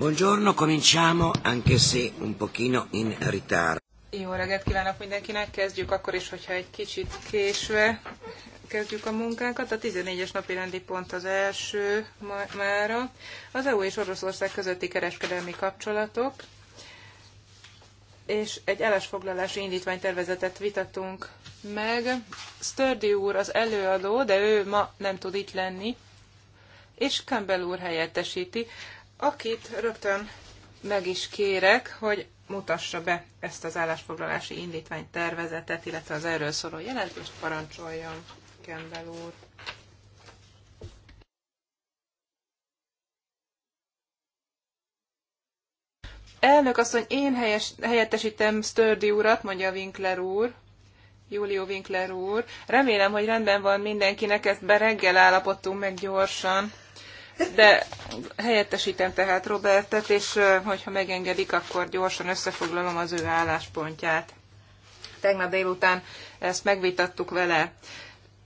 Buongiorno, cominciamo anche se un pochino in ritardo. Jó reggelt kívánok mindenkinek, kezdjük akkor is, hogyha egy kicsit késve kezdjük a munkánkat. A 14-es napi rendi pont az első mára. Az EU és Oroszország közötti kereskedelmi kapcsolatok, és egy állásfoglalási indítványtervezetet vitatunk meg. Sturdy úr az előadó, de ő ma nem tud itt lenni, és Campbell úr helyettesíti akit rögtön meg is kérek, hogy mutassa be ezt az állásfoglalási indítvány tervezetet, illetve az erről szóló jelentést parancsoljon Kendall úr. Elnök asszony, én helyes, helyettesítem Stördi urat, mondja Winkler úr. Júlió Winkler úr. Remélem, hogy rendben van mindenkinek, ezt be reggel állapodtunk meg gyorsan de helyettesítem tehát Robertet, és hogyha megengedik, akkor gyorsan összefoglalom az ő álláspontját. Tegnap délután ezt megvitattuk vele.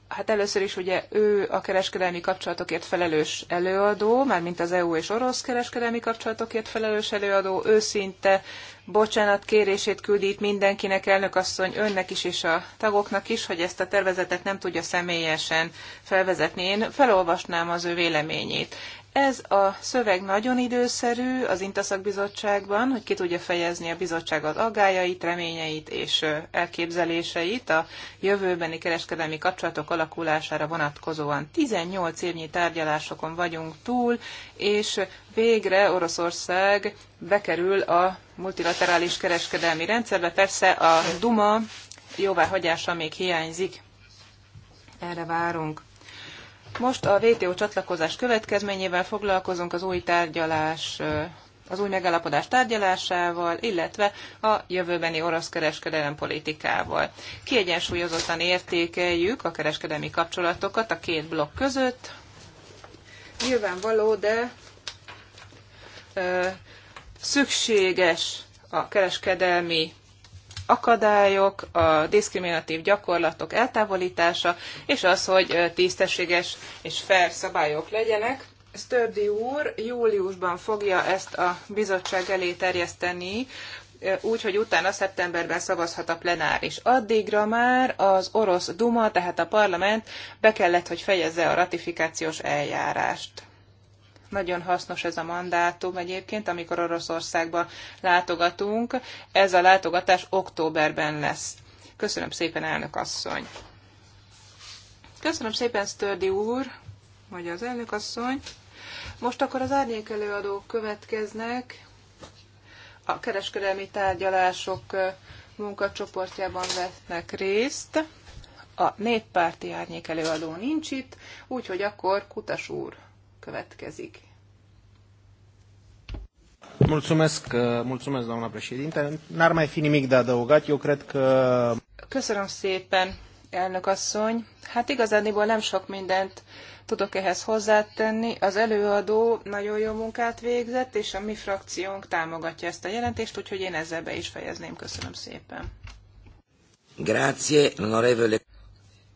Hát először is ugye ő a kereskedelmi kapcsolatokért felelős előadó, mármint az EU és orosz kereskedelmi kapcsolatokért felelős előadó, őszinte bocsánat kérését küldi itt mindenkinek, elnökasszony, önnek is és a tagoknak is, hogy ezt a tervezetet nem tudja személyesen felvezetni. Én felolvasnám az ő véleményét. Ez a szöveg nagyon időszerű az Intaszak bizottságban, hogy ki tudja fejezni a bizottság az aggájait, reményeit és elképzeléseit a jövőbeni kereskedelmi kapcsolatok alakulására vonatkozóan. 18 évnyi tárgyalásokon vagyunk túl, és végre Oroszország bekerül a multilaterális kereskedelmi rendszerbe. Persze a Duma jóváhagyása még hiányzik. Erre várunk. Most a WTO csatlakozás következményével foglalkozunk az új tárgyalás az új megállapodás tárgyalásával, illetve a jövőbeni orosz kereskedelem politikával. Kiegyensúlyozottan értékeljük a kereskedelmi kapcsolatokat a két blokk között. Nyilvánvaló, de ö, szükséges a kereskedelmi akadályok, a diszkriminatív gyakorlatok eltávolítása, és az, hogy tisztességes és fair szabályok legyenek. Stördi úr júliusban fogja ezt a bizottság elé terjeszteni, úgy, hogy utána szeptemberben szavazhat a plenáris. Addigra már az orosz Duma, tehát a parlament be kellett, hogy fejezze a ratifikációs eljárást. Nagyon hasznos ez a mandátum egyébként, amikor Oroszországba látogatunk. Ez a látogatás októberben lesz. Köszönöm szépen, elnök asszony. Köszönöm szépen, Stördi úr, vagy az elnök asszony. Most akkor az árnyék előadók következnek. A kereskedelmi tárgyalások munkacsoportjában vesznek részt. A néppárti árnyék előadó nincs itt, úgyhogy akkor Kutas úr következik. Mulțumesc, mulțumesc, doamna președinte. N-ar mai fi nimic de adăugat. Eu cred că... Köszönöm szépen, elnök asszony. Hát igazániból nem sok mindent tudok ehhez hozzátenni. Az előadó nagyon jó munkát végzett, és a mi frakciónk támogatja ezt a jelentést, úgyhogy én ezzel be is fejezném. Köszönöm szépen. Grazie, onorevole.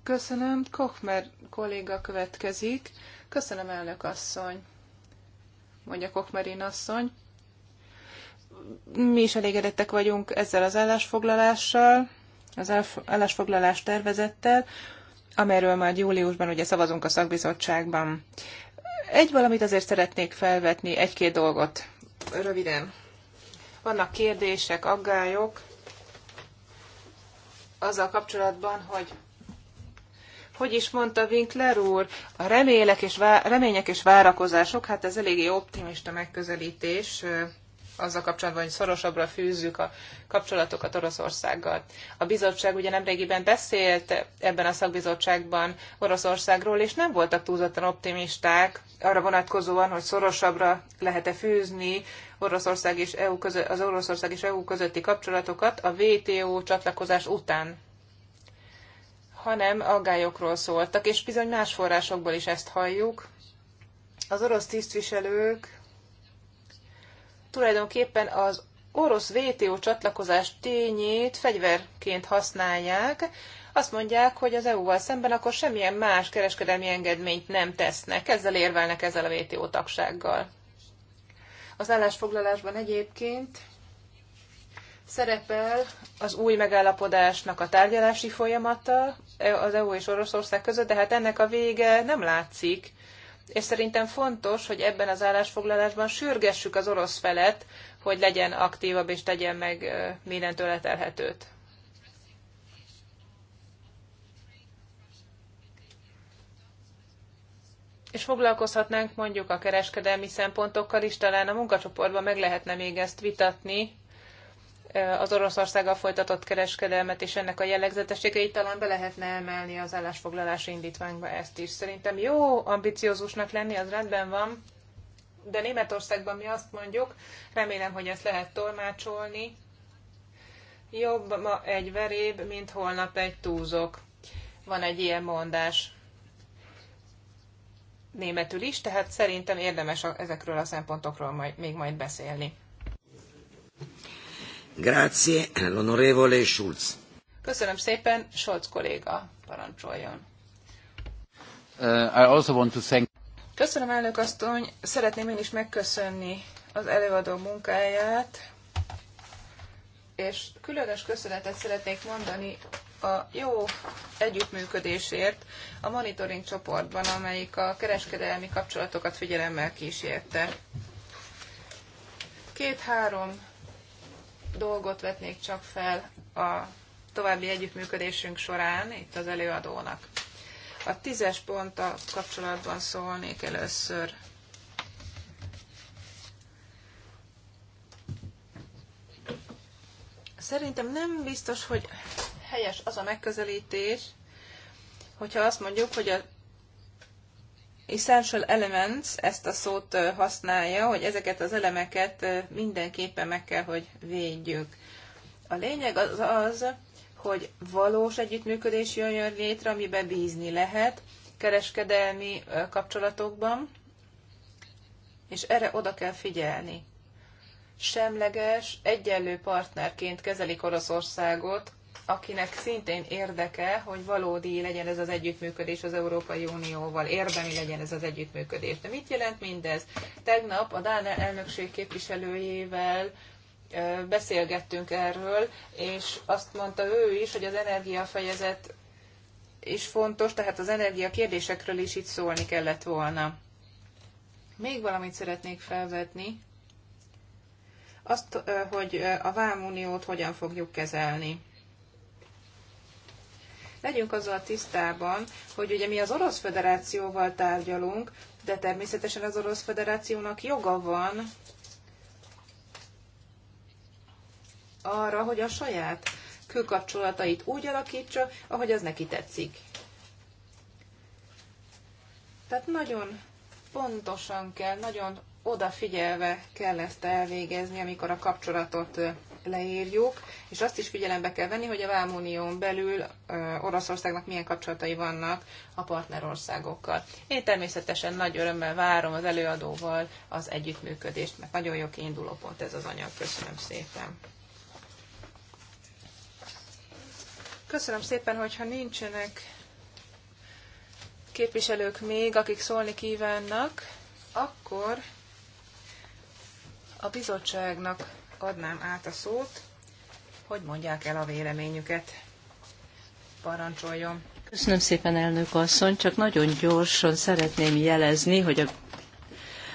Köszönöm. Kochmer kolléga következik. Köszönöm, elnök asszony, mondja Kokmerin asszony. Mi is elégedettek vagyunk ezzel az állásfoglalással, az állásfoglalás tervezettel, amelyről majd júliusban ugye szavazunk a szakbizottságban. Egy valamit azért szeretnék felvetni, egy-két dolgot. Röviden. Vannak kérdések, aggályok azzal kapcsolatban, hogy hogy is mondta Winkler úr, a remélek és vá- remények és várakozások, hát ez eléggé optimista megközelítés azzal kapcsolatban, hogy szorosabbra fűzzük a kapcsolatokat Oroszországgal. A bizottság ugye nemrégiben beszélt ebben a szakbizottságban Oroszországról, és nem voltak túlzottan optimisták arra vonatkozóan, hogy szorosabbra lehet-e fűzni Oroszország és EU közö- az Oroszország és EU közötti kapcsolatokat a WTO csatlakozás után hanem aggályokról szóltak, és bizony más forrásokból is ezt halljuk. Az orosz tisztviselők tulajdonképpen az orosz VTO csatlakozás tényét fegyverként használják, azt mondják, hogy az EU-val szemben akkor semmilyen más kereskedelmi engedményt nem tesznek. Ezzel érvelnek ezzel a VTO tagsággal. Az állásfoglalásban egyébként szerepel az új megállapodásnak a tárgyalási folyamata e, az EU és Oroszország között, de hát ennek a vége nem látszik. És szerintem fontos, hogy ebben az állásfoglalásban sürgessük az orosz felet, hogy legyen aktívabb és tegyen meg e, minden tőle telhetőt. És foglalkozhatnánk mondjuk a kereskedelmi szempontokkal is, talán a munkacsoportban meg lehetne még ezt vitatni, Eh, az Oroszországgal folytatott kereskedelmet és ennek a jellegzetességeit talán be lehetne emelni az állásfoglalási indítványba ezt is. Szerintem jó ambiciózusnak lenni, az rendben van, de Németországban mi azt mondjuk, remélem, hogy ezt lehet tolmácsolni, jobb ma egy veréb, mint holnap egy túzok. Van egy ilyen mondás németül is, tehát szerintem érdemes ezekről a szempontokról majd, még majd beszélni. Grazie, l'onorevole Schulz. Köszönöm szépen, Scholz kolléga, parancsoljon. Uh, I also want to thank... Köszönöm, elnök asszony. Szeretném én is megköszönni az előadó munkáját, és különös köszönetet szeretnék mondani a jó együttműködésért a monitoring csoportban, amelyik a kereskedelmi kapcsolatokat figyelemmel kísérte. Két-három dolgot vetnék csak fel a további együttműködésünk során itt az előadónak. A tízes ponttal kapcsolatban szólnék először. Szerintem nem biztos, hogy helyes az a megközelítés, hogyha azt mondjuk, hogy a essential elements ezt a szót használja, hogy ezeket az elemeket mindenképpen meg kell, hogy védjük. A lényeg az az, hogy valós együttműködés jön létre, amiben bízni lehet kereskedelmi kapcsolatokban, és erre oda kell figyelni. Semleges, egyenlő partnerként kezelik Oroszországot, akinek szintén érdeke, hogy valódi legyen ez az együttműködés az Európai Unióval, érdemi legyen ez az együttműködés. De mit jelent mindez? Tegnap a Dán elnökség képviselőjével beszélgettünk erről, és azt mondta ő is, hogy az energiafejezet is fontos, tehát az energia kérdésekről is itt szólni kellett volna. Még valamit szeretnék felvetni, azt, hogy a vámuniót hogyan fogjuk kezelni. Legyünk azzal tisztában, hogy ugye mi az Orosz Föderációval tárgyalunk, de természetesen az Orosz Föderációnak joga van arra, hogy a saját külkapcsolatait úgy alakítsa, ahogy az neki tetszik. Tehát nagyon pontosan kell, nagyon odafigyelve kell ezt elvégezni, amikor a kapcsolatot leírjuk, és azt is figyelembe kell venni, hogy a Vámunión belül Oroszországnak milyen kapcsolatai vannak a partnerországokkal. Én természetesen nagy örömmel várom az előadóval az együttműködést, mert nagyon jó kiinduló pont ez az anyag. Köszönöm szépen. Köszönöm szépen, hogyha nincsenek képviselők még, akik szólni kívánnak, akkor a bizottságnak adnám át a szót, hogy mondják el a véleményüket. Parancsoljon. Köszönöm szépen, elnök asszony, csak nagyon gyorsan szeretném jelezni, hogy a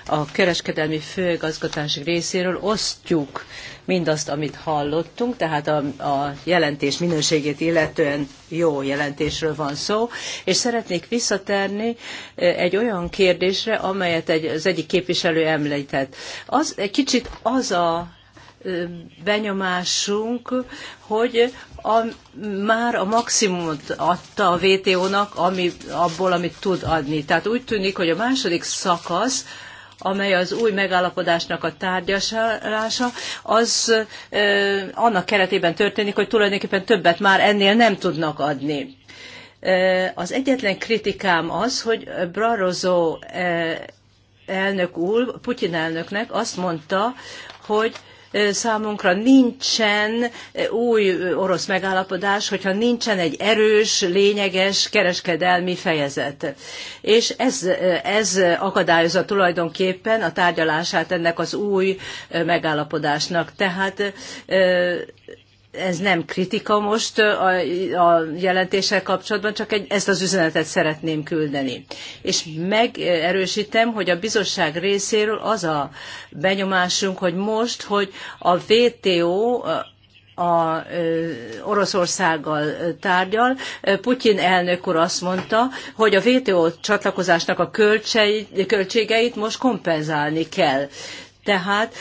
a kereskedelmi főgazgatási részéről osztjuk mindazt, amit hallottunk, tehát a, a jelentés minőségét illetően jó jelentésről van szó, és szeretnék visszatérni egy olyan kérdésre, amelyet egy, az egyik képviselő említett. Az egy kicsit az a benyomásunk, hogy a, már a maximumot adta a VTO-nak, ami, abból, amit tud adni. Tehát úgy tűnik, hogy a második szakasz, amely az új megállapodásnak a tárgyalása, az ö, annak keretében történik, hogy tulajdonképpen többet már ennél nem tudnak adni. Az egyetlen kritikám az, hogy Brarozó elnök úr, Putyin elnöknek azt mondta, hogy Számunkra nincsen új orosz megállapodás, hogyha nincsen egy erős, lényeges kereskedelmi fejezet. És ez, ez akadályozza tulajdonképpen a tárgyalását ennek az új megállapodásnak. Tehát ez nem kritika most a, a jelentéssel kapcsolatban, csak egy, ezt az üzenetet szeretném küldeni. És megerősítem, hogy a bizottság részéről az a benyomásunk, hogy most, hogy a VTO a Oroszországgal tárgyal. Putyin elnök úr azt mondta, hogy a WTO csatlakozásnak a költségeit most kompenzálni kell. Tehát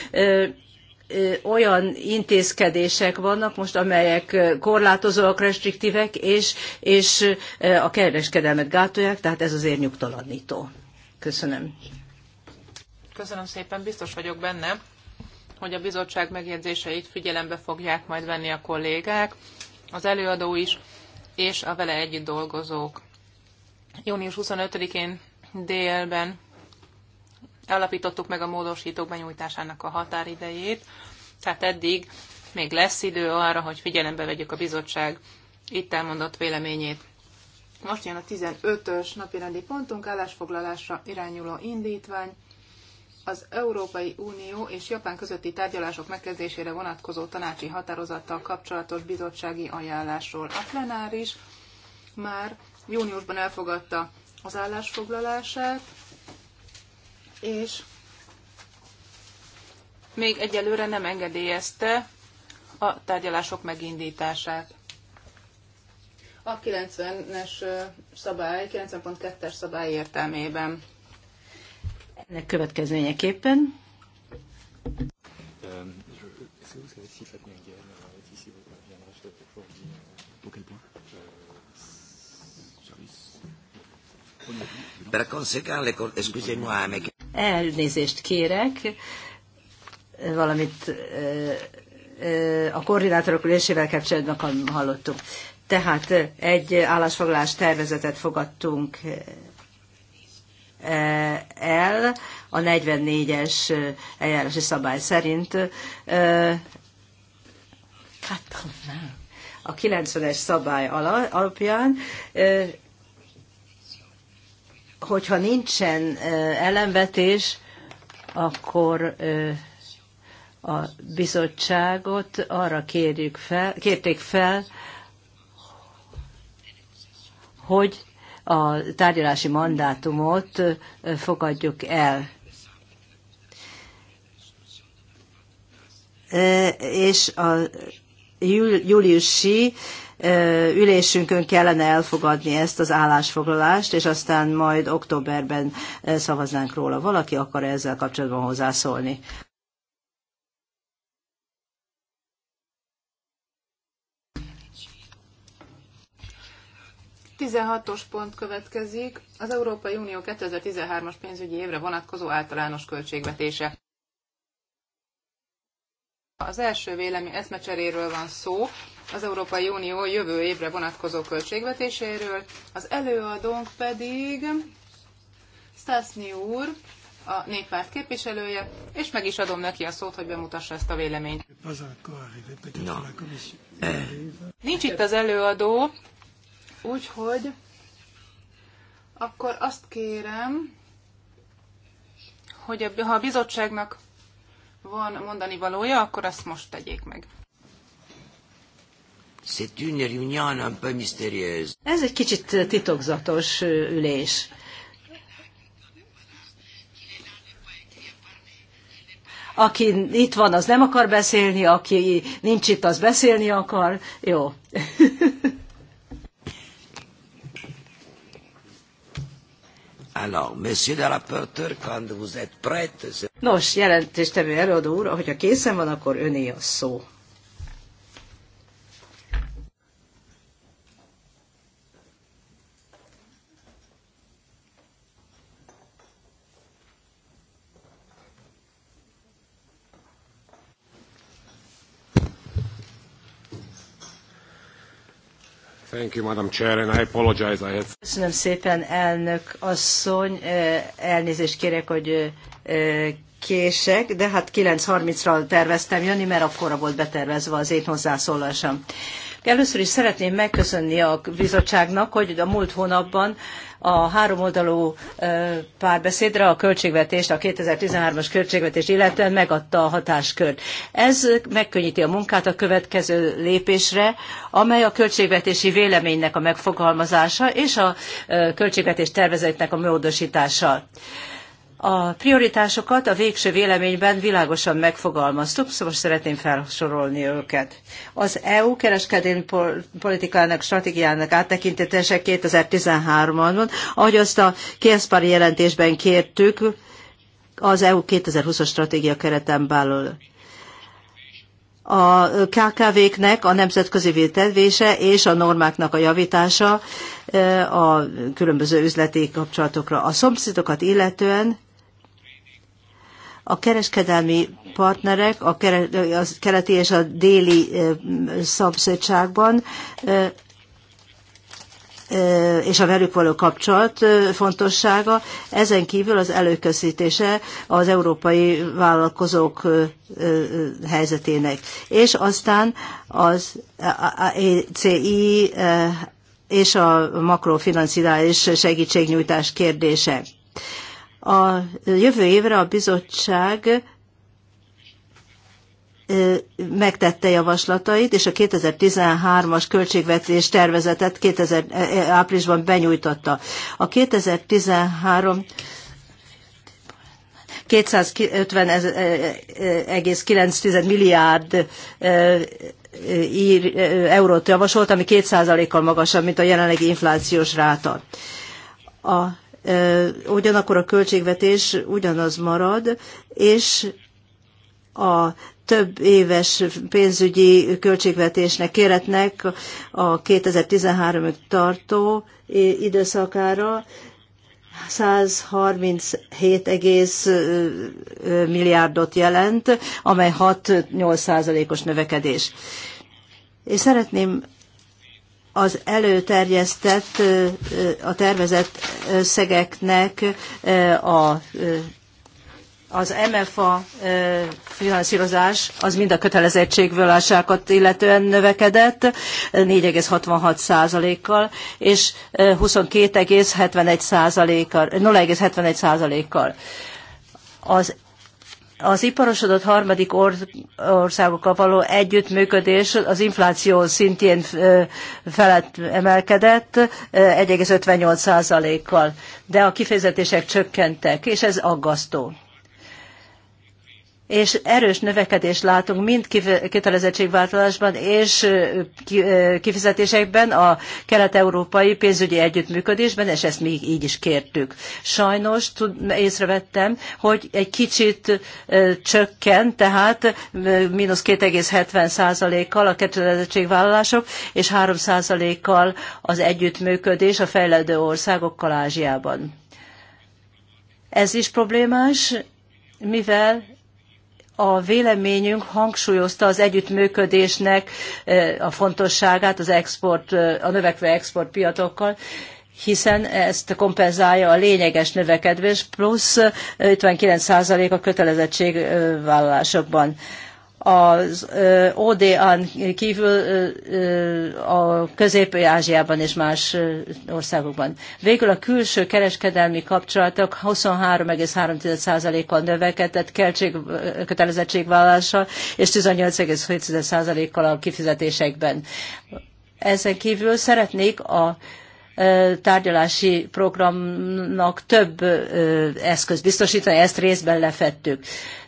olyan intézkedések vannak most, amelyek korlátozóak, restriktívek, és, és a kereskedelmet gátolják, tehát ez azért nyugtalanító. Köszönöm. Köszönöm szépen, biztos vagyok benne, hogy a bizottság megjegyzéseit figyelembe fogják majd venni a kollégák, az előadó is, és a vele együtt dolgozók. Június 25-én délben alapítottuk meg a módosítók benyújtásának a határidejét, tehát eddig még lesz idő arra, hogy figyelembe vegyük a bizottság itt elmondott véleményét. Most jön a 15-ös napirendi pontunk, állásfoglalásra irányuló indítvány az Európai Unió és Japán közötti tárgyalások megkezdésére vonatkozó tanácsi határozattal kapcsolatos bizottsági ajánlásról. A plenáris már júniusban elfogadta az állásfoglalását, és még egyelőre nem engedélyezte a tárgyalások megindítását. A 90-es szabály, 90.2-es szabály értelmében. Ennek következményeképpen Per conseguenza, scusami, elnézést kérek, valamit a koordinátorok ülésével kapcsolatban hallottuk. Tehát egy állásfoglalás tervezetet fogadtunk el a 44-es eljárási szabály szerint. Hát, a 90-es szabály alapján hogyha nincsen ellenvetés, akkor a bizottságot arra kérjük fel, kérték fel, hogy a tárgyalási mandátumot fogadjuk el. És a júliusi ülésünkön kellene elfogadni ezt az állásfoglalást, és aztán majd októberben szavaznánk róla. Valaki akar ezzel kapcsolatban hozzászólni? 16-os pont következik, az Európai Unió 2013-as pénzügyi évre vonatkozó általános költségvetése. Az első vélemény eszmecseréről van szó, az Európai Unió jövő évre vonatkozó költségvetéséről, az előadónk pedig Stasny úr, a néppárt képviselője, és meg is adom neki a szót, hogy bemutassa ezt a véleményt. No. Eh. Nincs itt az előadó, úgyhogy akkor azt kérem, hogy ha a bizottságnak van mondani valója, akkor azt most tegyék meg. Ez egy kicsit titokzatos ülés. Aki itt van, az nem akar beszélni, aki nincs itt, az beszélni akar. Jó. Alors, monsieur le rapporteur, quand vous êtes prête... Nos, jelentéstevő előadó úr, hogyha készen van, akkor öné a szó. Thank you, Madam Chair, and I apologize. I had... Köszönöm szépen, elnök asszony. Elnézést kérek, hogy kések, de hát 9.30-ra terveztem jönni, mert akkorra volt betervezve az én hozzászólásom. Először is szeretném megköszönni a bizottságnak, hogy a múlt hónapban a háromoldalú párbeszédre a költségvetést, a 2013-as költségvetést illetően megadta a hatáskört. Ez megkönnyíti a munkát a következő lépésre, amely a költségvetési véleménynek a megfogalmazása és a költségvetés tervezetnek a módosítása. A prioritásokat a végső véleményben világosan megfogalmaztuk, szóval szeretném felsorolni őket. Az EU kereskedelmi politikának, stratégiának áttekintetése 2013-ban, ahogy azt a Kiespari jelentésben kértük, az EU 2020-as stratégia kereten belül a KKV-knek a nemzetközi vételvése és a normáknak a javítása e, a különböző üzleti kapcsolatokra. A szomszédokat illetően a kereskedelmi partnerek a keleti és a déli szomszédságban és a velük való kapcsolat fontossága, ezen kívül az előkészítése az európai vállalkozók helyzetének. És aztán az ECI és a makrofinanszírás segítségnyújtás kérdése. A jövő évre a bizottság megtette javaslatait, és a 2013-as költségvetés tervezetet 2000, áprilisban benyújtotta. A 2013 250,9 milliárd eurót javasolt, ami 2%-kal magasabb, mint a jelenlegi inflációs ráta. A ugyanakkor a költségvetés ugyanaz marad, és a több éves pénzügyi költségvetésnek, kéretnek a 2013-ig tartó időszakára 137,5 milliárdot jelent, amely 6-8 százalékos növekedés. És szeretném az előterjesztett, a tervezett összegeknek a az MFA finanszírozás az mind a kötelezettségvállásákat illetően növekedett 4,66 százalékkal, és 22,71 százalékkal, 0,71 százalékkal. Az az iparosodott harmadik országokkal való együttműködés az infláció szintjén felett emelkedett 1,58 százalékkal, de a kifizetések csökkentek, és ez aggasztó és erős növekedést látunk mind kötelezettségvállalásban és kifizetésekben, a kelet-európai pénzügyi együttműködésben, és ezt még így is kértük. Sajnos észrevettem, hogy egy kicsit csökken, tehát mínusz 2,70 kal a kötelezettségvállalások, és 3 kal az együttműködés a fejlődő országokkal Ázsiában. Ez is problémás, mivel a véleményünk hangsúlyozta az együttműködésnek eh, a fontosságát az export, eh, a növekvő exportpiatokkal, hiszen ezt kompenzálja a lényeges növekedés, plusz 59% eh, a kötelezettségvállalásokban az ODA-n kívül a Közép-Ázsiában és más országokban. Végül a külső kereskedelmi kapcsolatok 23,3%-kal növekedett kötelezettségvállalással és 18,7%-kal a kifizetésekben. Ezen kívül szeretnék a tárgyalási programnak több eszköz biztosítani, ezt részben lefettük.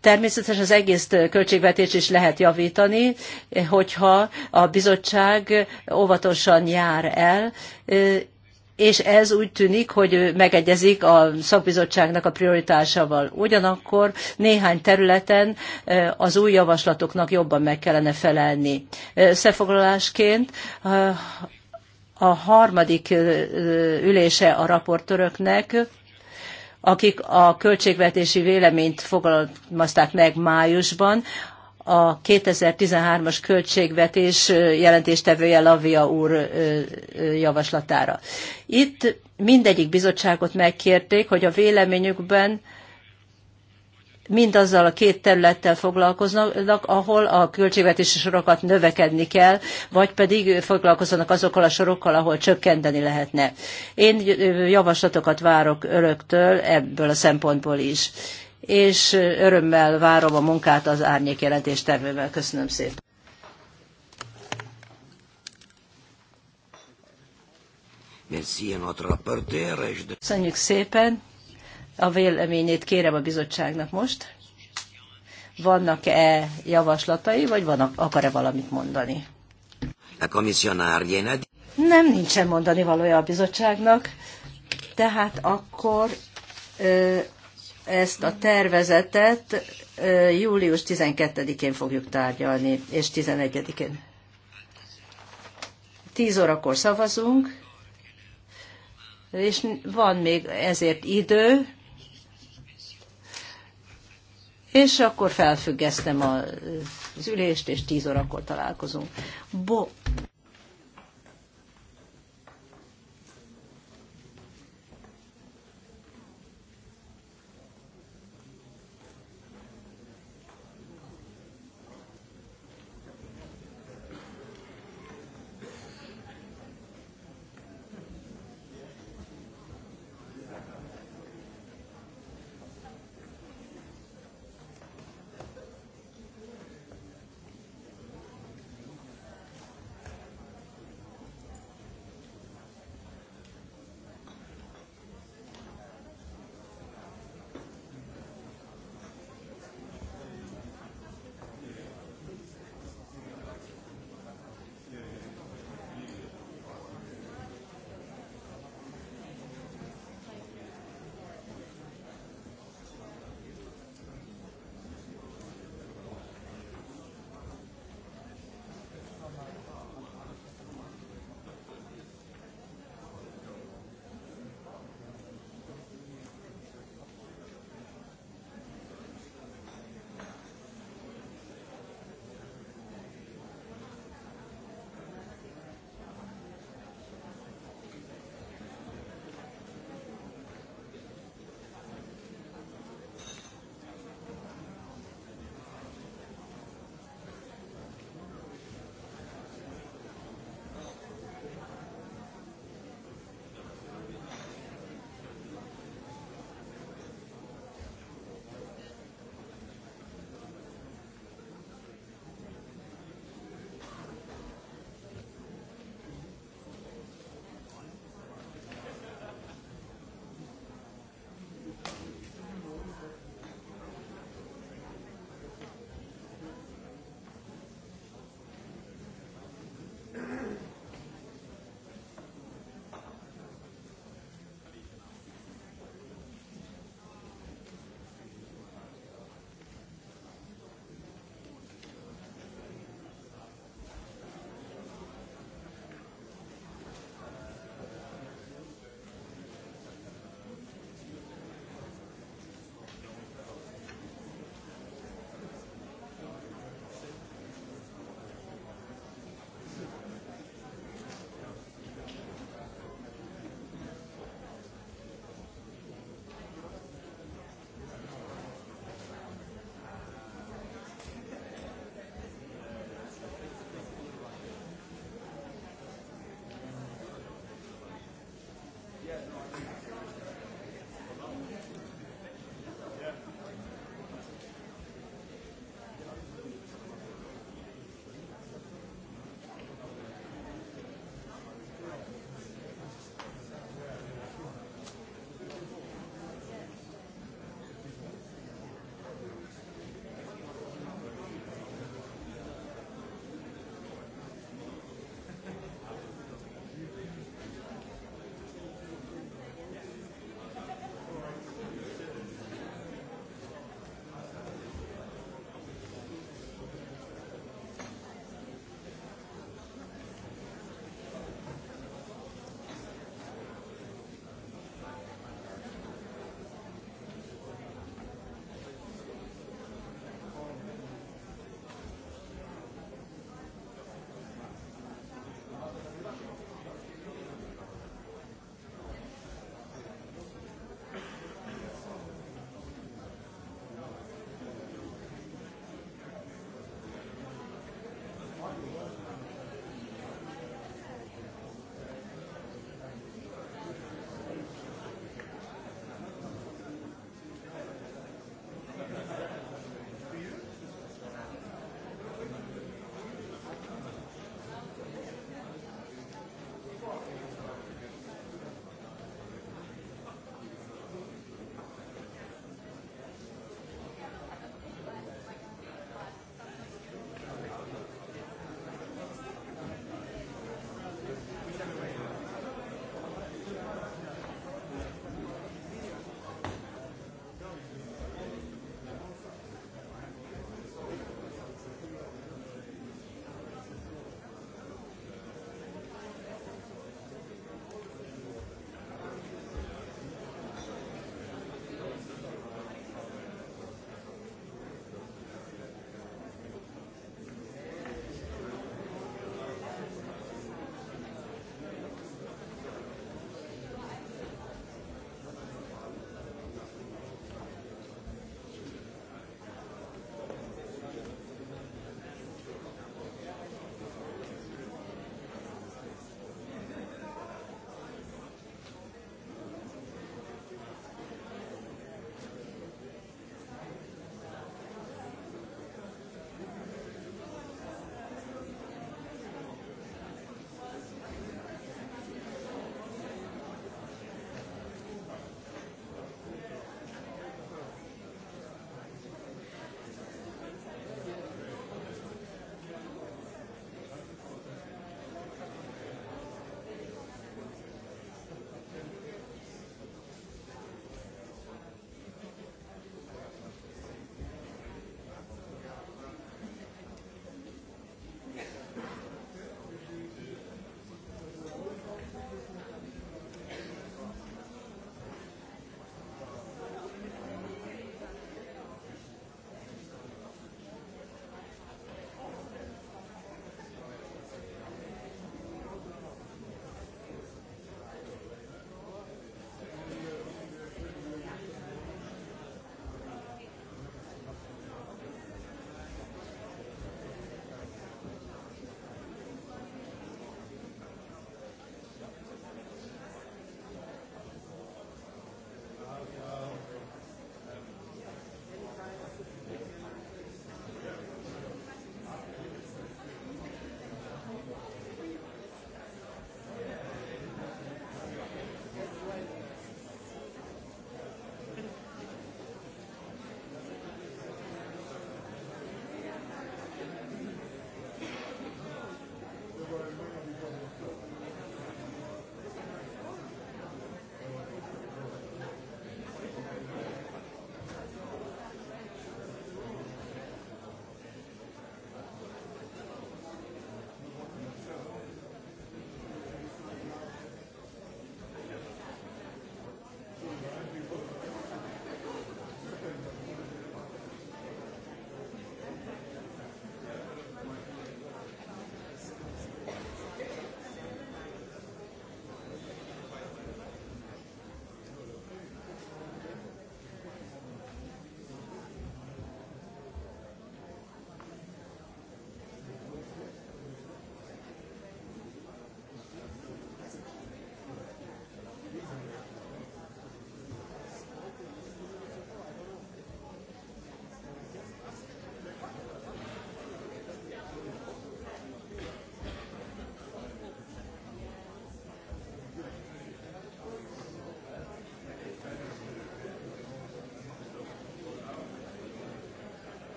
Természetesen az egész költségvetés is lehet javítani, eh, hogyha a bizottság óvatosan jár el, és ez úgy tűnik, hogy megegyezik a szakbizottságnak a prioritásával. Ugyanakkor néhány területen az új javaslatoknak jobban meg kellene felelni. Összefoglalásként a harmadik ülése a raportöröknek, akik a költségvetési véleményt fogalmazták meg májusban, a 2013-as költségvetés jelentéstevője Lavia úr javaslatára. Itt mindegyik bizottságot megkérték, hogy a véleményükben mindazzal a két területtel foglalkoznak, ahol a költségvetési sorokat növekedni kell, vagy pedig foglalkoznak azokkal a sorokkal, ahol csökkenteni lehetne. Én javaslatokat várok öröktől ebből a szempontból is. És örömmel várom a munkát az árnyék tervével. Köszönöm szépen. Köszönjük szépen. A véleményét kérem a bizottságnak most. Vannak-e javaslatai, vagy akar-e valamit mondani? A komissionárjének? Nem, nincsen mondani valója a bizottságnak. Tehát akkor ezt a tervezetet július 12-én fogjuk tárgyalni, és 11-én. 10 órakor szavazunk, és van még ezért idő, és akkor felfüggesztem az ülést, és tíz órakor találkozunk. Bo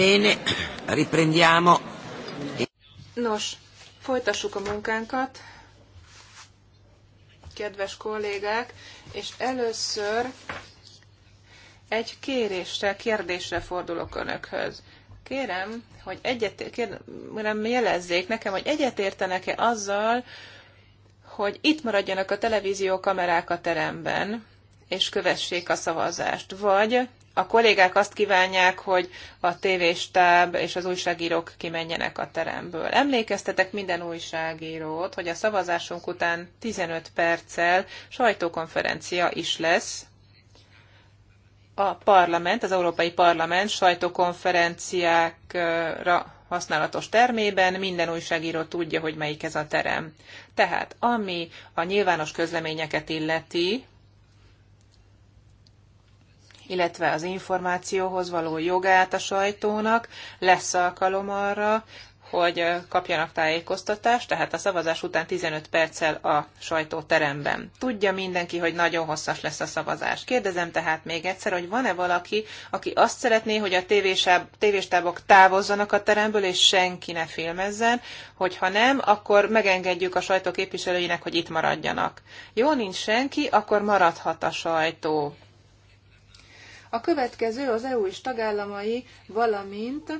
Bene, riprendiamo. Nos, folytassuk a munkánkat, kedves kollégák, és először egy kérésre, kérdésre fordulok Önökhöz. Kérem, hogy egyet, kérem, jelezzék nekem, hogy egyetértenek-e azzal, hogy itt maradjanak a televízió kamerák a teremben, és kövessék a szavazást, vagy a kollégák azt kívánják, hogy a tévéstáb és az újságírók kimenjenek a teremből. Emlékeztetek minden újságírót, hogy a szavazásunk után 15 perccel sajtókonferencia is lesz. A parlament, az Európai Parlament sajtókonferenciákra használatos termében minden újságíró tudja, hogy melyik ez a terem. Tehát ami a nyilvános közleményeket illeti, illetve az információhoz való jogát a sajtónak. Lesz alkalom arra, hogy kapjanak tájékoztatást, tehát a szavazás után 15 perccel a sajtóteremben. Tudja mindenki, hogy nagyon hosszas lesz a szavazás. Kérdezem tehát még egyszer, hogy van-e valaki, aki azt szeretné, hogy a tévéstábok távozzanak a teremből, és senki ne filmezzen, hogy ha nem, akkor megengedjük a sajtó képviselőinek, hogy itt maradjanak. Jó, nincs senki, akkor maradhat a sajtó a következő az EU és tagállamai, valamint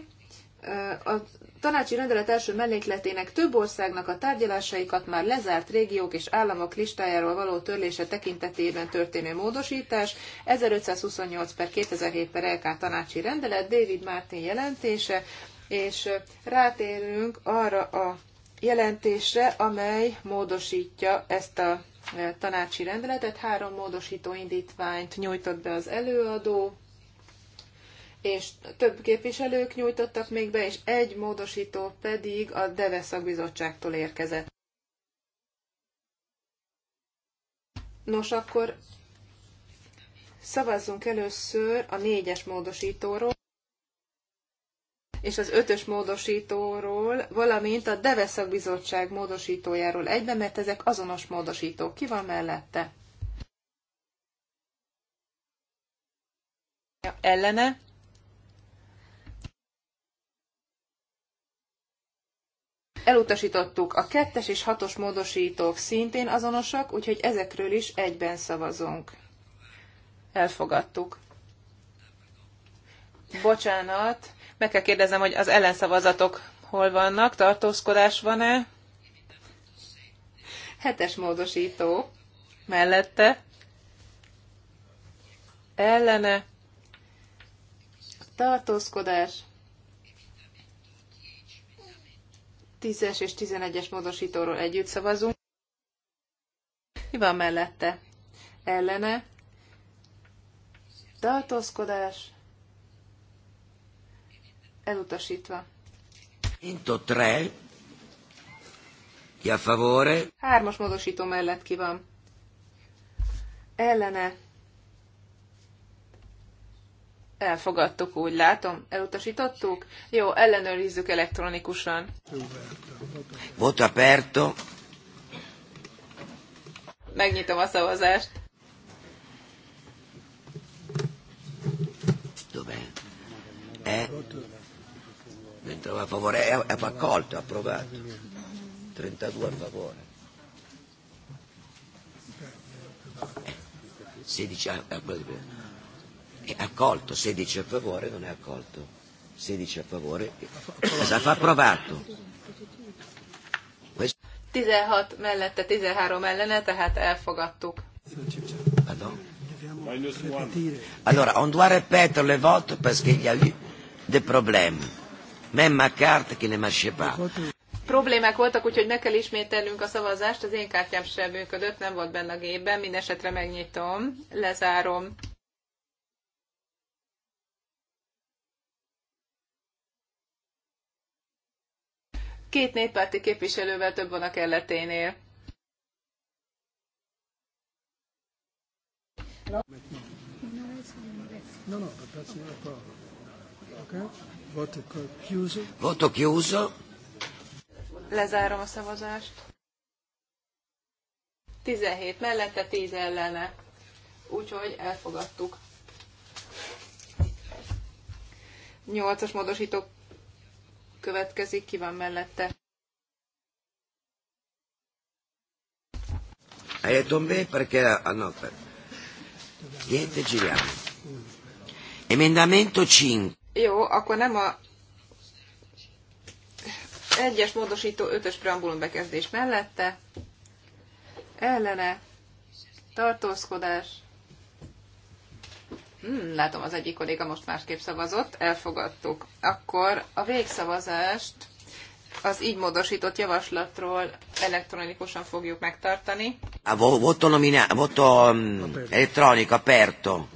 a tanácsi rendelet első mellékletének több országnak a tárgyalásaikat már lezárt régiók és államok listájáról való törlése tekintetében történő módosítás, 1528 per 2007 per LK tanácsi rendelet, David Martin jelentése, és rátérünk arra a jelentésre, amely módosítja ezt a tanácsi rendeletet, három módosító indítványt nyújtott be az előadó, és több képviselők nyújtottak még be, és egy módosító pedig a DEVE szakbizottságtól érkezett. Nos, akkor szavazzunk először a négyes módosítóról és az ötös módosítóról, valamint a Deveszak Bizottság módosítójáról egyben, mert ezek azonos módosítók. Ki van mellette? Ellene? Elutasítottuk a kettes és hatos módosítók szintén azonosak, úgyhogy ezekről is egyben szavazunk. Elfogadtuk. Bocsánat, meg kell kérdeznem, hogy az ellenszavazatok hol vannak, tartózkodás van-e? Hetes módosító mellette. Ellene. Tartózkodás. Tízes és tizenegyes módosítóról együtt szavazunk. Mi van mellette? Ellene. Tartózkodás elutasítva. Into 3. Ki a favore? Hármas módosító mellett ki van. Ellene. Elfogadtuk, úgy látom. Elutasítottuk? Jó, ellenőrizzük elektronikusan. Voto aperto. Megnyitom a szavazást. Dove? Eh? Parlamento a favore, è accolto, approvato. 32 a favore. 16 a, ah, ah, è accolto, 16 a favore, non è accolto. 16 a favore, cosa fa approvato. 16 mellette, 13 ellene, tehát elfogadtuk. Pardon? Allora, on doit répéter le vote parce qu'il y a eu des problèmes. Problémák voltak, úgyhogy meg kell ismételnünk a szavazást. Az én kártyám sem működött, nem volt benne a gépben. Minden esetre megnyitom, lezárom. Két néppárti képviselővel több van a kelleténél. No. No, no, but that's not a problem. Okay? Votok chiuso. Lezárom a szavazást. 17 mellette, 10 ellene. Úgyhogy elfogadtuk. 8-as módosító következik, ki van mellette. Ejtom be, perché ah no, per... niente giriamo. Emendamento 5. Jó, akkor nem a egyes módosító ötös preambulum bekezdés mellette, ellene, tartózkodás, Hmm, látom, az egyik kolléga most másképp szavazott, elfogadtuk. Akkor a végszavazást az így módosított javaslatról elektronikusan fogjuk megtartani. A voto nominale, voto um, elettronico aperto.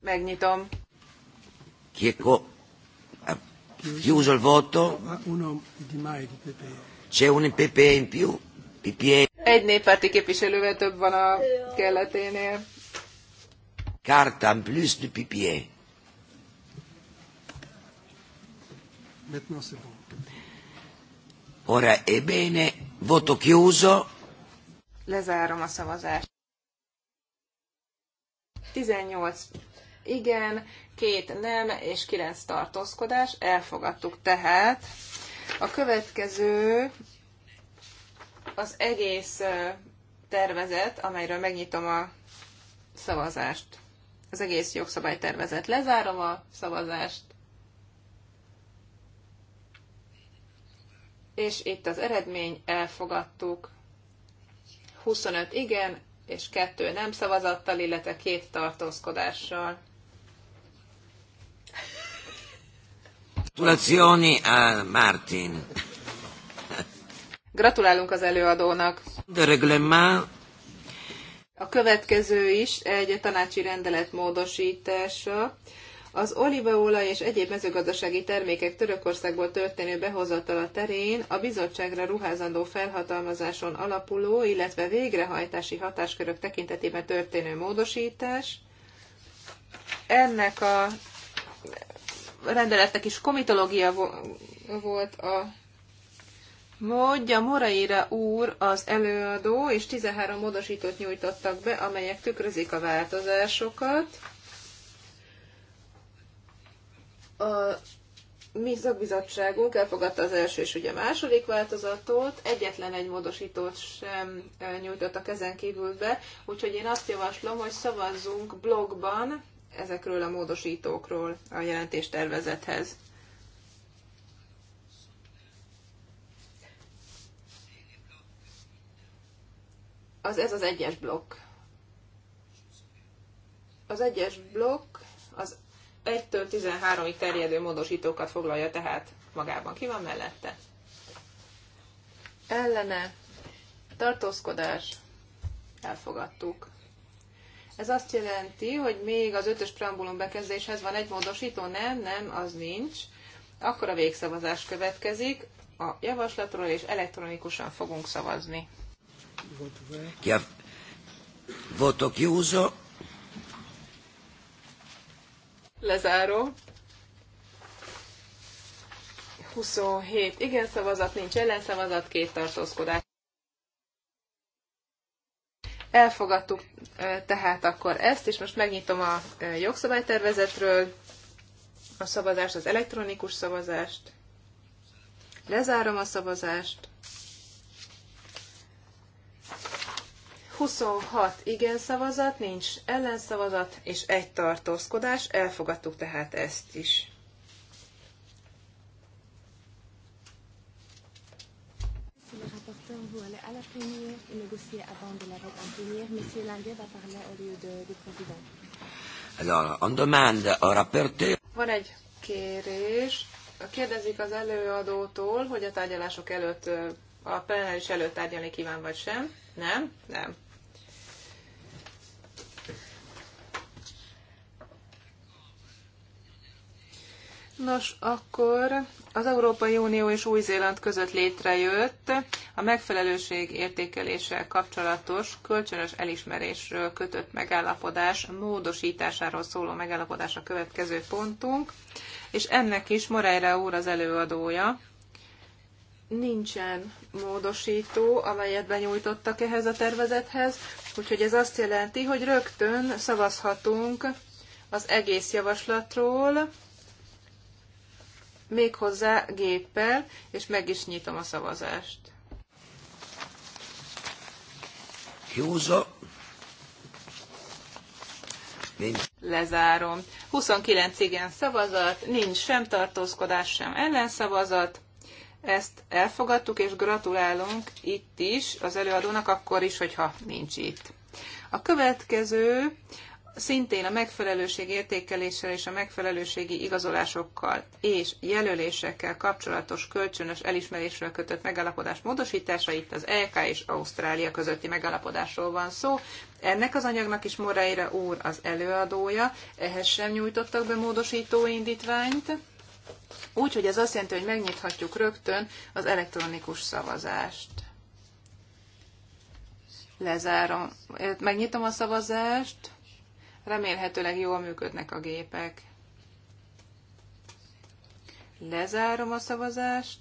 Megnyitom. Chieko. Chiuso il voto. C'è un PP in più. PPA. Egy néppárti képviselővel több van a kelleténél. Carta en plus du PPA. Maintenant c'est bon. Ora ebbene, voto chiuso. Lezárom a szavazást. 18 igen, két nem és kilenc tartózkodás. Elfogadtuk tehát. A következő az egész tervezet, amelyről megnyitom a szavazást. Az egész jogszabálytervezet. Lezárom a szavazást. És itt az eredmény, elfogadtuk. 25 igen, és 2 nem szavazattal, illetve két tartózkodással. Gratulazioni a Martin. Gratulálunk az előadónak. De reglement. A következő is egy tanácsi rendelet módosítása. Az olívaolaj és egyéb mezőgazdasági termékek Törökországból történő behozatala terén a bizottságra ruházandó felhatalmazáson alapuló, illetve végrehajtási hatáskörök tekintetében történő módosítás. Ennek a rendeletnek is komitológia volt a módja. Moraira úr az előadó, és 13 módosítót nyújtottak be, amelyek tükrözik a változásokat. A mi szakbizottságunk elfogadta az első és ugye második változatot, egyetlen egy módosítót sem eh, nyújtottak ezen kívül be, úgyhogy én azt javaslom, hogy szavazzunk blogban ezekről a módosítókról a jelentéstervezethez. Az ez az egyes blokk. Az egyes blokk az 1-től 13-ig terjedő módosítókat foglalja tehát magában. Ki van mellette? Ellene, tartózkodás, elfogadtuk. Ez azt jelenti, hogy még az ötös preambulum bekezdéshez van egy módosító, nem, nem, az nincs. Akkor a végszavazás következik, a javaslatról és elektronikusan fogunk szavazni. Ja, voto chiuso. Lezáró. 27 igen szavazat, nincs ellenszavazat, két tartózkodás. Elfogadtuk tehát akkor ezt, és most megnyitom a jogszabálytervezetről a szavazást, az elektronikus szavazást. Lezárom a szavazást. 26 igen szavazat, nincs ellenszavazat, és egy tartózkodás. Elfogadtuk tehát ezt is. aller à la plénière et négocier avant de la vote en plénière. Monsieur Lange va parler au lieu de, du président. Alors, on demande au rapporteur... Van egy kérés. Kérdezik az előadótól, hogy a tárgyalások előtt, a plenáris előtt tárgyalni kíván vagy sem. Nem? Nem. Nos, akkor az Európai Unió és Új-Zéland között létrejött a megfelelőség értékeléssel kapcsolatos kölcsönös elismerésről kötött megállapodás módosításáról szóló megállapodás a következő pontunk, és ennek is Moreira úr az előadója. Nincsen módosító, amelyet benyújtottak ehhez a tervezethez, úgyhogy ez azt jelenti, hogy rögtön szavazhatunk az egész javaslatról, méghozzá géppel, és meg is nyitom a szavazást. Józa. Nincs. Lezárom. 29 igen szavazat, nincs sem tartózkodás, sem ellenszavazat. Ezt elfogadtuk, és gratulálunk itt is az előadónak, akkor is, hogyha nincs itt. A következő szintén a megfelelőség értékeléssel és a megfelelőségi igazolásokkal és jelölésekkel kapcsolatos kölcsönös elismerésről kötött megállapodás módosítása, itt az EK és Ausztrália közötti megállapodásról van szó. Ennek az anyagnak is Moreira úr az előadója, ehhez sem nyújtottak be módosító indítványt, úgyhogy ez azt jelenti, hogy megnyithatjuk rögtön az elektronikus szavazást. Lezárom, megnyitom a szavazást, Remélhetőleg jól működnek a gépek. Lezárom a szavazást.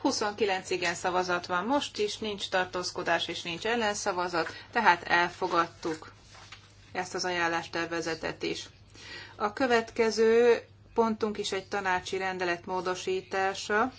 29 igen szavazat van most is, nincs tartózkodás és nincs ellenszavazat, tehát elfogadtuk ezt az tervezetet is. A következő pontunk is egy tanácsi rendelet módosítása.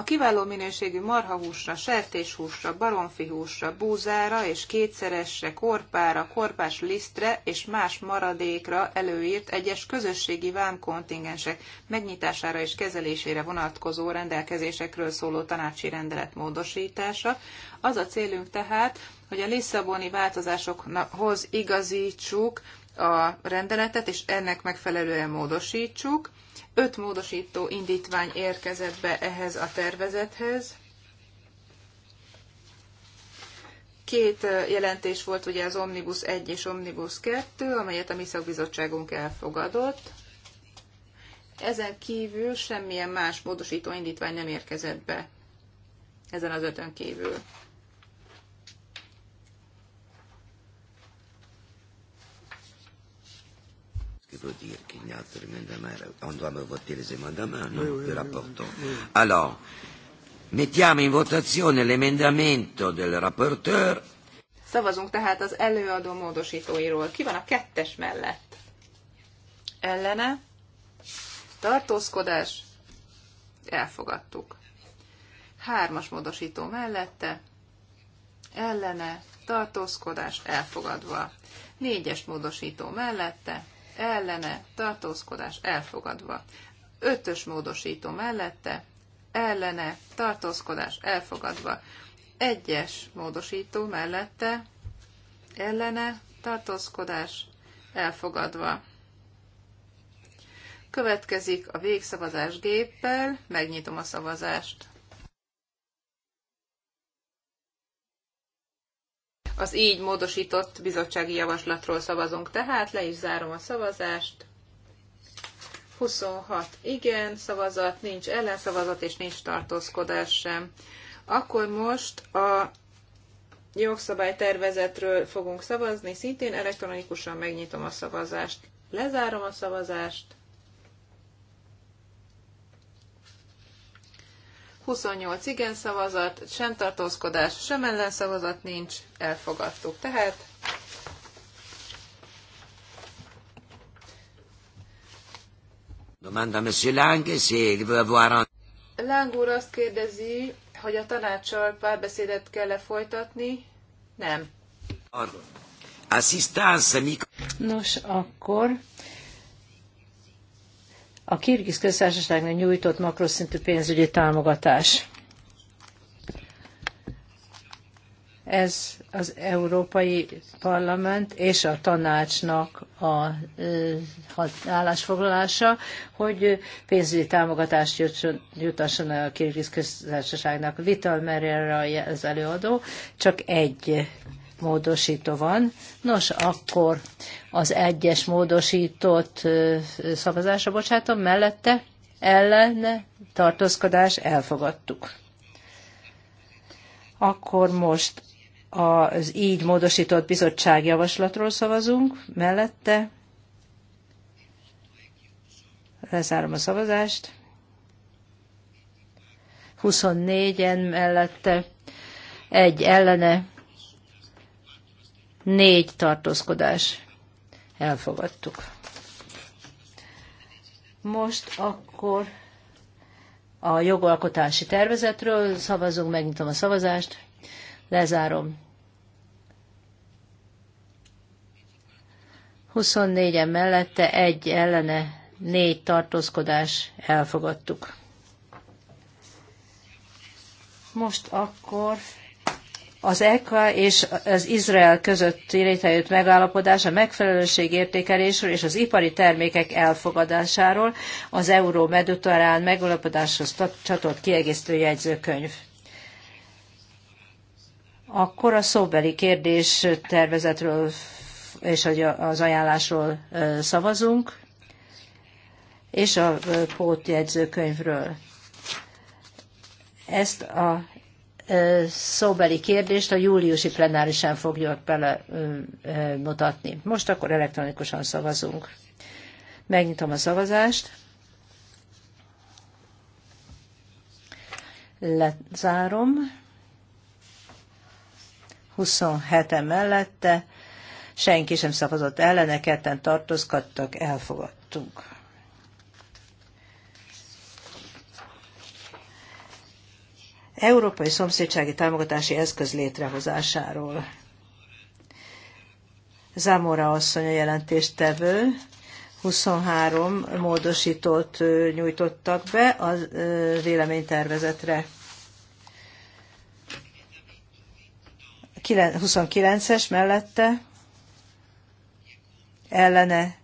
A kiváló minőségű marhahúsra, sertéshúsra, baromfihúsra, búzára és kétszeresre, korpára, korpás lisztre és más maradékra előírt egyes közösségi vámkontingensek megnyitására és kezelésére vonatkozó rendelkezésekről szóló tanácsi rendelet módosítása. Az a célunk tehát, hogy a Lisszaboni változásokhoz igazítsuk a rendeletet, és ennek megfelelően módosítsuk Öt módosító indítvány érkezett be ehhez a tervezethez. Két jelentés volt ugye az Omnibus 1 és Omnibus 2, amelyet a mi szakbizottságunk elfogadott. Ezen kívül semmilyen más módosító indítvány nem érkezett be. Ezen az ötön kívül. que veut dire qu'il n'y a de mal. on doit me voter les amendements, non? Oui, oui, del rapporto. Oui, oui. Alors, mettiamo in votazione l'emendamento del rapporteur. Szavazunk tehát az előadó módosítóiról. Ki van a kettes mellett? Ellene? Tartózkodás? Elfogadtuk. Hármas módosító mellette? Ellene? Tartózkodás? Elfogadva. Négyes módosító mellette? ellene, tartózkodás elfogadva. Ötös módosító mellette, ellene, tartózkodás elfogadva. Egyes módosító mellette, ellene, tartózkodás elfogadva. Következik a végszavazás géppel, megnyitom a szavazást. Az így módosított bizottsági javaslatról szavazunk tehát, le is zárom a szavazást. 26 igen szavazat, nincs ellenszavazat és nincs tartózkodás sem. Akkor most a jogszabálytervezetről fogunk szavazni, szintén elektronikusan megnyitom a szavazást. Lezárom a szavazást. 28 igen szavazat, sem tartózkodás, sem ellenszavazat nincs, elfogadtuk. Tehát Domanda Monsieur Lang, se il veut avoir un... Lang úr azt kérdezi, hogy a tanácssal párbeszédet kell-e folytatni? Nem. Nos, akkor a Kirgiz köztársaságnak nyújtott makroszintű pénzügyi támogatás. Ez az Európai Parlament és a tanácsnak a állásfoglalása, hogy pénzügyi támogatást jutasson a Kirgiz köztársaságnak. Vital Merera az előadó, csak egy módosító van. Nos, akkor az egyes módosított szavazásra bocsátom, mellette ellene tartózkodás elfogadtuk. Akkor most az így módosított bizottság javaslatról szavazunk, mellette lezárom a szavazást. 24-en mellette, egy ellene négy tartózkodás. Elfogadtuk. Most akkor a jogalkotási tervezetről szavazunk, megnyitom a szavazást, lezárom. 24-en mellette, egy ellene, négy tartózkodás, elfogadtuk. Most akkor az ECA és az Izrael között létrejött megállapodás a megfelelőség értékelésről és az ipari termékek elfogadásáról az Euró-Mediterrán megállapodáshoz csatolt kiegészítő jegyzőkönyv. Akkor a szóbeli kérdés tervezetről és az ajánlásról szavazunk, és a pótjegyzőkönyvről. Ezt a szóbeli kérdést a júliusi plenárisan fogjuk mutatni. Most akkor elektronikusan szavazunk. Megnyitom a szavazást. Lezárom. 27 mellette, senki sem szavazott ellene, ketten tartózkodtak, elfogadtunk. európai szomszédsági támogatási eszköz létrehozásáról. Zamora asszony a jelentéstevő, 23 módosítót nyújtottak be a véleménytervezetre. 29-es mellette ellene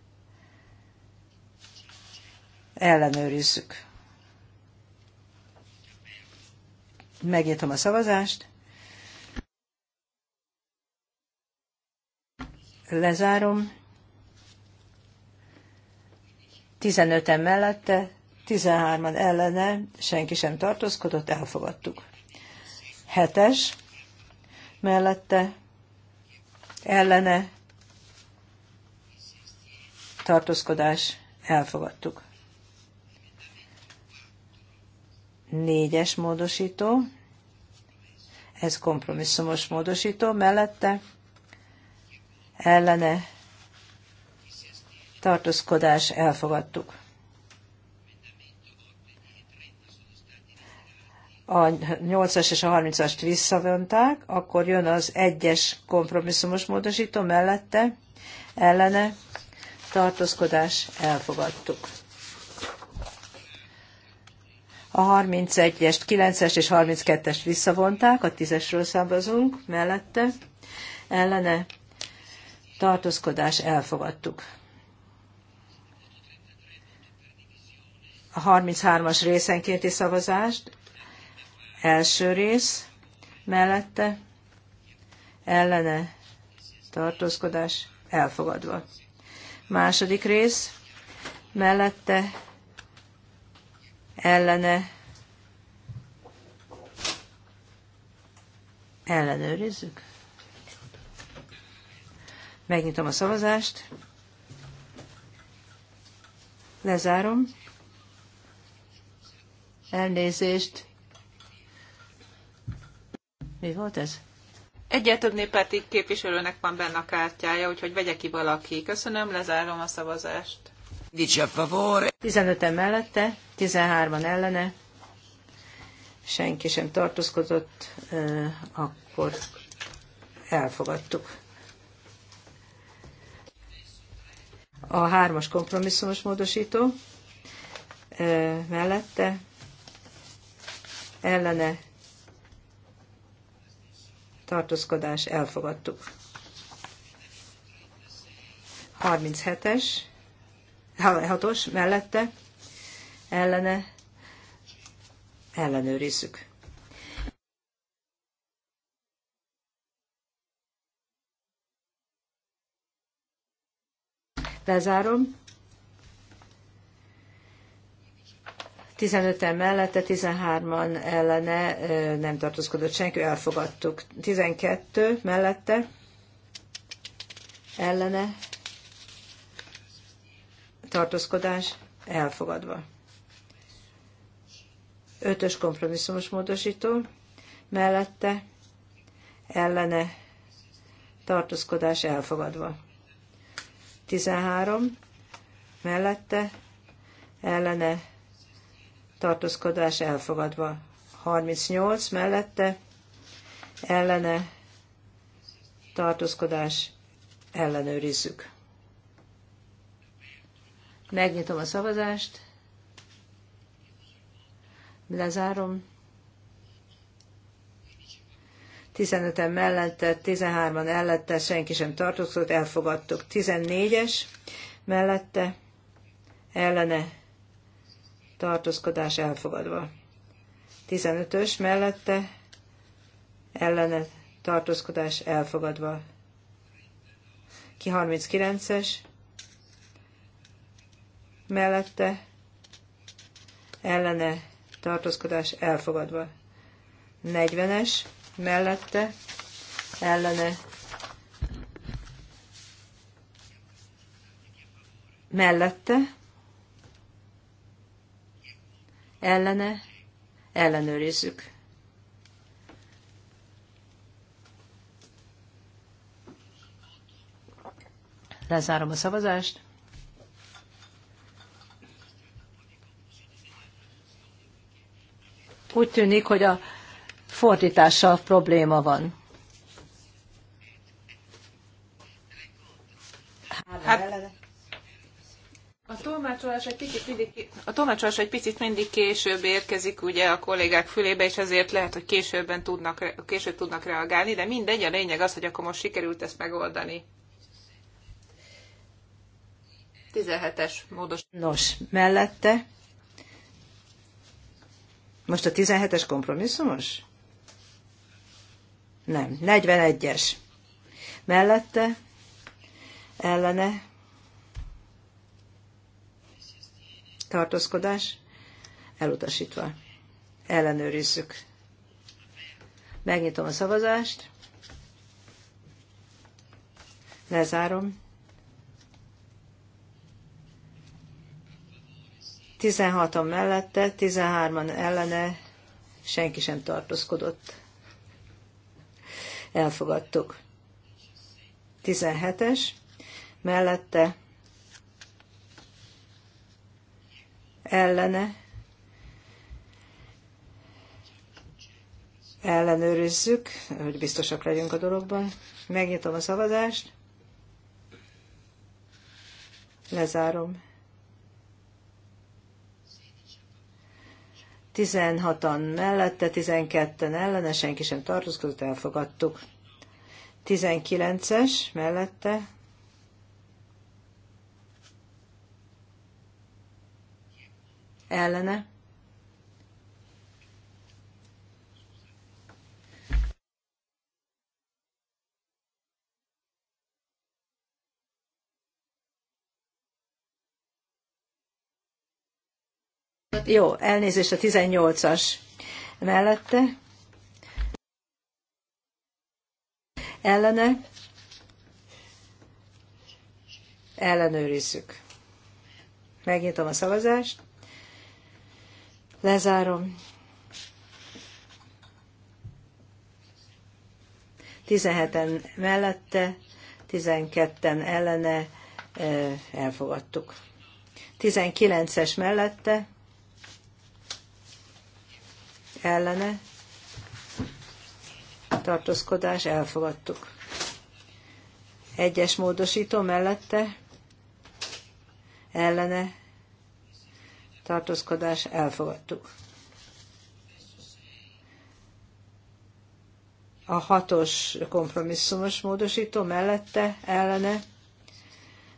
ellenőrizzük. Megnyitom a szavazást. Lezárom. 15-en mellette, 13-an ellene, senki sem tartózkodott, elfogadtuk. 7-es mellette, ellene, tartózkodás, elfogadtuk. Négyes módosító, ez kompromisszumos módosító, mellette ellene tartózkodás elfogadtuk. A 8-as és a 30-ast visszavonták, akkor jön az 1-es kompromisszumos módosító mellette, ellene tartózkodás elfogadtuk a 31-est, 9-es és 32-est visszavonták, a 10-esről szavazunk mellette, ellene tartózkodás elfogadtuk. A 33-as részenkénti szavazást, első rész mellette, ellene tartózkodás elfogadva. Második rész mellette ellene ellenőrizzük. Megnyitom a szavazást. Lezárom. Elnézést. Mi volt ez? Egyel több néppárti képviselőnek van benne a kártyája, úgyhogy vegye ki valaki. Köszönöm, lezárom a szavazást. 15-en mellette, 13-an ellene, senki sem tartózkodott, akkor elfogadtuk. A hármas kompromisszumos módosító mellette ellene tartózkodás elfogadtuk. 37-es hatos mellette ellene ellenőrizzük. Lezárom. 15-en mellette, 13-an ellene nem tartózkodott senki, elfogadtuk. 12 mellette ellene tartózkodás elfogadva. Ötös kompromisszumos módosító mellette ellene tartózkodás elfogadva. 13 mellette ellene tartózkodás elfogadva. 38 mellette ellene tartózkodás ellenőrizzük. Megnyitom a szavazást. Lezárom. 15-en mellette, 13-an ellette, senki sem tartózkodott, elfogadtuk. 14-es mellette, ellene, tartózkodás elfogadva. 15-ös mellette, ellene, tartózkodás elfogadva. Ki 39-es, mellette ellene tartózkodás elfogadva. 40-es mellette ellene mellette ellene ellenőrizzük. Lezárom a szavazást. Úgy tűnik, hogy a fordítással probléma van. Hát, a tolmácsolás, egy picit mindig, a tolmácsolás egy picit mindig később érkezik ugye a kollégák fülébe, és ezért lehet, hogy későbben tudnak, később tudnak reagálni, de mindegy, a lényeg az, hogy akkor most sikerült ezt megoldani. 17-es módos. Nos, mellette most a 17-es kompromisszumos? Nem, 41-es. Mellette, ellene, tartózkodás, elutasítva. Ellenőrizzük. Megnyitom a szavazást. Lezárom. 16-an mellette, 13-an ellene, senki sem tartózkodott. Elfogadtuk. 17-es mellette, ellene, ellenőrizzük, hogy biztosak legyünk a dologban. Megnyitom a szavazást, lezárom. 16-an mellette, 12-en ellene, senki sem tartózkodott, elfogadtuk. 19-es mellette. Ellene. Jó, elnézést a 18-as mellette. Ellene. Ellenőrizzük. Megnyitom a szavazást. Lezárom. 17-en mellette, 12-en ellene eh, elfogadtuk. 19-es mellette ellene tartózkodás elfogadtuk. Egyes módosító mellette ellene tartózkodás elfogadtuk. A hatos kompromisszumos módosító mellette ellene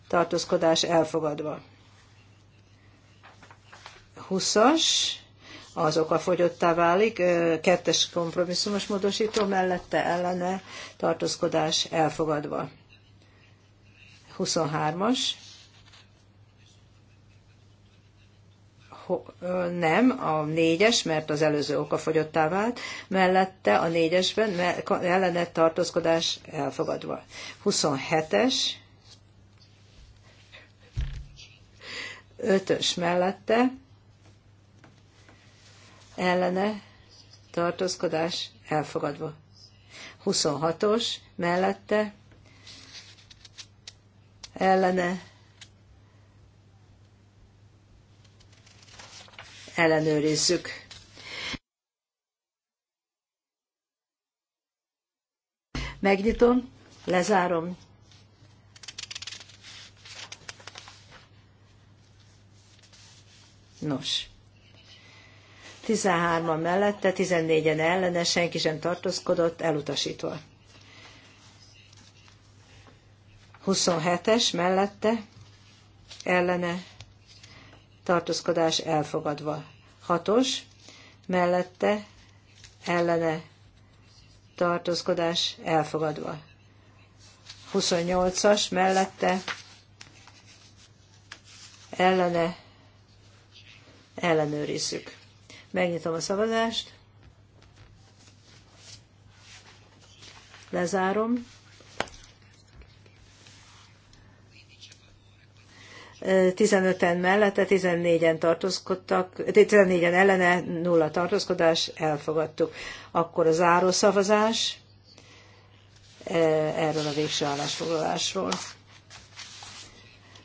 tartózkodás elfogadva. 20-as azok a fogyottá válik. Kettes kompromisszumos módosító mellette ellene tartózkodás elfogadva. 23-as. nem, a négyes, mert az előző oka fogyottá vált, mellette a négyesben ellene tartózkodás elfogadva. 27-es, 5-ös mellette ellene tartózkodás elfogadva. 26-os mellette ellene ellenőrizzük. Megnyitom, lezárom. Nos. 13-an mellette, 14-en ellene, senki sem tartózkodott, elutasítva. 27-es mellette, ellene, tartózkodás elfogadva. 6-os mellette, ellene, tartózkodás elfogadva. 28-as mellette, ellene, ellenőrizzük. Megnyitom a szavazást. Lezárom. Tizenöten mellette, 14-en tartózkodtak, 14-en ellene, nulla tartózkodás, elfogadtuk. Akkor a záró szavazás erről a végső állásfoglalásról.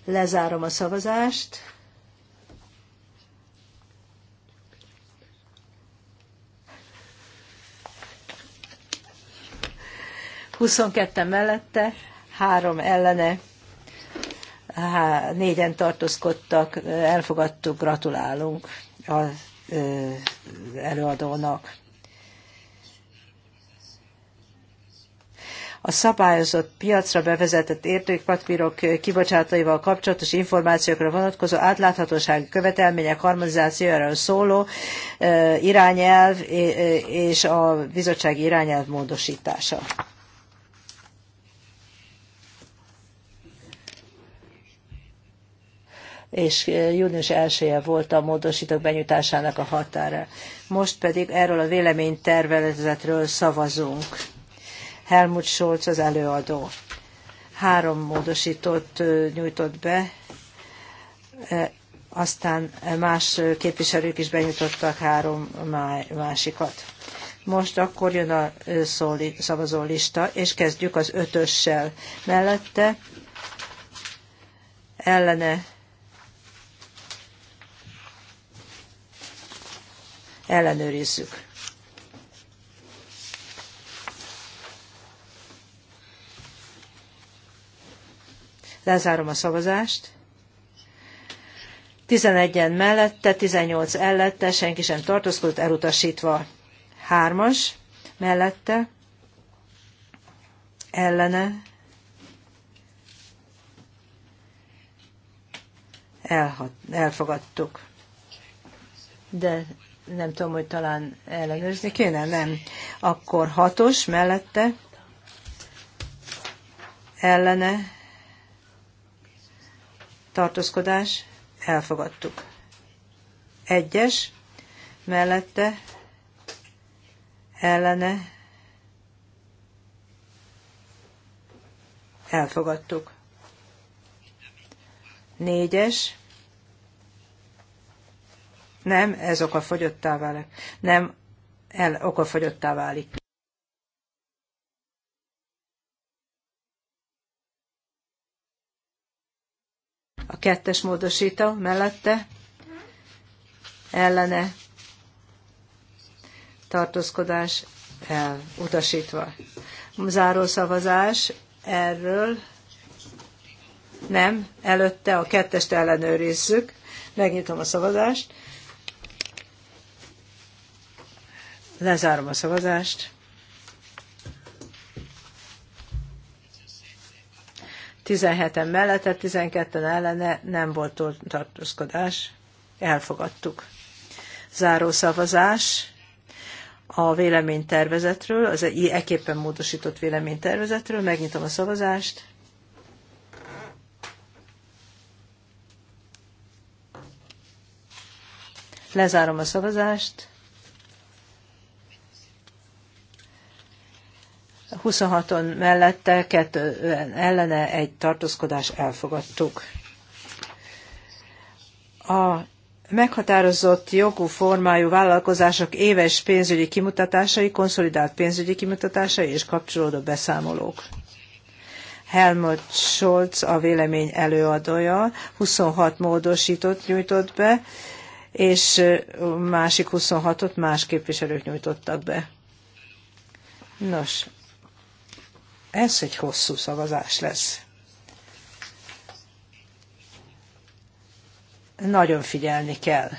Lezárom a szavazást. 22 mellette, három ellene, négyen tartózkodtak, elfogadtuk, gratulálunk az előadónak. a szabályozott piacra bevezetett értékpapírok kibocsátóival kapcsolatos információkra vonatkozó átláthatósági követelmények harmonizációra szóló irányelv és a bizottsági irányelv módosítása. és június 1 -e volt a módosítók benyújtásának a határa. Most pedig erről a véleménytervezetről szavazunk. Helmut Scholz az előadó. Három módosítót nyújtott be, aztán más képviselők is benyújtottak három másikat. Most akkor jön a szóli, szavazólista, és kezdjük az ötössel. Mellette ellene ellenőrizzük. Lezárom a szavazást. 11-en mellette, 18 ellette, senki sem tartózkodott, elutasítva. Hármas mellette, ellene, elhat, elfogadtuk. De nem tudom, hogy talán ellenőrizni kéne, nem. Akkor hatos mellette ellene tartózkodás elfogadtuk. Egyes mellette ellene elfogadtuk. Négyes nem, ez fogyottá válik. Nem, el fogyottá válik. A kettes módosító mellette ellene tartózkodás elutasítva. Záró szavazás erről nem, előtte a kettest ellenőrizzük. Megnyitom a szavazást. Lezárom a szavazást. Tizenheten mellette, tizenketten ellene nem volt tartózkodás. Elfogadtuk. Záró szavazás a véleménytervezetről, az eképpen módosított véleménytervezetről. Megnyitom a szavazást. Lezárom a szavazást. 26-on mellette, kettő ellene egy tartózkodás elfogadtuk. A meghatározott jogú formájú vállalkozások éves pénzügyi kimutatásai, konszolidált pénzügyi kimutatásai és kapcsolódó beszámolók. Helmut Scholz a vélemény előadója, 26 módosított nyújtott be, és másik 26-ot más képviselők nyújtottak be. Nos, ez egy hosszú szavazás lesz. Nagyon figyelni kell.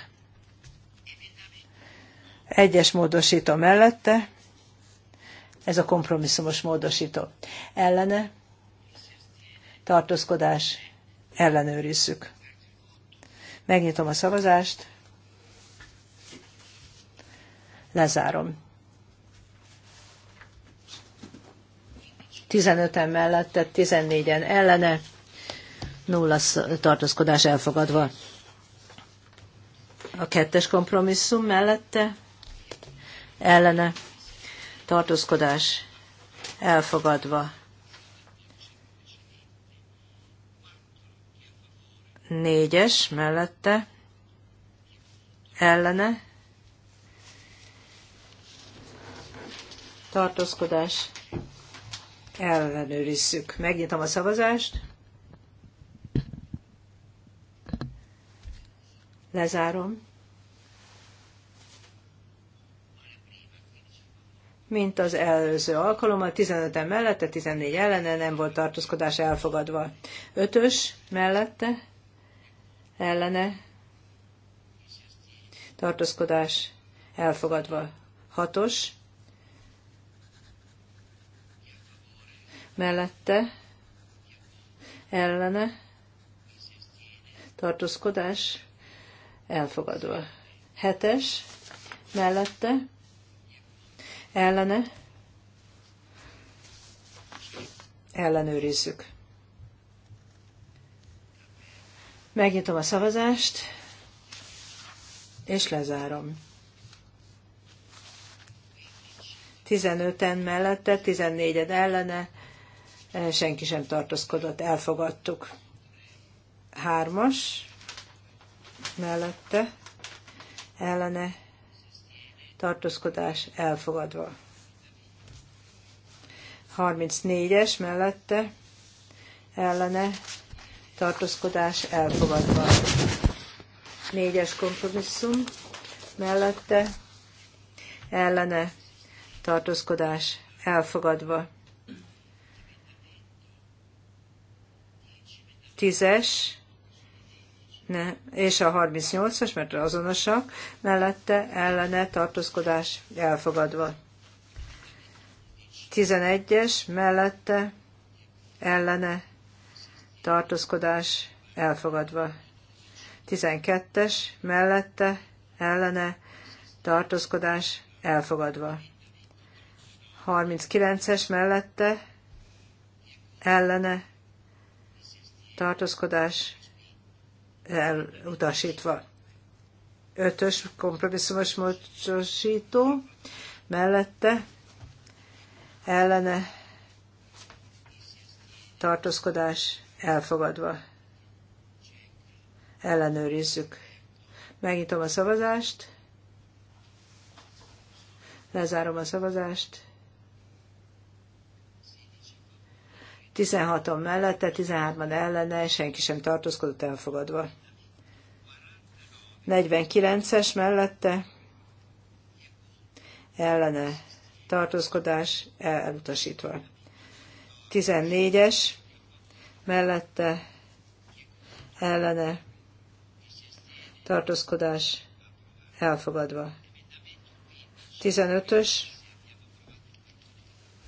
Egyes módosító mellette, ez a kompromisszumos módosító. Ellene, tartózkodás, ellenőrizzük. Megnyitom a szavazást, lezárom. 15-en mellette, 14-en ellene, nulla tartózkodás elfogadva. A kettes kompromisszum mellette, ellene, tartózkodás elfogadva. Négyes mellette, ellene, tartózkodás ellenőrizzük. Megnyitom a szavazást. Lezárom. Mint az előző alkalommal, 15-en mellette, 14 ellene nem volt tartózkodás elfogadva. 5-ös mellette, ellene, tartózkodás elfogadva. 6-os mellette ellene tartózkodás elfogadva. Hetes mellette ellene ellenőrizzük. Megnyitom a szavazást, és lezárom. 15-en mellette, 14-en ellene, senki sem tartózkodott, elfogadtuk. Hármas mellette ellene tartózkodás elfogadva. 34-es mellette ellene tartózkodás elfogadva. 4-es kompromisszum mellette ellene tartózkodás elfogadva. 10-es ne, és a 38-as, mert azonosak, mellette ellene tartózkodás elfogadva. 11-es mellette ellene tartózkodás elfogadva. 12-es mellette ellene tartózkodás elfogadva. 39-es mellette ellene tartózkodás elutasítva. Ötös kompromisszumos módosító mellette ellene tartózkodás elfogadva. Ellenőrizzük. Megnyitom a szavazást. Lezárom a szavazást. 16 an mellette, 13-an ellene, senki sem tartózkodott elfogadva. 49-es mellette, ellene, tartózkodás elutasítva. 14-es mellette, ellene, tartózkodás elfogadva. 15-ös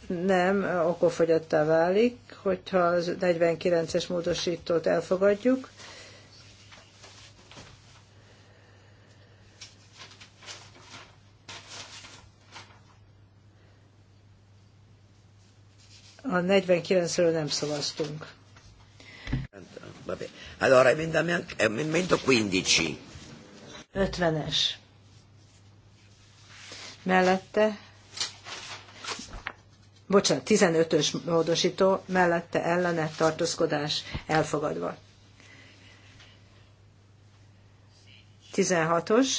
nem, okofogyattá válik hogyha az 49-es módosítót elfogadjuk. A 49-ről nem szavaztunk. Vabbè. Allora, a 15. 50-es. Eh, Mellette bocsánat, 15-ös módosító mellette ellene tartózkodás elfogadva. 16-os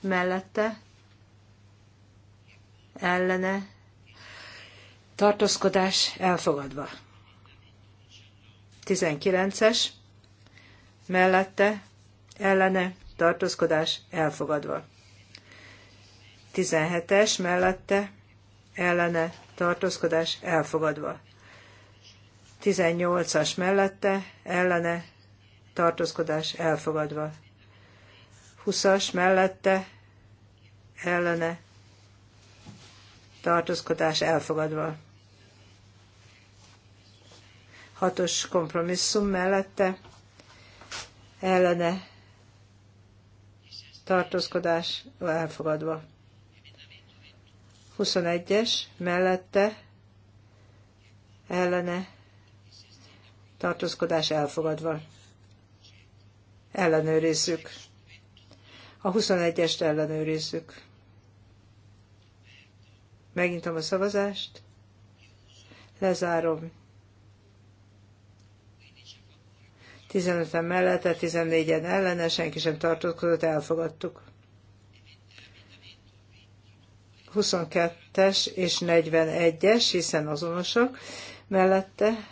mellette ellene tartózkodás elfogadva. 19-es mellette ellene tartózkodás elfogadva. 17-es mellette ellene tartózkodás elfogadva. 18-as mellette ellene tartózkodás elfogadva. 20-as mellette ellene tartózkodás elfogadva. 6-os kompromisszum mellette ellene tartózkodás elfogadva. 21-es mellette ellene tartózkodás elfogadva. Ellenőrizzük. A 21-est ellenőrizzük. Megintem a szavazást. Lezárom. 15-en mellette, 14-en ellene, senki sem tartózkodott, elfogadtuk. 22-es és 41-es, hiszen azonosak, mellette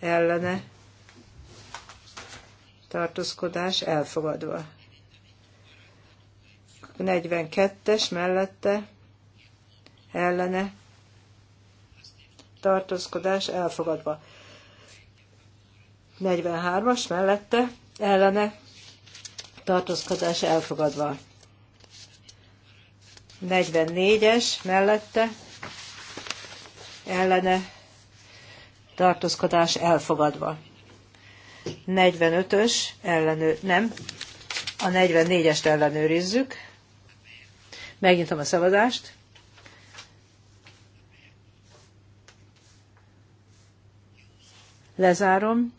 ellene tartózkodás elfogadva. 42-es mellette ellene tartózkodás elfogadva. 43-as mellette ellene tartózkodás elfogadva. 44-es mellette ellene tartózkodás elfogadva. 45-ös ellenő, nem, a 44-est ellenőrizzük. Megnyitom a szavazást. Lezárom.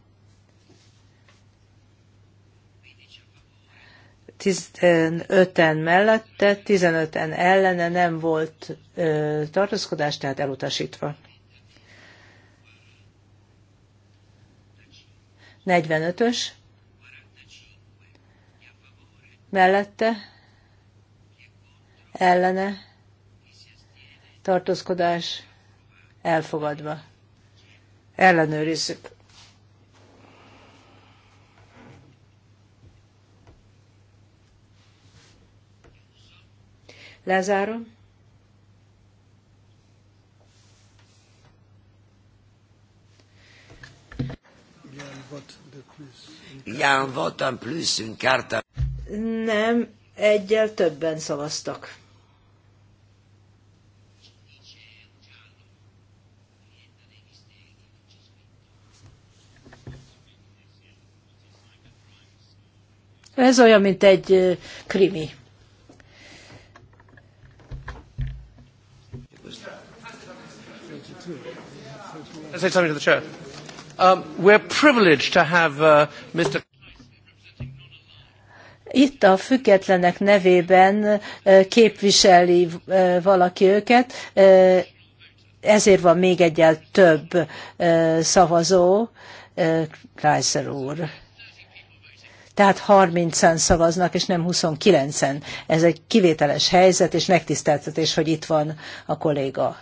15-en mellette, 15-en ellene nem volt ö, tartózkodás, tehát elutasítva. 45-ös mellette, ellene, tartózkodás elfogadva. Ellenőrizzük. Lezárom. Ja, votam plusz, kárta. Nem, egyel többen szavaztak. Ez olyan, mint egy krimi. say something to the chair? Um, we're privileged to have uh, Mr. Itt a függetlenek nevében képviseli valaki őket, ezért van még egyel több szavazó, Kreiser úr. Tehát 30-en szavaznak, és nem 29-en. Ez egy kivételes helyzet, és megtiszteltetés, hogy itt van a kolléga.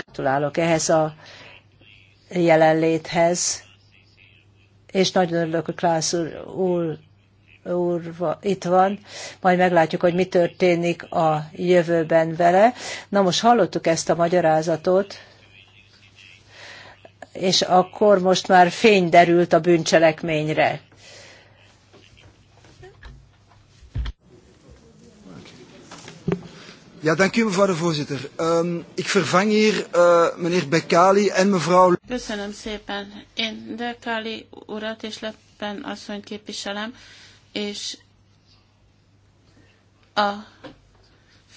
Gratulálok ehhez a jelenléthez, és nagyon örülök, hogy Klász úr, úr, úr itt van, majd meglátjuk, hogy mi történik a jövőben vele. Na most hallottuk ezt a magyarázatot, és akkor most már fény derült a bűncselekményre. Ja, dank u mevrouw de voorzitter. Um, ik vervang hier uh, meneer Bekali en mevrouw... Köszönöm szépen. Én Bekali urat és Leppen asszonyt képviselem, és a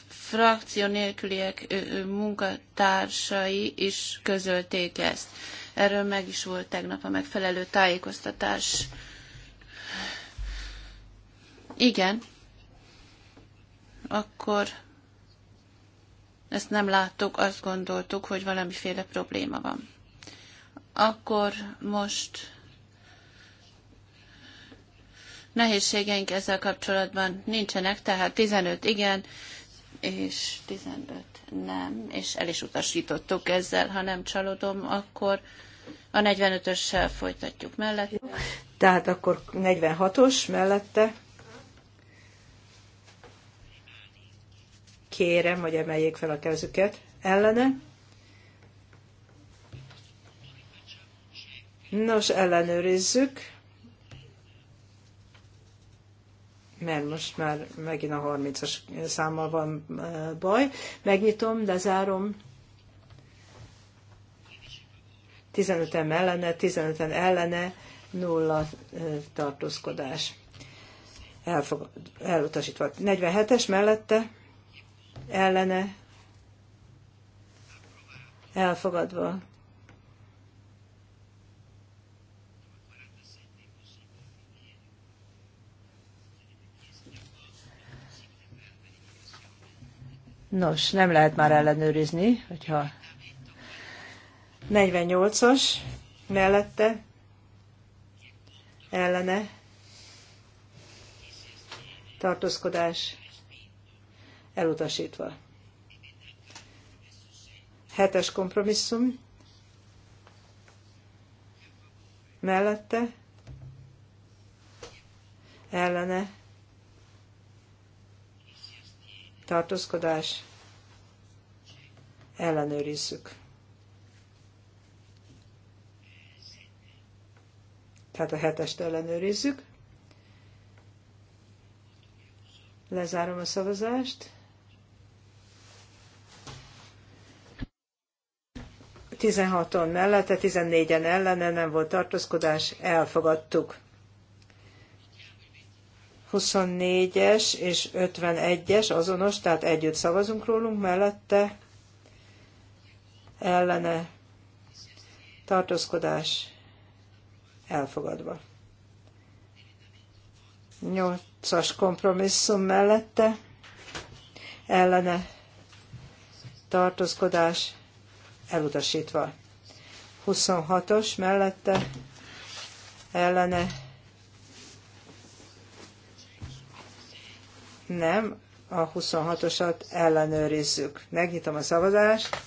frakció nélküliek munkatársai is közölték ezt. Erről meg is volt tegnap a megfelelő tájékoztatás. Igen. Akkor ezt nem láttuk, azt gondoltuk, hogy valamiféle probléma van. Akkor most nehézségeink ezzel kapcsolatban nincsenek, tehát 15 igen, és 15 nem, és el is utasítottuk ezzel, ha nem csalódom, akkor a 45-össel folytatjuk mellett. Tehát akkor 46-os mellette kérem, hogy emeljék fel a kezüket. Ellene? Nos, ellenőrizzük, mert most már megint a 30-as számmal van baj. Megnyitom, lezárom. 15-en ellene, 15-en ellene, nulla tartózkodás. elutasítva. 47-es mellette ellene elfogadva. Nos, nem lehet már ellenőrizni, hogyha 48-as mellette ellene tartózkodás elutasítva. Hetes kompromisszum mellette ellene tartózkodás ellenőrizzük. Tehát a hetest ellenőrizzük. Lezárom a szavazást. 16-on mellette, 14-en ellene nem volt tartózkodás, elfogadtuk. 24-es és 51-es azonos, tehát együtt szavazunk rólunk mellette, ellene tartózkodás elfogadva. 8-as kompromisszum mellette, ellene tartózkodás elutasítva. 26-os mellette ellene nem, a 26-osat ellenőrizzük. Megnyitom a szavazást.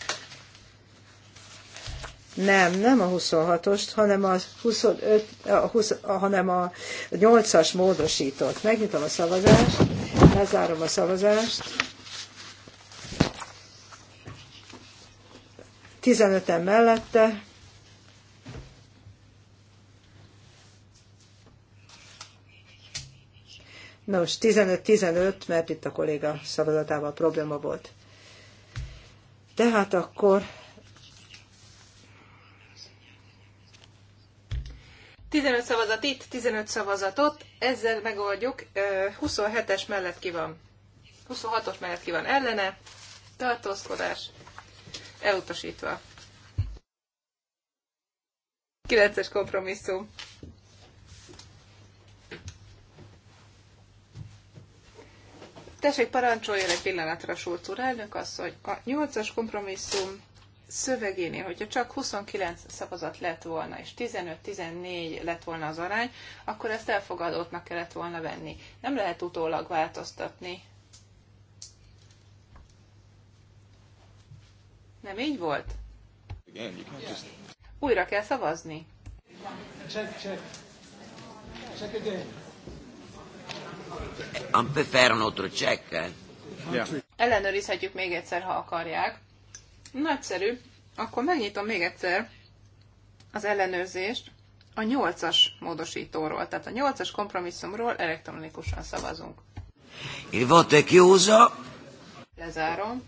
Nem, nem a 26-ost, hanem a, 25, a, 20, hanem a 8-as módosított. Megnyitom a szavazást, lezárom a szavazást. 15-en mellette, Nos, 15-15, mert itt a kolléga szavazatával probléma volt. Tehát akkor 15 szavazat itt, 15 szavazat ott, ezzel megoldjuk, 27-es mellett ki van. 26-os mellett ki van ellene, tartózkodás, elutasítva. Kilences kompromisszum. Tessék, parancsoljon egy pillanatra, Sulc úr, elnök asszony. A nyolcas kompromisszum szövegénél, hogyha csak 29 szavazat lett volna, és 15-14 lett volna az arány, akkor ezt elfogadottnak kellett volna venni. Nem lehet utólag változtatni Nem így volt? Újra kell szavazni. Check, check. Check again. I'm preferring otro check. Eh? Yeah. Ellenőrizhetjük még egyszer, ha akarják. Nagyszerű. Akkor megnyitom még egyszer az ellenőrzést a nyolcas módosítóról, tehát a nyolcas kompromisszumról elektronikusan szavazunk. Il voto è chiuso. Lezárom.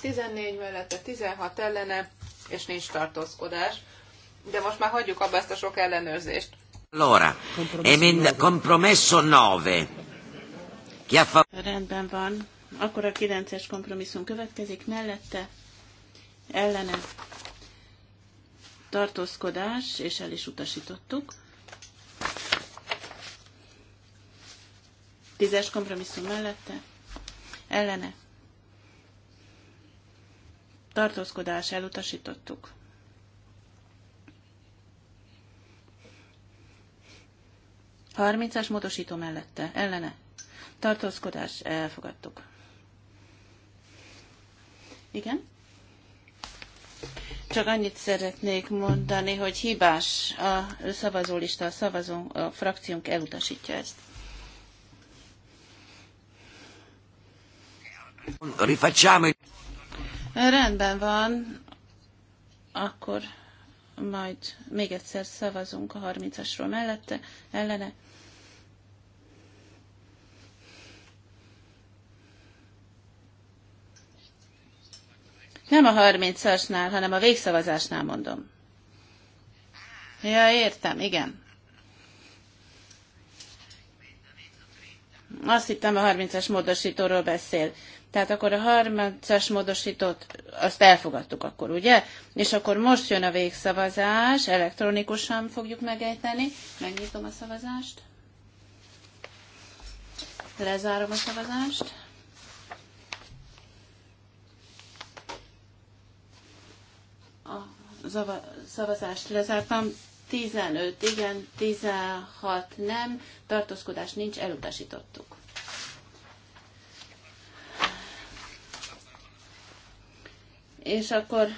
14 mellette, 16 ellene, és nincs tartózkodás. De most már hagyjuk abba ezt a sok ellenőrzést. Allora, compromesso 9. Chi a Rendben van. Akkor a 9-es kompromisszum következik mellette. Ellene tartózkodás, és el is utasítottuk. Tízes kompromisszum mellette, ellene tartózkodás elutasítottuk. Harmincas módosító mellette, ellene. Tartózkodás elfogadtuk. Igen? Csak annyit szeretnék mondani, hogy hibás a szavazólista, a szavazó a frakciónk elutasítja ezt. Rendben van, akkor majd még egyszer szavazunk a 30-asról mellette, ellene. Nem a 30-asnál, hanem a végszavazásnál mondom. Ja, értem, igen. Azt hittem a 30-as módosítóról beszél. Tehát akkor a 30-as azt elfogadtuk akkor, ugye? És akkor most jön a végszavazás, elektronikusan fogjuk megejteni. Megnyitom a szavazást. Lezárom a szavazást. A szavazást lezártam. 15 igen, 16 nem, tartózkodás nincs, elutasítottuk. és akkor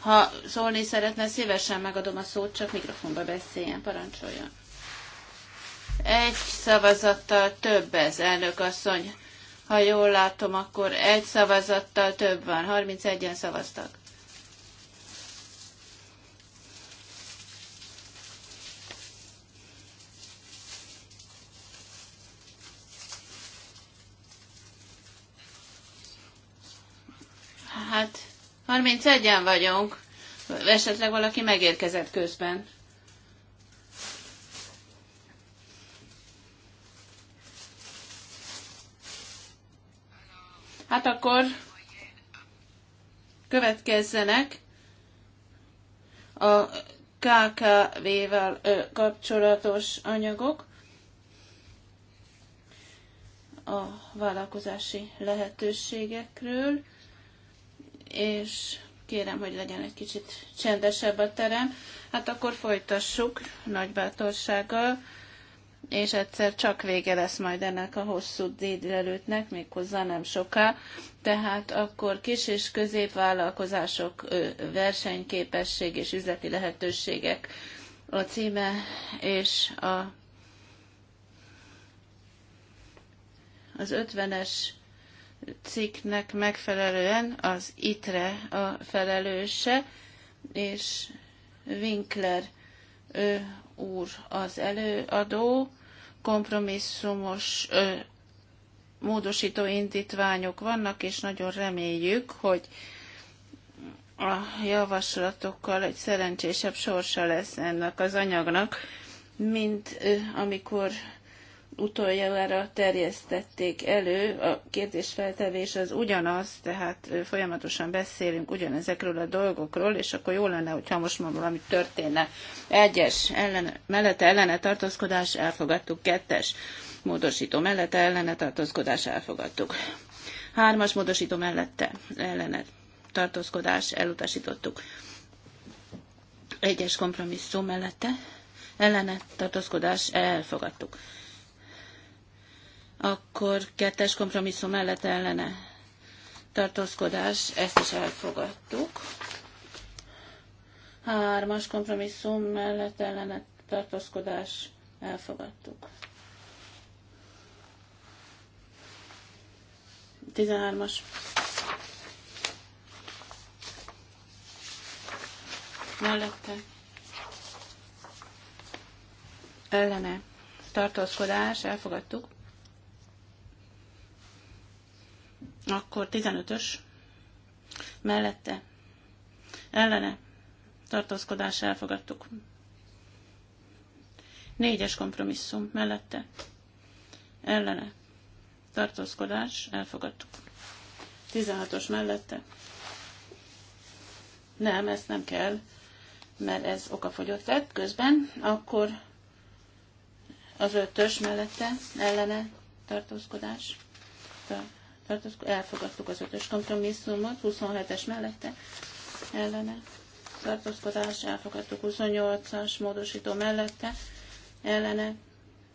ha szólni szeretne, szívesen megadom a szót, csak mikrofonba beszéljen, parancsoljon. Egy szavazattal több ez, elnök asszony. Ha jól látom, akkor egy szavazattal több van. 31-en szavaztak. 31-en vagyunk. Esetleg valaki megérkezett közben. Hát akkor következzenek a KKV-vel kapcsolatos anyagok, a vállalkozási lehetőségekről és kérem, hogy legyen egy kicsit csendesebb a terem. Hát akkor folytassuk nagy bátorsággal, és egyszer csak vége lesz majd ennek a hosszú délelőttnek, méghozzá nem soká. Tehát akkor kis és középvállalkozások versenyképesség és üzleti lehetőségek a címe, és a, az 50-es cikknek megfelelően az ITRE a felelőse, és Winkler ő, úr az előadó, kompromisszumos ö, módosító indítványok vannak, és nagyon reméljük, hogy a javaslatokkal egy szerencsésebb sorsa lesz ennek az anyagnak, mint ö, amikor utoljára terjesztették elő, a kérdésfeltevés az ugyanaz, tehát folyamatosan beszélünk ugyanezekről a dolgokról, és akkor jó lenne, hogyha most már valami történne. Egyes ellen, mellette ellene tartózkodás elfogadtuk, kettes módosító mellette ellene tartózkodás elfogadtuk. Hármas módosító mellette ellene tartózkodás elutasítottuk. Egyes kompromisszum mellette ellene tartózkodás elfogadtuk akkor kettes kompromisszum mellett ellene tartózkodás, ezt is elfogadtuk. Hármas kompromisszum mellett ellene tartózkodás, elfogadtuk. 13-as. Mellette. Ellene. Tartózkodás, elfogadtuk. Akkor 15-ös mellette ellene tartózkodás elfogadtuk. Négyes kompromisszum mellette ellene tartózkodás elfogadtuk. 16-os mellette nem, ezt nem kell, mert ez okafogyott lett közben, akkor az ötös mellette ellene tartózkodás elfogadtuk az ötös kompromisszumot, 27-es mellette ellene tartózkodás, elfogadtuk 28-as módosító mellette ellene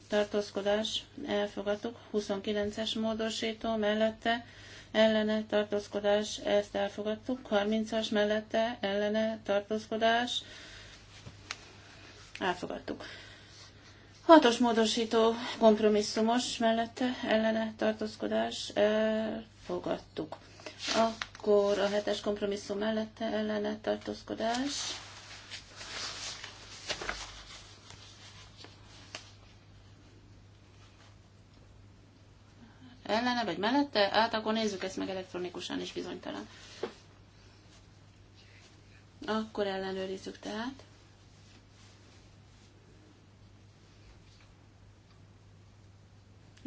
tartózkodás, elfogadtuk 29-es módosító mellette ellene tartózkodás, ezt elfogadtuk, 30-as mellette ellene tartózkodás, elfogadtuk. Hatos módosító kompromisszumos mellette ellene tartózkodás fogadtuk. Akkor a hetes kompromisszum mellette ellene tartózkodás. Ellene vagy mellette? Hát akkor nézzük ezt meg elektronikusan is bizonytalan. Akkor ellenőrizzük tehát.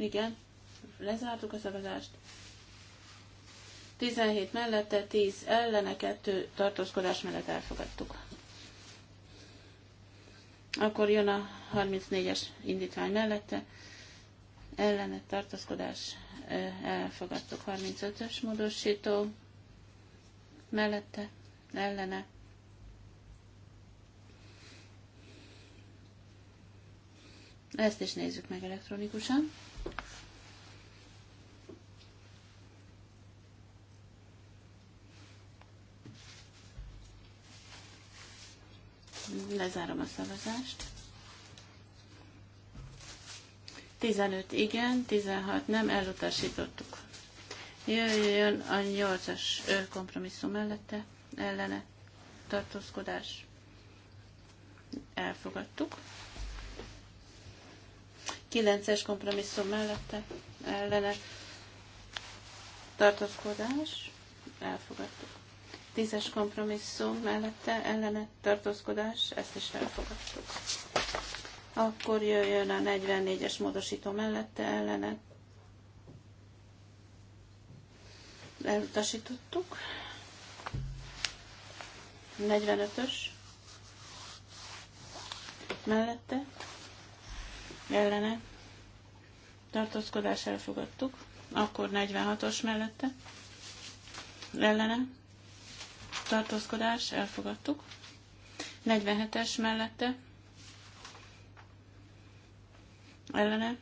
Igen, lezártuk a szavazást. 17 mellette, 10 ellene, 2 tartózkodás mellett elfogadtuk. Akkor jön a 34-es indítvány mellette, ellene tartózkodás elfogadtuk. 35-ös módosító mellette, ellene. Ezt is nézzük meg elektronikusan. Lezárom a szavazást. 15 igen, 16 nem, elutasítottuk. Jöjjön a 8-as kompromisszum mellette, ellene tartózkodás. Elfogadtuk. 9-es kompromisszum mellette ellene tartózkodás, elfogadtuk. 10-es kompromisszum mellette ellene tartózkodás, ezt is elfogadtuk. Akkor jöjjön a 44-es módosító mellette ellene. Elutasítottuk. 45-ös mellette ellene tartózkodás elfogadtuk, akkor 46-os mellette ellene tartózkodás elfogadtuk, 47-es mellette ellene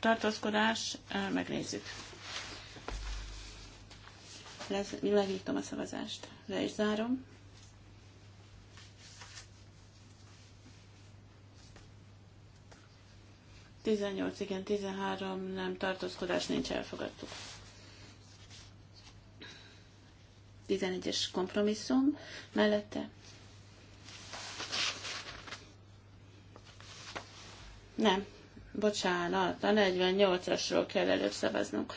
tartózkodás, eh, megnézzük. Le, megítom a szavazást, le is zárom. 18 igen, 13 nem tartózkodás nincs, elfogadtuk. 11-es kompromisszum mellette. Nem, bocsánat, a 48-asról kell előbb szavaznunk.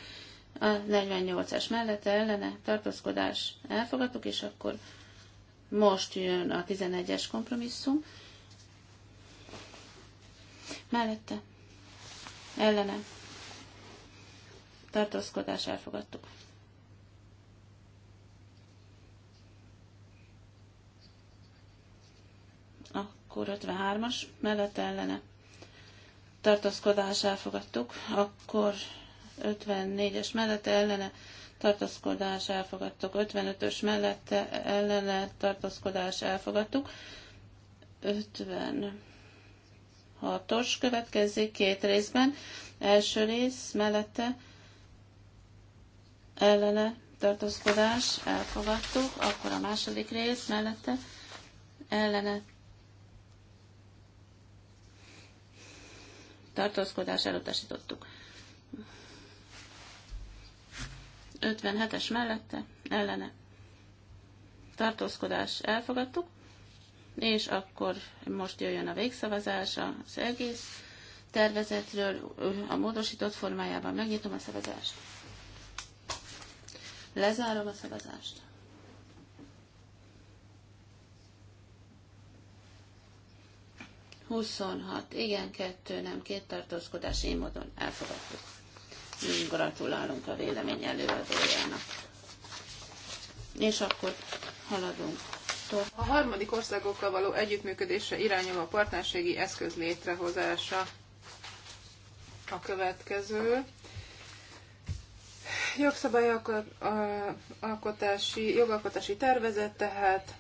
A 48-as mellette ellene tartózkodás elfogadtuk, és akkor most jön a 11-es kompromisszum. Mellette ellene tartózkodás elfogadtuk. Akkor 53-as mellett ellene tartózkodás elfogadtuk, akkor 54-es mellette ellene tartózkodás elfogadtuk, 55-ös mellette ellene tartózkodás elfogadtuk, 50 hatos következik két részben. Első rész mellette ellene tartózkodás, elfogadtuk, akkor a második rész mellette ellene tartózkodás elutasítottuk. 57-es mellette ellene tartózkodás elfogadtuk és akkor most jöjjön a végszavazás az egész tervezetről. A módosított formájában megnyitom a szavazást. Lezárom a szavazást. Huszonhat, igen, kettő, nem, két tartózkodás, én módon elfogadtuk. Gratulálunk a vélemény előadójának. És akkor haladunk partnership. A harmadik országokkal való együttműködésre irányuló a partnerségi eszköz létrehozása a következő. Jogszabályalkotási, jogalkotási tervezet, tehát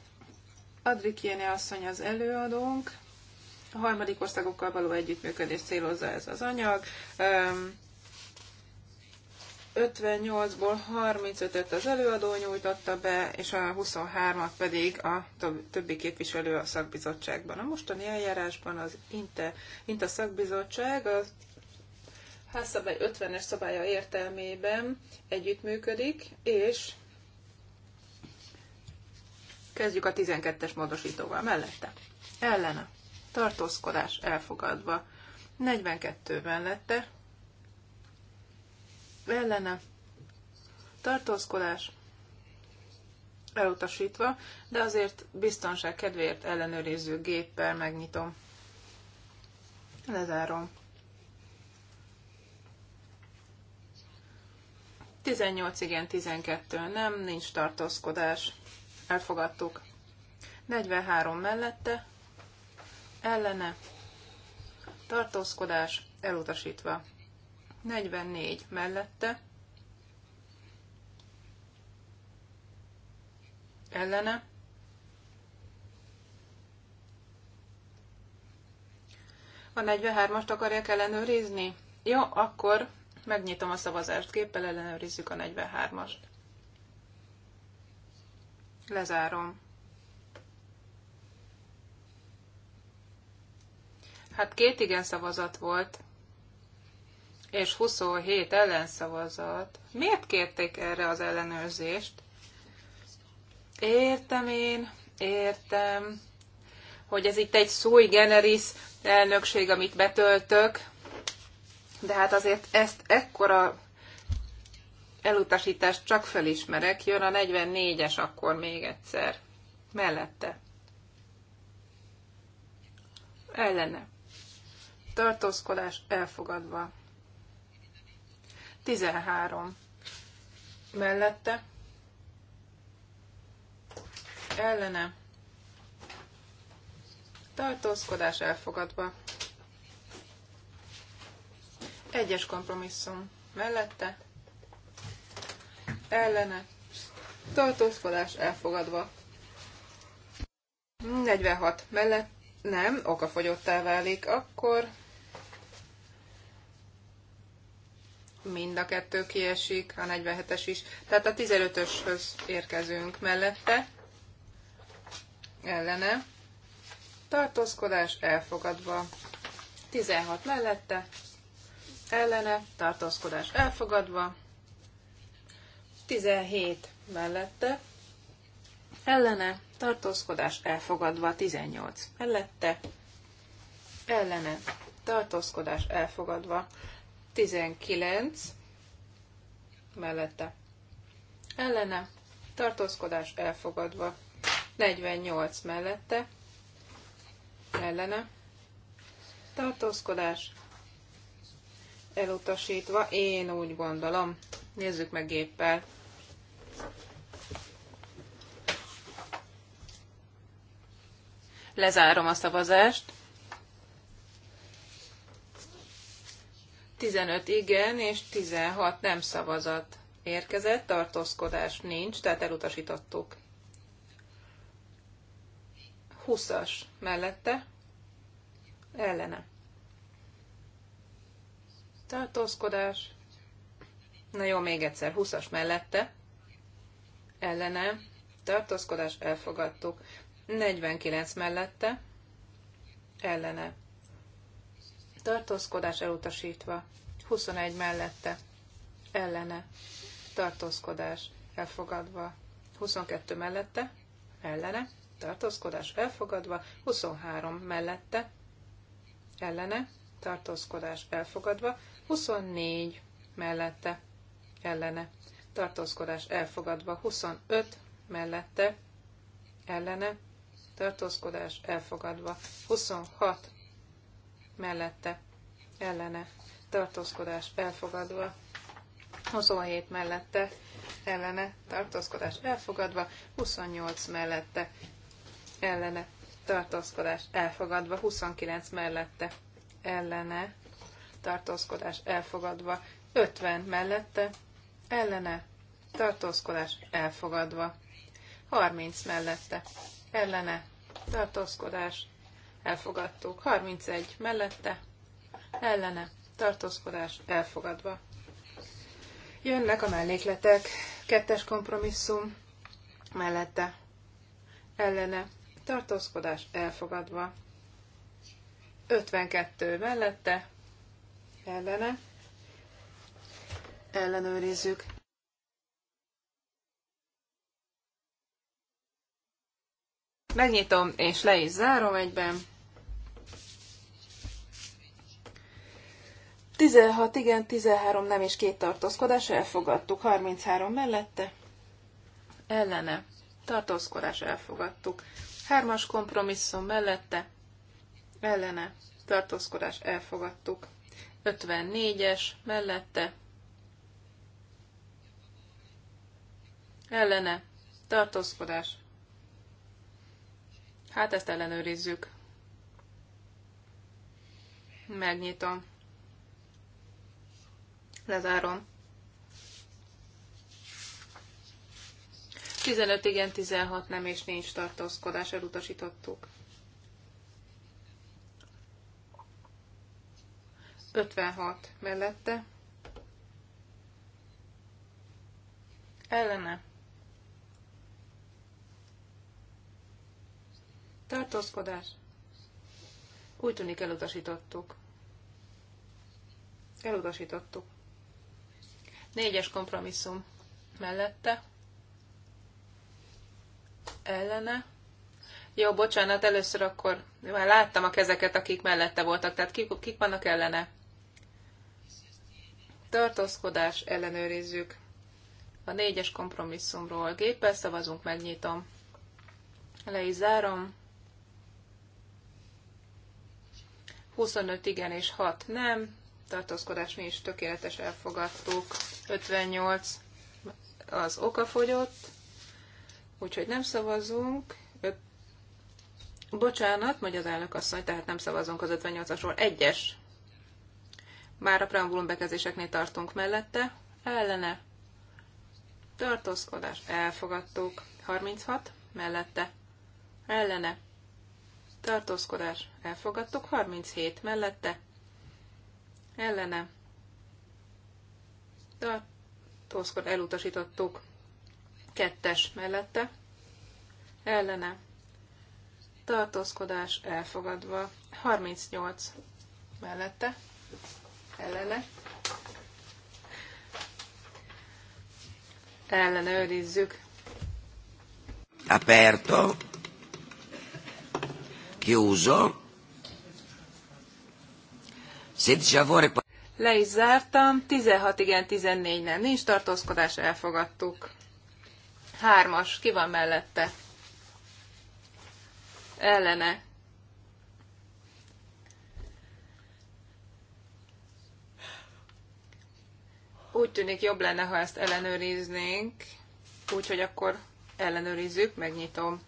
Adri Kiene asszony az előadónk. A harmadik országokkal való együttműködés célozza ez az anyag. 58-ból 35-öt az előadó nyújtotta be, és a 23-at pedig a többi képviselő a szakbizottságban. A mostani eljárásban az INTE, INTE szakbizottság a házszabály 50-es szabálya értelmében együttműködik, és kezdjük a 12-es módosítóval mellette. Ellene. Tartózkodás elfogadva. 42 mellette ellene tartózkodás elutasítva, de azért biztonság kedvéért ellenőriző géppel megnyitom. Lezárom. 18 igen, 12 nem, nincs tartózkodás. Elfogadtuk. 43 mellette, ellene, tartózkodás elutasítva. 44 mellette, ellene, A 43-ast akarják ellenőrizni? Jó, akkor megnyitom a szavazást, képpel, ellenőrizzük a 43-ast. Lezárom. Hát két igen szavazat volt, és 27 ellenszavazat. Miért kérték erre az ellenőrzést? Értem én, értem, hogy ez itt egy sui generis elnökség, amit betöltök, de hát azért ezt ekkora elutasítást csak felismerek, jön a 44-es akkor még egyszer. Mellette. Ellene. Tartózkodás elfogadva. 13 mellette ellene tartózkodás elfogadva. Egyes kompromisszum mellette ellene tartózkodás elfogadva. 46 mellett nem, okafogyottá válik, akkor mind a kettő kiesik, a 47-es is. Tehát a 15-öshöz érkezünk mellette, ellene, tartózkodás elfogadva, 16 mellette, ellene, tartózkodás elfogadva, 17 mellette, ellene, tartózkodás elfogadva, 18 mellette, ellene, tartózkodás elfogadva, 19 mellette. Ellene tartózkodás elfogadva. 48 mellette. Ellene tartózkodás elutasítva, én úgy gondolom. Nézzük meg géppel. Lezárom a szavazást. 15 igen és 16 nem szavazat érkezett, tartózkodás nincs, tehát elutasítottuk. 20-as mellette, ellene. Tartózkodás. Na jó, még egyszer, 20-as mellette, ellene. Tartózkodás, elfogadtuk. 49 mellette, ellene tartózkodás elutasítva, 21 mellette, ellene, tartózkodás elfogadva, 22 mellette, ellene, tartózkodás elfogadva, 23 mellette, ellene, tartózkodás elfogadva, 24 mellette, ellene, tartózkodás elfogadva, 25 mellette, ellene, tartózkodás elfogadva, 26 mellette ellene tartózkodás elfogadva, 27 mellette ellene tartózkodás elfogadva, 28 mellette ellene tartózkodás elfogadva, 29 mellette ellene tartózkodás elfogadva, 50 mellette ellene tartózkodás elfogadva, 30 mellette ellene tartózkodás elfogadtuk. 31 mellette, ellene, tartózkodás, elfogadva. Jönnek a mellékletek, kettes kompromisszum, mellette, ellene, tartózkodás, elfogadva. 52 mellette, ellene, ellenőrizzük. Megnyitom és le is zárom egyben. 16 igen, 13 nem és két tartózkodás, elfogadtuk. 33 mellette, ellene, tartózkodás, elfogadtuk. Hármas kompromisszum mellette, ellene, tartózkodás, elfogadtuk. 54-es mellette, ellene, tartózkodás. Hát ezt ellenőrizzük. Megnyitom. Lezárom. 15 igen, 16 nem és nincs tartózkodás, elutasítottuk. 56 mellette. Ellene. Tartózkodás. Úgy tűnik elutasítottuk. Elutasítottuk. Négyes kompromisszum mellette. Ellene. Jó, bocsánat, először akkor már láttam a kezeket, akik mellette voltak, tehát kik, kik vannak ellene? Tartózkodás ellenőrizzük. A négyes kompromisszumról géppel szavazunk, megnyitom. Le is zárom. 25 igen és 6 nem. Tartózkodás mi is tökéletes elfogadtuk. 58 az okafogyott, úgyhogy nem szavazunk. Ö... Bocsánat, mondja az elnök asszony, tehát nem szavazunk az 58-asról. Egyes. Már a preambulum bekezéseknél tartunk mellette. Ellene. Tartózkodás. Elfogadtuk. 36. Mellette. Ellene. Tartózkodás. Elfogadtuk. 37. Mellette. Ellene. Toszkot elutasítottuk. Kettes mellette, ellene, tartózkodás elfogadva. 38 mellette, ellene. őrizzük. Aperto. Chiuso. 16 a favore, le is zártam, 16 igen, 14 nem, nincs tartózkodás, elfogadtuk. Hármas, ki van mellette? Ellene. Úgy tűnik jobb lenne, ha ezt ellenőriznénk, úgyhogy akkor ellenőrizzük, megnyitom.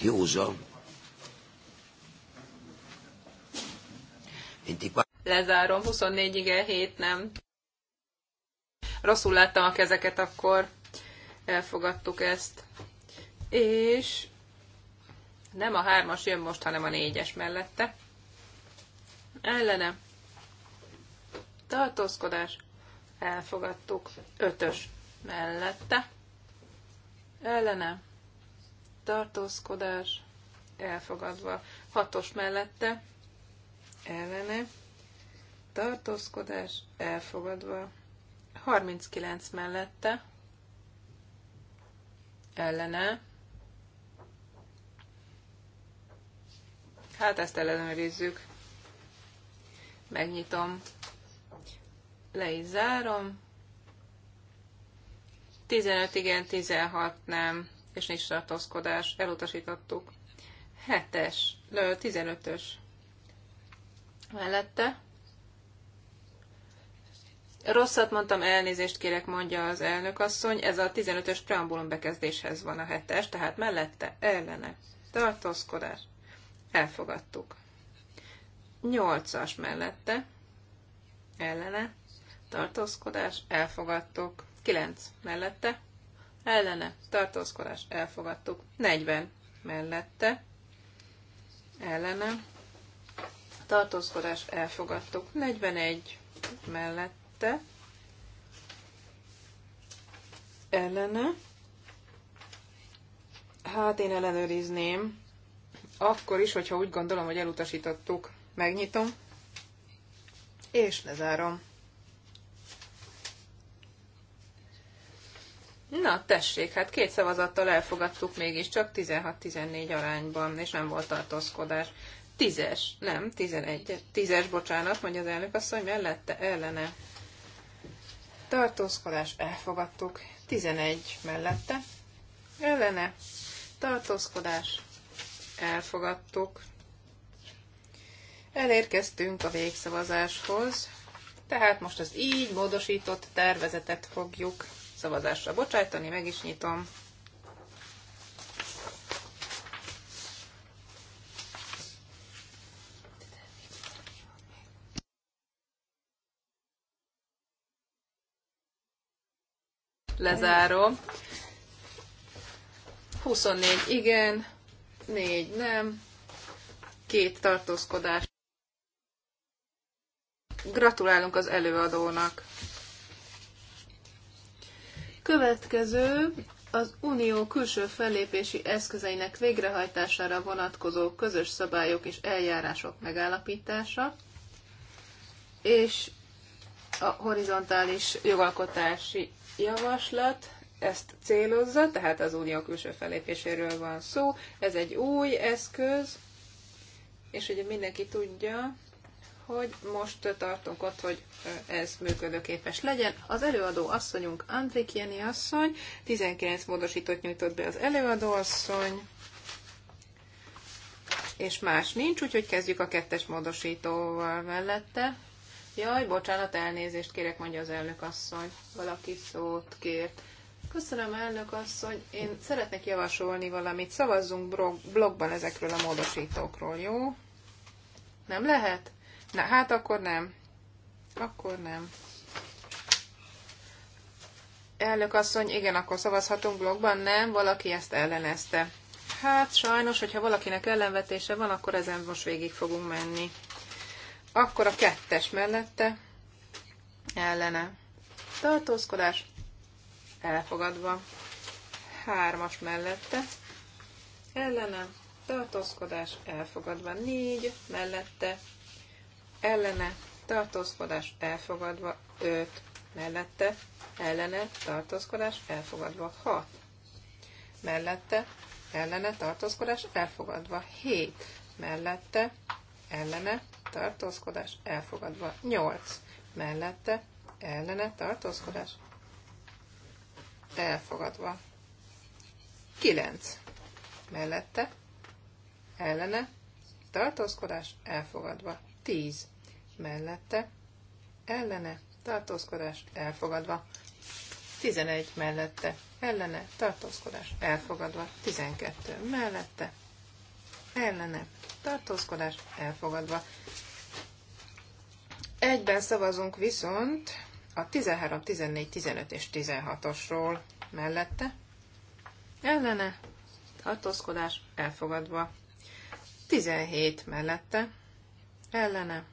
Józa. Lezárom, 24 igen, 7 nem. Rosszul láttam a kezeket, akkor elfogadtuk ezt. És nem a hármas jön most, hanem a négyes mellette. Ellene. Tartózkodás. Elfogadtuk. Ötös mellette. Ellene. Tartózkodás. Elfogadva. Hatos mellette ellene, tartózkodás elfogadva, 39 mellette, ellene, hát ezt ellenőrizzük, megnyitom, le is zárom, 15 igen, 16 nem, és nincs tartózkodás, elutasítottuk. 7-es, 15-ös mellette. Rosszat mondtam, elnézést kérek, mondja az elnök asszony. Ez a 15-ös preambulum bekezdéshez van a hetes, tehát mellette, ellene. Tartózkodás. Elfogadtuk. 8-as mellette, ellene. Tartózkodás. Elfogadtuk. 9 mellette, ellene. Tartózkodás. Elfogadtuk. 40 mellette, ellene tartózkodás elfogadtuk. 41 mellette ellene. Hát én ellenőrizném. Akkor is, hogyha úgy gondolom, hogy elutasítottuk. Megnyitom. És lezárom. Na, tessék, hát két szavazattal elfogadtuk mégiscsak 16-14 arányban, és nem volt tartózkodás. Tízes, nem, tizenegy, tízes, bocsánat, mondja az elnök asszony, mellette, ellene. Tartózkodás, elfogadtuk. Tizenegy mellette, ellene. Tartózkodás, elfogadtuk. Elérkeztünk a végszavazáshoz, tehát most az így módosított tervezetet fogjuk szavazásra bocsájtani, meg is nyitom. lezárom. 24 igen, 4 nem, két tartózkodás. Gratulálunk az előadónak. Következő az Unió külső fellépési eszközeinek végrehajtására vonatkozó közös szabályok és eljárások megállapítása, és a horizontális jogalkotási javaslat ezt célozza, tehát az unió külső felépéséről van szó. Ez egy új eszköz, és ugye mindenki tudja, hogy most tartunk ott, hogy ez működőképes legyen. Az előadó asszonyunk Andrik Jeni asszony, 19 módosítót nyújtott be az előadó asszony, és más nincs, úgyhogy kezdjük a kettes módosítóval mellette. Jaj, bocsánat, elnézést kérek, mondja az elnök asszony. Valaki szót kért. Köszönöm, elnök asszony. Én szeretnék javasolni valamit. Szavazzunk blogban ezekről a módosítókról, jó? Nem lehet? Na, hát akkor nem. Akkor nem. Elnök asszony, igen, akkor szavazhatunk blogban? Nem, valaki ezt ellenezte. Hát sajnos, hogyha valakinek ellenvetése van, akkor ezen most végig fogunk menni. Akkor a kettes mellette ellene tartózkodás elfogadva. Hármas mellette ellene tartózkodás elfogadva. Négy mellette ellene tartózkodás elfogadva. Öt mellette ellene tartózkodás elfogadva. Hat mellette ellene tartózkodás elfogadva. Hét mellette ellene tartózkodás elfogadva. 8 mellette ellene tartózkodás elfogadva. 9 mellette ellene tartózkodás elfogadva. 10 mellette ellene tartózkodás elfogadva. 11 mellette ellene tartózkodás elfogadva. 12 mellette ellene tartózkodás elfogadva. Egyben szavazunk viszont a 13, 14, 15 és 16-osról mellette. Ellene tartózkodás elfogadva. 17 mellette. Ellene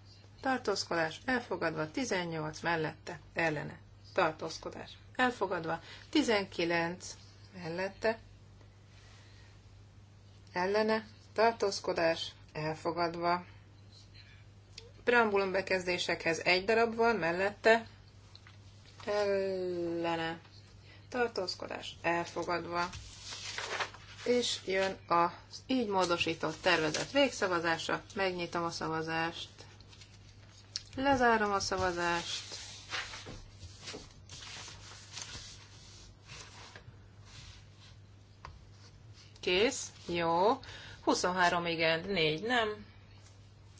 tartózkodás elfogadva. 18 mellette. Ellene tartózkodás elfogadva. 19 mellette. Ellene tartózkodás elfogadva. Preambulum bekezdésekhez egy darab van, mellette ellene tartózkodás elfogadva. És jön a így módosított tervezet végszavazása, megnyitom a szavazást, lezárom a szavazást, kész, jó, 23 igen, 4 nem,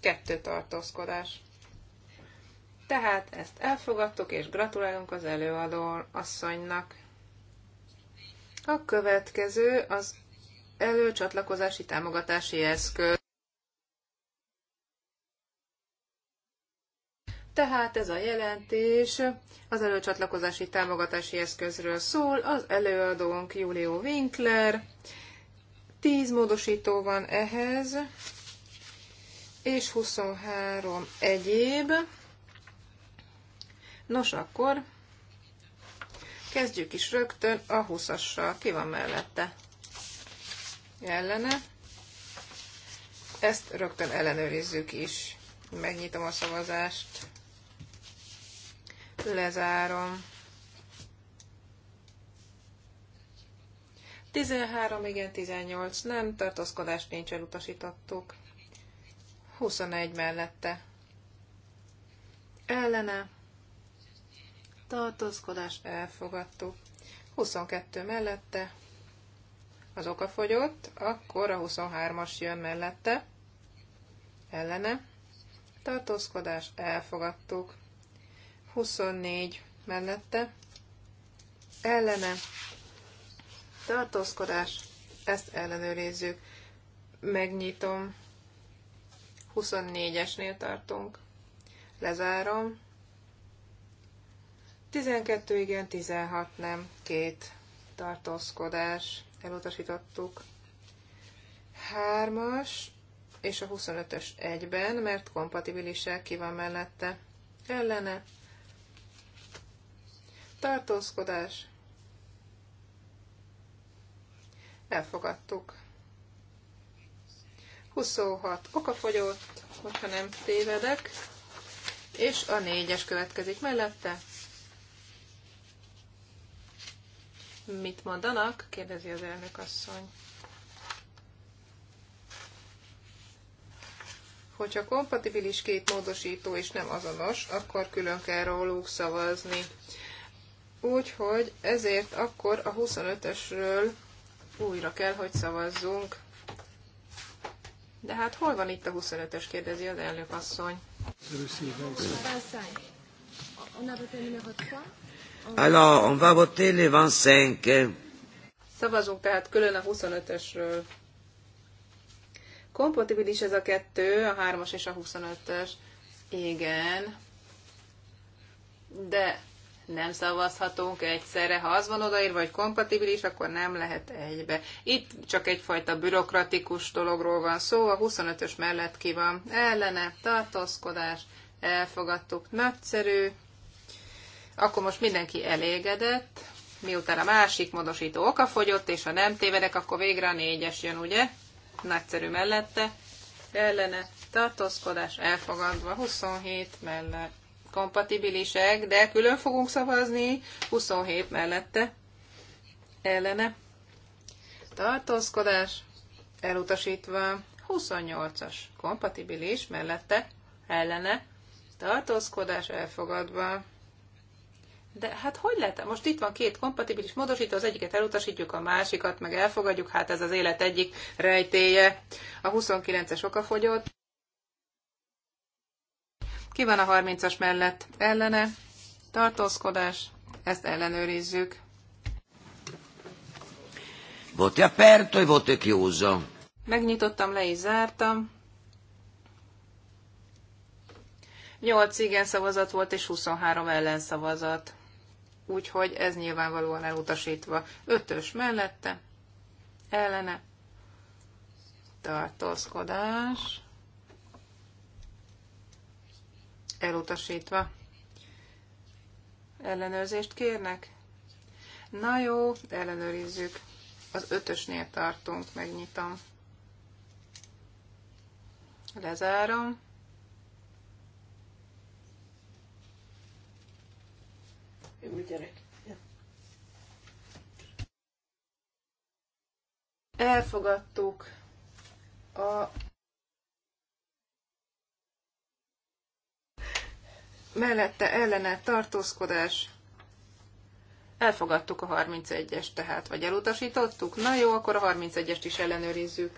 2 tartózkodás. Tehát ezt elfogadtuk, és gratulálunk az előadó asszonynak. A következő az előcsatlakozási támogatási eszköz. Tehát ez a jelentés az előcsatlakozási támogatási eszközről szól, az előadónk Julio Winkler, 10 módosító van ehhez, és 23 egyéb. Nos, akkor kezdjük is rögtön a 20-assal. Ki van mellette? Ellene. Ezt rögtön ellenőrizzük is. Megnyitom a szavazást. Lezárom. 13 igen, 18 nem, tartózkodás nincs, elutasítottuk. 21 mellette. Ellene. Tartózkodás elfogadtuk. 22 mellette. Az oka fogyott, akkor a 23-as jön mellette. Ellene. Tartózkodás elfogadtuk. 24 mellette. Ellene tartózkodás, ezt ellenőrizzük. Megnyitom. 24-esnél tartunk. Lezárom. 12 igen, 16 nem, két tartózkodás, elutasítottuk. 3-as és a 25-ös egyben, mert kompatibilisek ki van mellette. Ellene. Tartózkodás. elfogadtuk. 26 okafogyott, hogyha nem tévedek, és a négyes következik mellette. Mit mondanak? kérdezi az elnök asszony. Hogyha kompatibilis két módosító és nem azonos, akkor külön kell róluk szavazni. Úgyhogy ezért akkor a 25-ösről újra kell, hogy szavazzunk. De hát hol van itt a 25-ös, kérdezi az elnök asszony. Alors, on va voter le 25. Szavazunk tehát külön a 25-ösről. Kompatibilis ez a kettő, a 3-as és a 25-ös. Igen. De nem szavazhatunk egyszerre. Ha az van odaírva, hogy kompatibilis, akkor nem lehet egybe. Itt csak egyfajta bürokratikus dologról van szó, a 25-ös mellett ki van ellene, tartózkodás, elfogadtuk, nagyszerű. Akkor most mindenki elégedett, miután a másik módosító oka fogyott, és ha nem tévedek, akkor végre a négyes jön, ugye? Nagyszerű mellette, ellene, tartózkodás elfogadva, 27 mellett kompatibilisek, de külön fogunk szavazni 27 mellette ellene. Tartózkodás elutasítva 28-as kompatibilis mellette ellene. Tartózkodás elfogadva. De hát hogy lehet? Most itt van két kompatibilis módosító, az egyiket elutasítjuk, a másikat meg elfogadjuk, hát ez az élet egyik rejtéje. A 29-es okafogyott. Ki van a 30-as mellett? Ellene. Tartózkodás. Ezt ellenőrizzük. Voto aperto e voto chiuso. Megnyitottam, le is zártam. 8 igen szavazat volt, és 23 ellen szavazat. Úgyhogy ez nyilvánvalóan elutasítva. Ötös mellette, ellene, tartózkodás. elutasítva. Ellenőrzést kérnek? Na jó, ellenőrizzük. Az ötösnél tartunk, megnyitom. Lezárom. Elfogadtuk a mellette ellene tartózkodás. Elfogadtuk a 31-est tehát, vagy elutasítottuk? Na jó, akkor a 31-est is ellenőrizzük.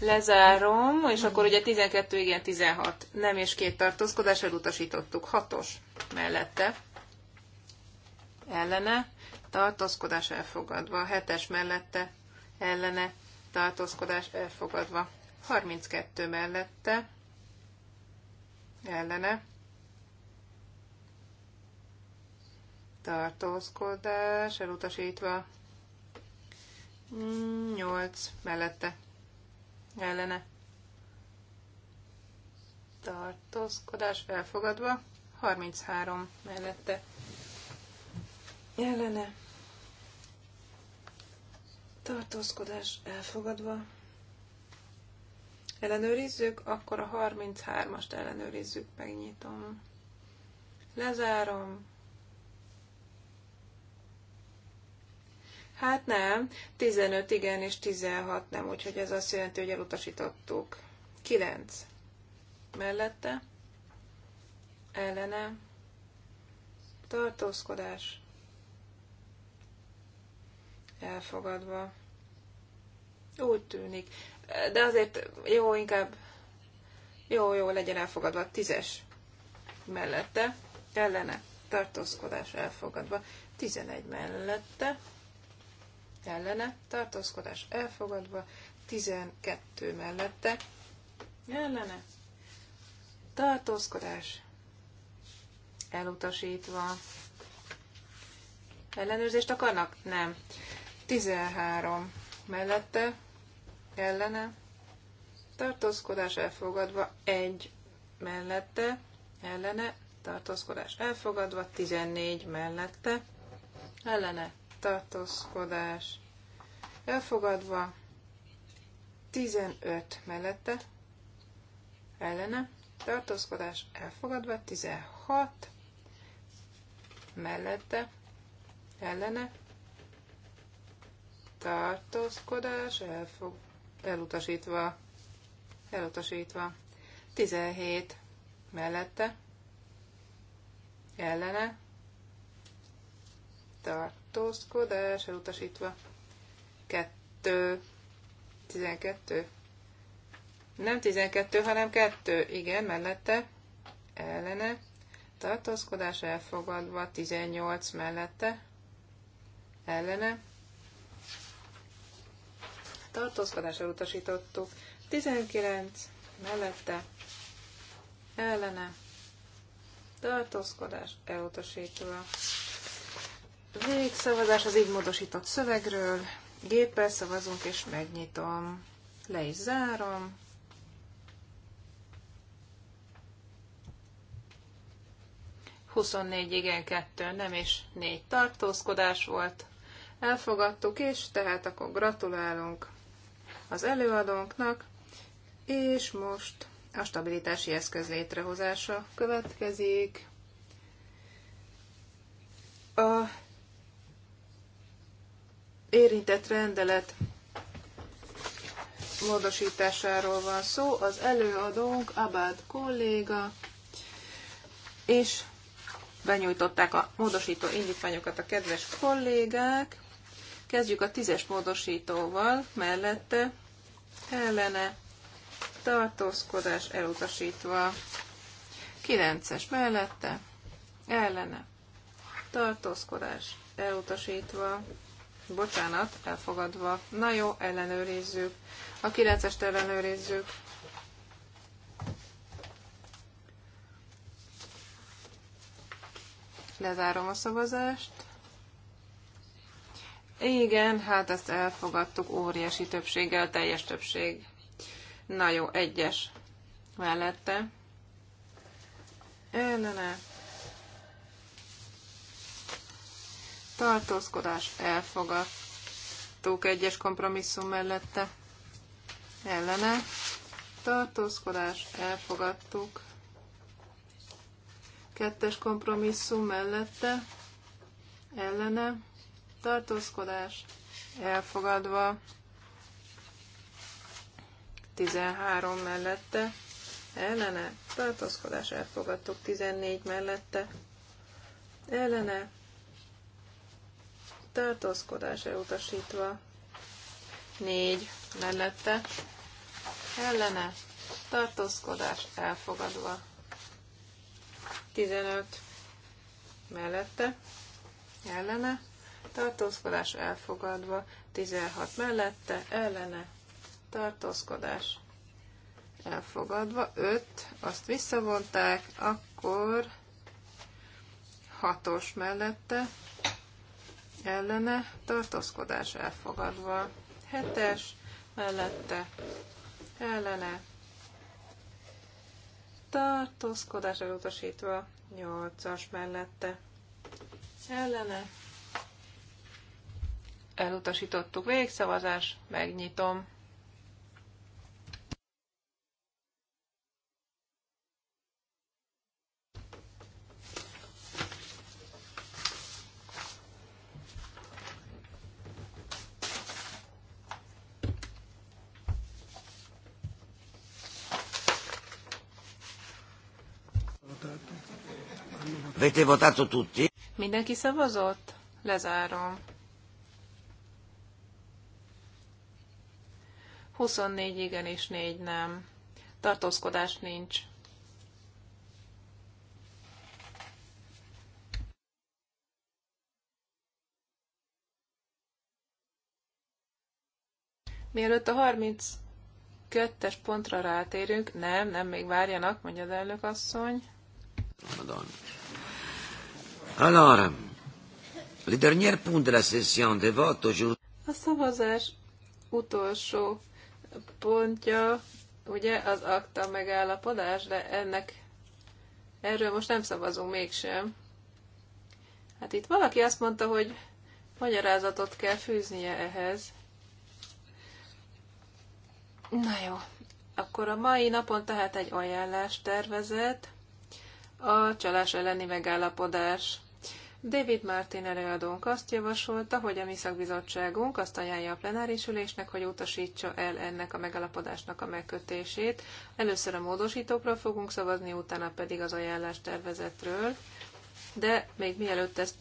lezárom, és akkor ugye 12, igen, 16. Nem és két tartózkodás elutasítottuk. Hatos mellette. Ellene tartózkodás elfogadva, 7-es mellette ellene tartózkodás elfogadva, 32 mellette ellene tartózkodás elutasítva, 8 mellette ellene tartózkodás elfogadva, 33 mellette ellene tartózkodás elfogadva. Ellenőrizzük, akkor a 33-ast ellenőrizzük, megnyitom. Lezárom. Hát nem, 15 igen és 16 nem, úgyhogy ez azt jelenti, hogy elutasítottuk. 9. Mellette. Ellene. Tartózkodás elfogadva. Úgy tűnik. De azért jó, inkább jó, jó, legyen elfogadva. Tízes mellette, ellene, tartózkodás elfogadva. Tizenegy mellette, ellene, tartózkodás elfogadva. Tizenkettő mellette, ellene, tartózkodás elutasítva. Ellenőrzést akarnak? Nem. 13 mellette, ellene, tartózkodás elfogadva, 1 mellette, ellene, tartózkodás elfogadva, 14 mellette, ellene, tartózkodás elfogadva, 15 mellette, ellene, tartózkodás elfogadva, 16 mellette, ellene, tartózkodás elfog, elutasítva, elutasítva. 17 mellette, ellene, tartózkodás elutasítva, 2, 12, nem 12, hanem 2, igen, mellette, ellene, tartózkodás elfogadva, 18 mellette, ellene, tartózkodásra elutasítottuk. 19 mellette ellene tartózkodás elutasítva. Végszavazás az így módosított szövegről. Géppel szavazunk és megnyitom. Le is zárom. Huszonnégy igen, kettő nem, és négy tartózkodás volt. Elfogadtuk, és tehát akkor gratulálunk az előadónknak, és most a stabilitási eszköz létrehozása következik. A érintett rendelet módosításáról van szó. Az előadónk Abad kolléga, és benyújtották a módosító indítványokat a kedves kollégák. Kezdjük a tízes módosítóval, mellette ellene, tartózkodás elutasítva. 9-es mellette, ellene, tartózkodás elutasítva. Bocsánat, elfogadva. Na jó, ellenőrizzük. A 9-est ellenőrizzük. Lezárom a szavazást. Igen, hát ezt elfogadtuk óriási többséggel, teljes többség. Na jó, egyes mellette. ne. Tartózkodás elfogadtuk egyes kompromisszum mellette. Ellene. Tartózkodás elfogadtuk. Kettes kompromisszum mellette. Ellene tartózkodás elfogadva, 13 mellette, ellene, tartózkodás elfogadtuk, 14 mellette, ellene, tartózkodás elutasítva, 4 mellette, ellene, tartózkodás elfogadva, 15 mellette, ellene, tartózkodás elfogadva, 16 mellette, ellene, tartózkodás elfogadva, 5, azt visszavonták, akkor 6-os mellette, ellene, tartózkodás elfogadva, 7-es mellette, ellene, tartózkodás elutasítva, 8-as mellette, ellene, elutasítottuk. Végszavazás, megnyitom. Mindenki szavazott? Lezárom. 24 igen és 4 nem. Tartózkodás nincs. Mielőtt a 32-es pontra rátérünk, nem, nem, még várjanak, mondja az elnök asszony. Madonna. Alors, le dernier point de la session de vote aujourd'hui. A szavazás utolsó pontja ugye az akta megállapodás, de ennek erről most nem szavazunk mégsem. Hát itt valaki azt mondta, hogy magyarázatot kell fűznie ehhez. Na jó, akkor a mai napon tehát egy ajánlás tervezett a csalás elleni megállapodás David Martin előadónk azt javasolta, hogy a mi szakbizottságunk azt ajánlja a plenáris ülésnek, hogy utasítsa el ennek a megalapodásnak a megkötését. Először a módosítókról fogunk szavazni, utána pedig az ajánlás tervezetről. De még mielőtt ezt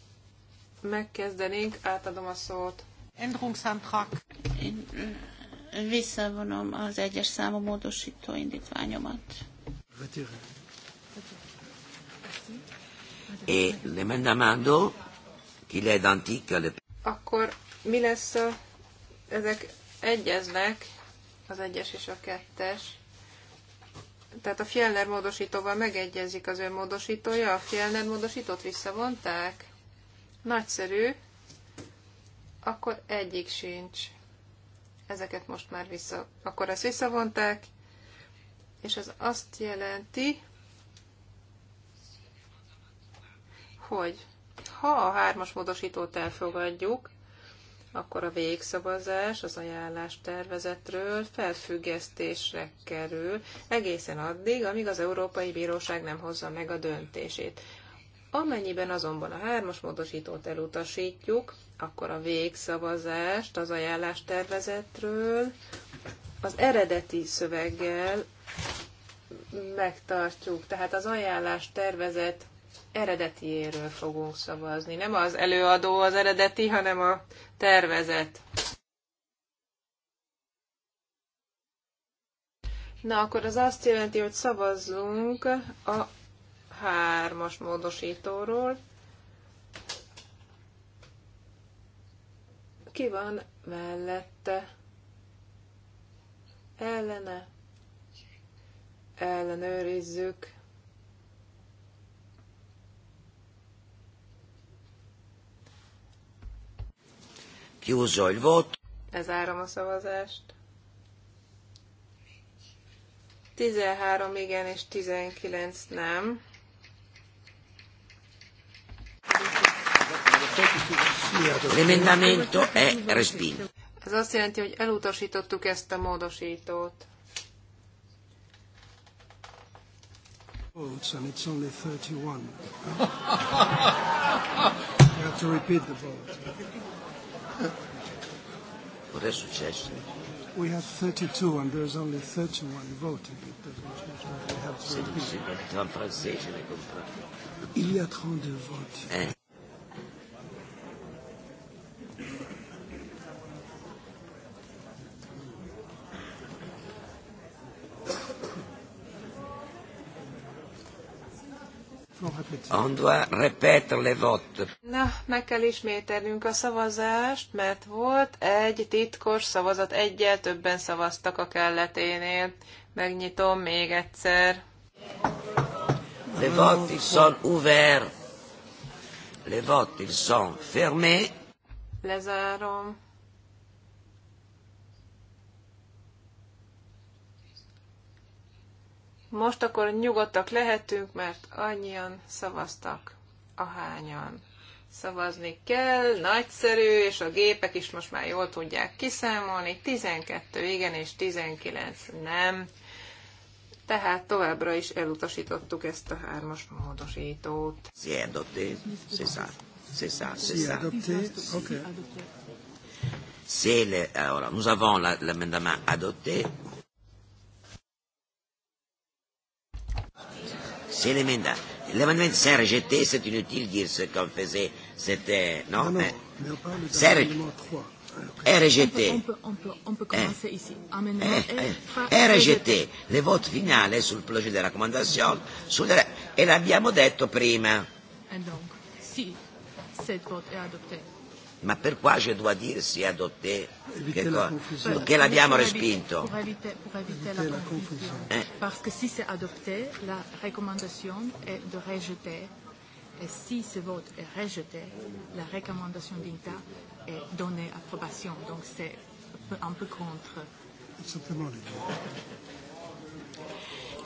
megkezdenénk, átadom a szót. Änderungsantrag. Én visszavonom az egyes számú módosító indítványomat. Akkor mi lesz a, ezek egyeznek, az egyes és a kettes. Tehát a Fjellner módosítóval megegyezik az ön módosítója, a Fjellner módosítót visszavonták? Nagyszerű. Akkor egyik sincs. Ezeket most már vissza... Akkor ezt visszavonták, és ez azt jelenti, hogy ha a hármas módosítót elfogadjuk, akkor a végszavazás az ajánlás tervezetről felfüggesztésre kerül egészen addig, amíg az Európai Bíróság nem hozza meg a döntését. Amennyiben azonban a hármas módosítót elutasítjuk, akkor a végszavazást az ajánlás tervezetről az eredeti szöveggel megtartjuk. Tehát az ajánlás tervezet eredetiéről fogunk szavazni. Nem az előadó az eredeti, hanem a tervezet. Na, akkor az azt jelenti, hogy szavazzunk a hármas módosítóról. Ki van mellette? Ellene? Ellenőrizzük. Chiuso il voto. Lezárom a szavazást. 13 igen és 19 nem. L'emendamento è respinto. Ez azt jelenti, hogy elutasítottuk ezt a módosítót. votes and it's only 31. you have to repeat the vote. What is successo? We have 32 and there's only 31 voting. It doesn't change what we have to Il y a 32 votes. Eh. On doit Na, meg kell ismételnünk a szavazást, mert volt egy titkos szavazat, egyel többen szavaztak a kelleténél. Megnyitom még egyszer. Le vote ils sont ouverts. Le vote ils sont fermés. Lezárom. Most akkor nyugodtak lehetünk, mert annyian szavaztak, ahányan szavazni kell, nagyszerű, és a gépek is most már jól tudják kiszámolni, 12 igen és 19 nem. Tehát továbbra is elutasítottuk ezt a hármas módosítót. Si adopté, c'est ça, c'est Oké. c'est ça. adopté, ok. C'est le, eh, nous avons l'amendement adopté, C'est les mandats. L'amendement Serge rejeté, c'est inutile de dire ce qu'on faisait. C'était. Non, non, ah non mais. Serge. RGT. RGT, de l'amendement 3. Est rejeté. Le vote finale sul progetto di Sulle, e l'abbiamo detto prima. Et eh, donc, si cette vote est adoptée ma per qua je dois dire si adopté che la che l'abbiamo respinto pour éviter, pour éviter la confusion eh? parce que si c'est adopté la recommandation est de rejeter et si ce vote est rejeté la recommandation d'INTA est donnée approbation donc c'est un peu contre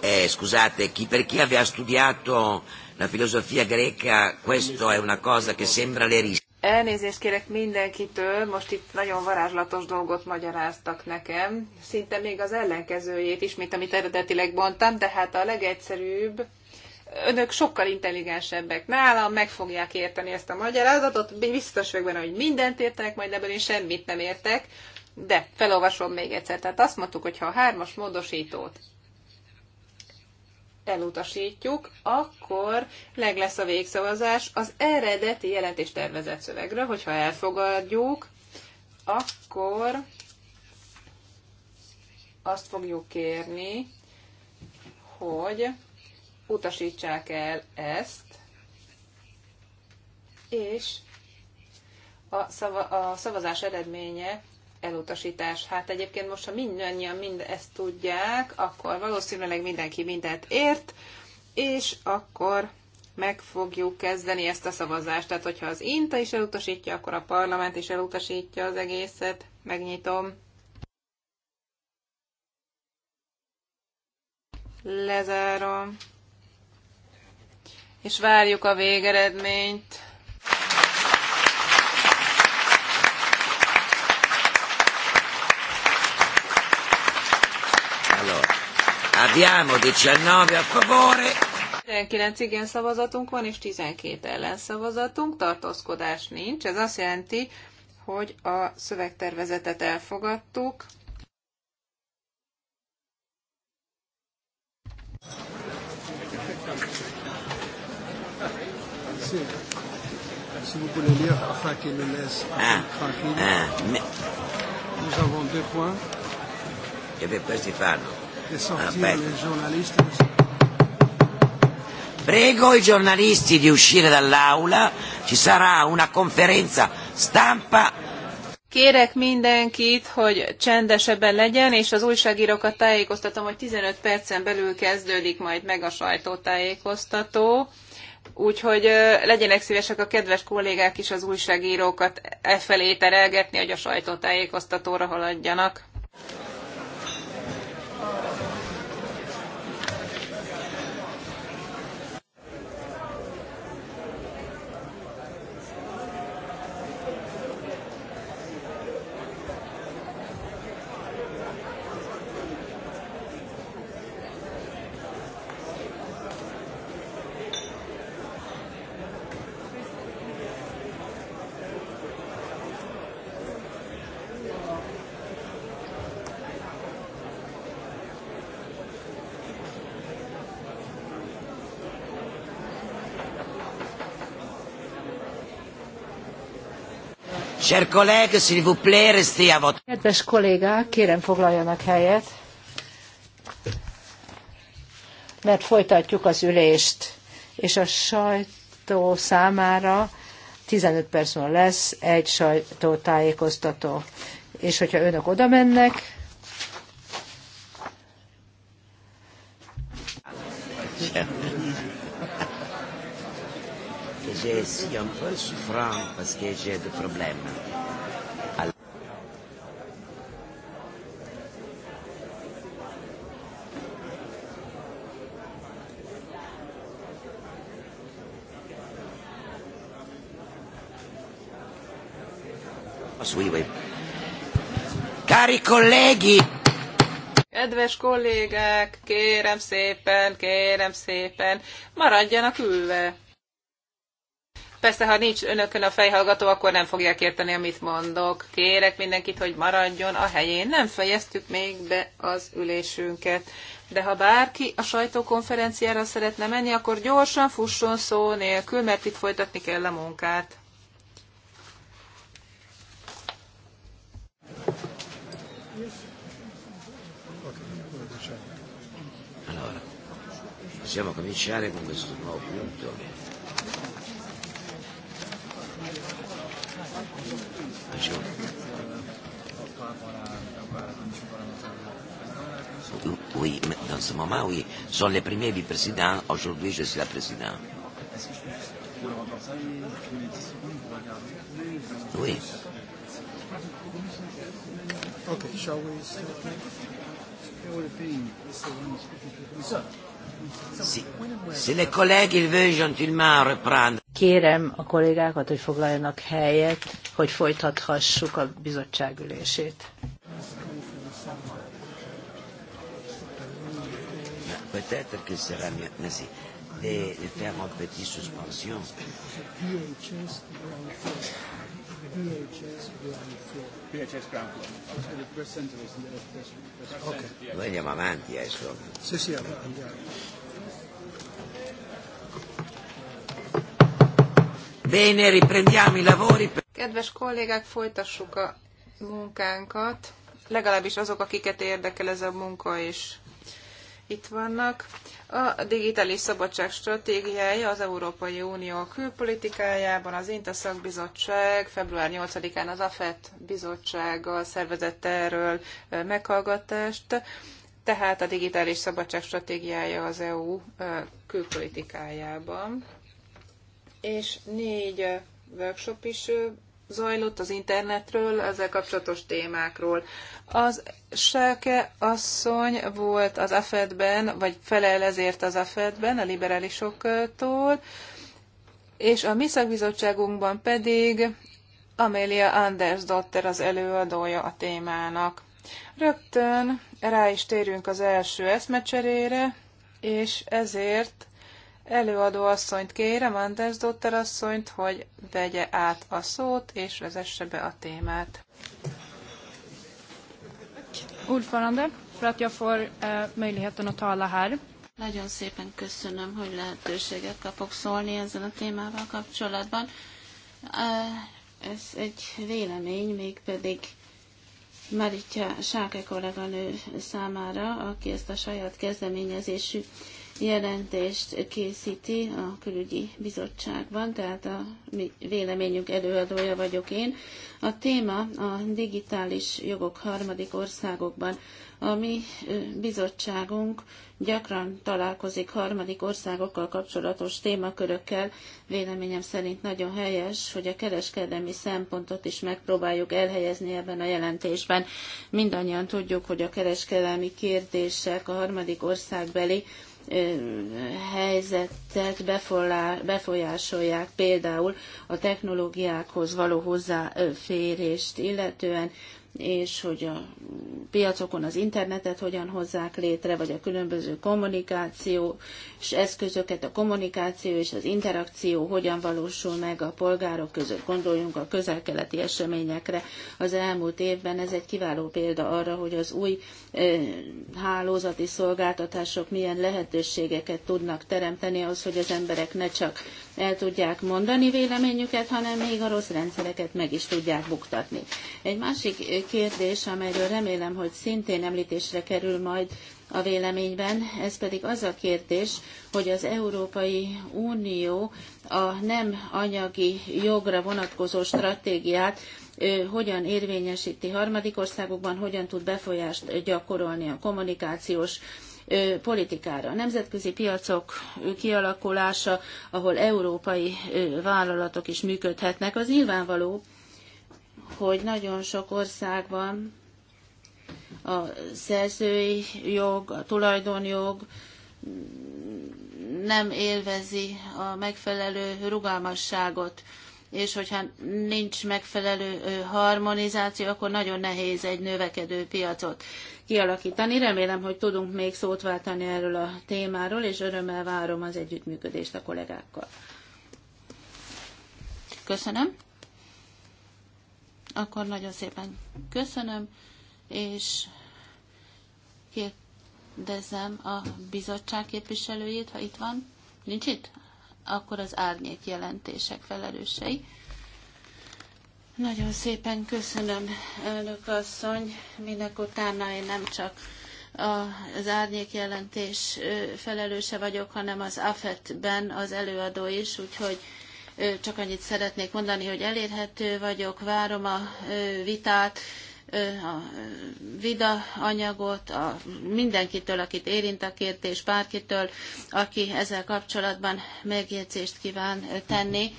eh, scusate, chi, per chi aveva studiato la filosofia greca, questo è una cosa che sembra le rischi. Elnézést kérek mindenkitől, most itt nagyon varázslatos dolgot magyaráztak nekem, szinte még az ellenkezőjét is, mint amit eredetileg mondtam, de hát a legegyszerűbb, önök sokkal intelligensebbek nálam, meg fogják érteni ezt a magyarázatot, biztos vagyok benne, hogy mindent értenek, majd ebből én semmit nem értek, de felolvasom még egyszer. Tehát azt mondtuk, hogy ha a hármas módosítót elutasítjuk, akkor meg lesz a végszavazás az eredeti jelentés tervezett szövegről, hogyha elfogadjuk, akkor azt fogjuk kérni, hogy utasítsák el ezt, és a, szava, a szavazás eredménye elutasítás. Hát egyébként most, ha mindannyian mind ezt tudják, akkor valószínűleg mindenki mindent ért, és akkor meg fogjuk kezdeni ezt a szavazást. Tehát, hogyha az INTA is elutasítja, akkor a parlament is elutasítja az egészet. Megnyitom. Lezárom. És várjuk a végeredményt. Abbiamo 19 a favore. 19 igen szavazatunk van, és 12 ellenszavazatunk, tartózkodás nincs. Ez azt jelenti, hogy a szövegtervezetet elfogadtuk. Si vous voulez ah, ah, nous avons deux points. Che per Stéphane. fanno? Ah, Prego i giornalisti di uscire dall'aula, ci sarà una conferenza stampa. Kérek mindenkit, hogy csendesebben legyen, és az újságírókat tájékoztatom, hogy 15 percen belül kezdődik majd meg a sajtótájékoztató. Úgyhogy legyenek szívesek a kedves kollégák is az újságírókat e felé terelgetni, hogy a sajtótájékoztatóra haladjanak. Kedves kollégák, kérem foglaljanak helyet, mert folytatjuk az ülést, és a sajtó számára 15 perc lesz egy sajtótájékoztató. És hogyha önök oda mennek, j'ai aussi un peu souffrant parce que j'ai des problèmes. Oui, oui. Cari colleghi! Kedves kollégák, kérem szépen, kérem szépen, maradjanak ülve! Persze, ha nincs önökön a fejhallgató, akkor nem fogják érteni, amit mondok. Kérek mindenkit, hogy maradjon a helyén. Nem fejeztük még be az ülésünket. De ha bárki a sajtókonferenciára szeretne menni, akkor gyorsan fusson szó nélkül, mert itt folytatni kell a munkát. Allora, possiamo cominciare con questo nuovo punto. Jó. Oui, mais dans ce moment, oui. Sont les premiers vice-présidents. Aujourd'hui, je suis la présidente. Oui. Okay, shall we start Okay. Kérem a kollégákat, hogy foglaljanak helyet, hogy folytathassuk a bizottság ülését. Peut-être que sera mieux, de, de faire une petite suspension. Okay. Noi andiamo avanti adesso. Eh, sì, sì, andiamo. Bene, riprendiamo i lavori. Kedves kollégák, folytassuk a munkánkat. Legalábbis azok, akiket érdekel ez a munka, és itt vannak. A digitális szabadság stratégiája az Európai Unió külpolitikájában az INTA szakbizottság február 8-án az AFET bizottsággal szervezett erről meghallgatást, tehát a digitális szabadság stratégiája az EU külpolitikájában. És négy workshop is zajlott az internetről, ezzel kapcsolatos témákról. Az Selke asszony volt az AFED-ben, vagy felel ezért az AFED-ben, a liberálisoktól, és a mi szakbizottságunkban pedig Amelia Dotter az előadója a témának. Rögtön rá is térünk az első eszmecserére, és ezért Előadó asszonyt kérem, Anders Dotter asszonyt, hogy vegye át a szót és vezesse be a témát. Ordförande, för att eh, möjligheten att tala här. Nagyon szépen köszönöm, hogy lehetőséget kapok szólni ezen a témával kapcsolatban. Eh, ez egy vélemény, mégpedig Maritja Sáke kolléganő számára, aki ezt a saját kezdeményezésű jelentést készíti a külügyi bizottságban, tehát a véleményünk előadója vagyok én. A téma a digitális jogok harmadik országokban. A mi bizottságunk gyakran találkozik harmadik országokkal kapcsolatos témakörökkel. Véleményem szerint nagyon helyes, hogy a kereskedelmi szempontot is megpróbáljuk elhelyezni ebben a jelentésben. Mindannyian tudjuk, hogy a kereskedelmi kérdések a harmadik országbeli helyzetet befolyásolják például a technológiákhoz való hozzáférést, illetően és hogy a piacokon az internetet hogyan hozzák létre, vagy a különböző kommunikáció és eszközöket, a kommunikáció és az interakció hogyan valósul meg a polgárok között. Gondoljunk a közelkeleti eseményekre. Az elmúlt évben ez egy kiváló példa arra, hogy az új hálózati szolgáltatások milyen lehetőségeket tudnak teremteni az, hogy az emberek ne csak el tudják mondani véleményüket, hanem még a rossz rendszereket meg is tudják buktatni. Egy másik eh, kérdés, amelyről remélem, hogy szintén említésre kerül majd a véleményben, ez pedig az a kérdés, hogy az Európai Unió a nem anyagi jogra vonatkozó stratégiát eh, hogyan érvényesíti harmadik országokban, hogyan tud befolyást gyakorolni a kommunikációs politikára. A nemzetközi piacok kialakulása, ahol európai vállalatok is működhetnek, az nyilvánvaló, hogy nagyon sok országban a szerzői jog, a tulajdonjog nem élvezi a megfelelő rugalmasságot és hogyha nincs megfelelő harmonizáció, akkor nagyon nehéz egy növekedő piacot kialakítani. Remélem, hogy tudunk még szót váltani erről a témáról, és örömmel várom az együttműködést a kollégákkal. Köszönöm. Akkor nagyon szépen köszönöm, és kérdezem a bizottság képviselőjét, ha itt van. Nincs itt? akkor az árnyék jelentések felelősei. Nagyon szépen köszönöm, elnök asszony. Minek utána én nem csak az árnyék jelentés felelőse vagyok, hanem az AFET-ben az előadó is, úgyhogy csak annyit szeretnék mondani, hogy elérhető vagyok, várom a vitát, a vida anyagot, a mindenkitől, akit érint a kérdés, bárkitől, aki ezzel kapcsolatban megjegyzést kíván tenni.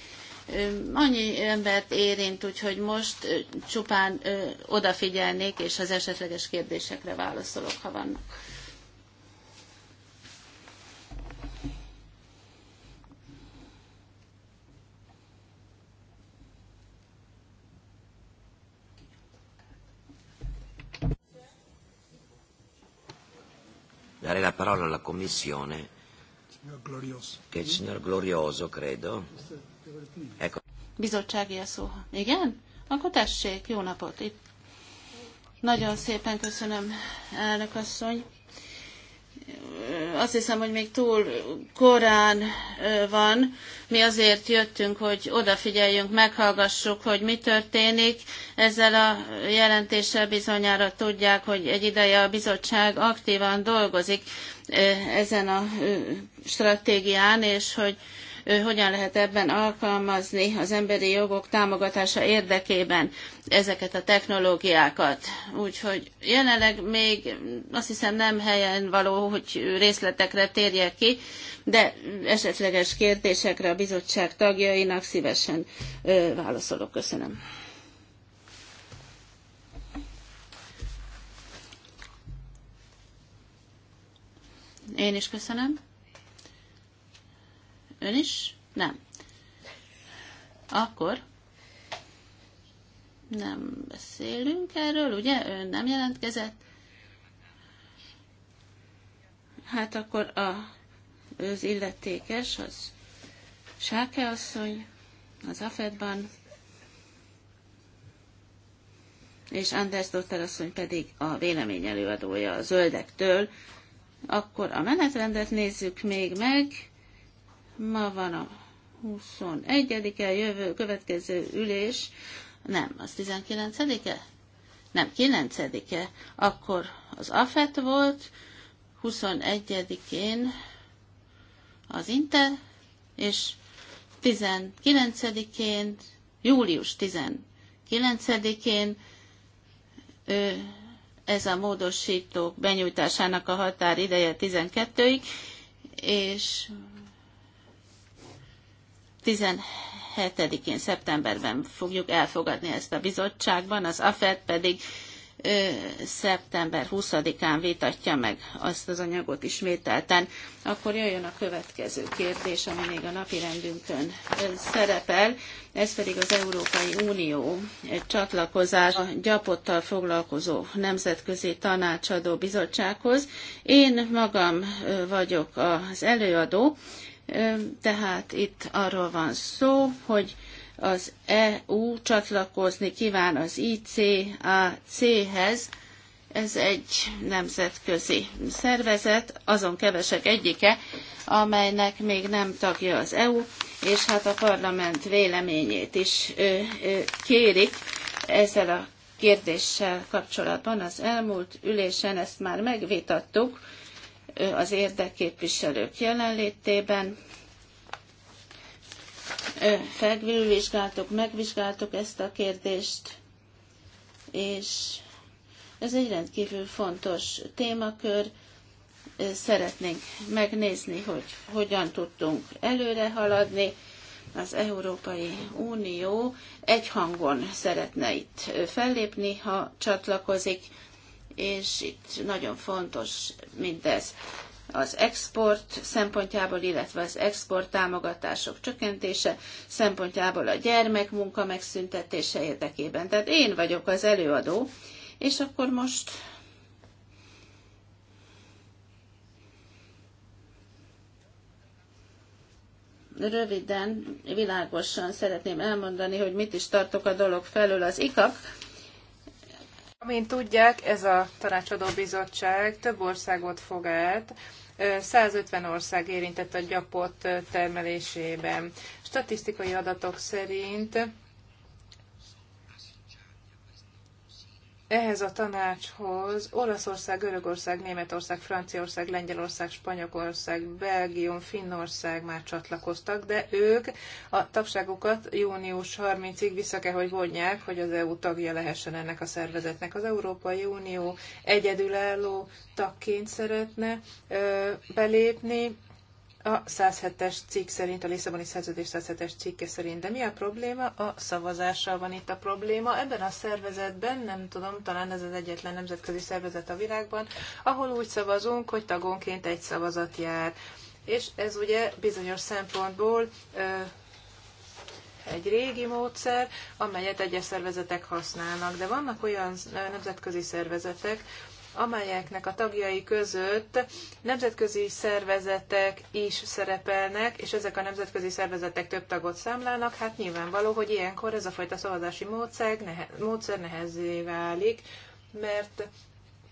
Annyi embert érint, úgyhogy most csupán odafigyelnék, és az esetleges kérdésekre válaszolok, ha vannak. dare la parola alla Commissione. Signor Glorioso. Che il signor Glorioso, credo. Ecco. Bizottsági a szó. Igen? Akkor tessék, jó napot itt. Nagyon szépen köszönöm, elnök asszony azt hiszem, hogy még túl korán van. Mi azért jöttünk, hogy odafigyeljünk, meghallgassuk, hogy mi történik. Ezzel a jelentéssel bizonyára tudják, hogy egy ideje a bizottság aktívan dolgozik ezen a stratégián, és hogy hogyan lehet ebben alkalmazni az emberi jogok támogatása érdekében ezeket a technológiákat. Úgyhogy jelenleg még azt hiszem nem helyen való, hogy részletekre térjek ki, de esetleges kérdésekre a bizottság tagjainak szívesen válaszolok. Köszönöm. Én is köszönöm. Ön is? Nem. Akkor nem beszélünk erről, ugye? Ön nem jelentkezett. Hát akkor a, az illetékes, az Sáke asszony, az Afedban, és Anders Dotter asszony pedig a vélemény előadója a zöldektől. Akkor a menetrendet nézzük még meg. Ma van a 21-e jövő következő ülés, nem, az 19-e? Nem, 9-e, akkor az AFET volt, 21-én az Inte, és 19-én, július 19-én ez a módosítók benyújtásának a határ ideje 12-ig, és 17-én szeptemberben fogjuk elfogadni ezt a bizottságban, az AFED pedig ö, szeptember 20-án vitatja meg azt az anyagot ismételten. Akkor jöjjön a következő kérdés, ami még a napi rendünkön szerepel, ez pedig az Európai Unió csatlakozás a gyapottal foglalkozó nemzetközi tanácsadó bizottsághoz. Én magam vagyok az előadó, tehát itt arról van szó, hogy az EU csatlakozni kíván az ICAC-hez, ez egy nemzetközi szervezet, azon kevesek egyike, amelynek még nem tagja az EU, és hát a parlament véleményét is kérik ezzel a kérdéssel kapcsolatban. Az elmúlt ülésen ezt már megvitattuk, az érdekképviselők jelenlétében. Felvizsgáltuk, megvizsgáltuk ezt a kérdést, és ez egy rendkívül fontos témakör. Szeretnénk megnézni, hogy hogyan tudtunk előre haladni. Az Európai Unió egy hangon szeretne itt fellépni, ha csatlakozik és itt nagyon fontos mindez az export szempontjából, illetve az export támogatások csökkentése szempontjából a gyermekmunka megszüntetése érdekében. Tehát én vagyok az előadó, és akkor most röviden, világosan szeretném elmondani, hogy mit is tartok a dolog felől az IKAK mint tudják, ez a tanácsadó bizottság több országot fog át, 150 ország érintett a gyapott termelésében. Statisztikai adatok szerint ehhez a tanácshoz Olaszország, Görögország, Németország, Franciaország, Lengyelország, Spanyolország, Belgium, Finnország már csatlakoztak, de ők a tagságukat június 30-ig vissza kell, hogy vonják, hogy az EU tagja lehessen ennek a szervezetnek. Az Európai Unió egyedülálló tagként szeretne belépni, a 107-es cikk szerint, a Lisszaboni Szerződés 107-es cikke szerint. De mi a probléma? A szavazással van itt a probléma. Ebben a szervezetben, nem tudom, talán ez az egyetlen nemzetközi szervezet a világban, ahol úgy szavazunk, hogy tagonként egy szavazat jár. És ez ugye bizonyos szempontból egy régi módszer, amelyet egyes szervezetek használnak. De vannak olyan nemzetközi szervezetek, amelyeknek a tagjai között nemzetközi szervezetek is szerepelnek, és ezek a nemzetközi szervezetek több tagot számlálnak, hát nyilvánvaló, hogy ilyenkor ez a fajta szavazási módszer, nehe, módszer nehezé válik, mert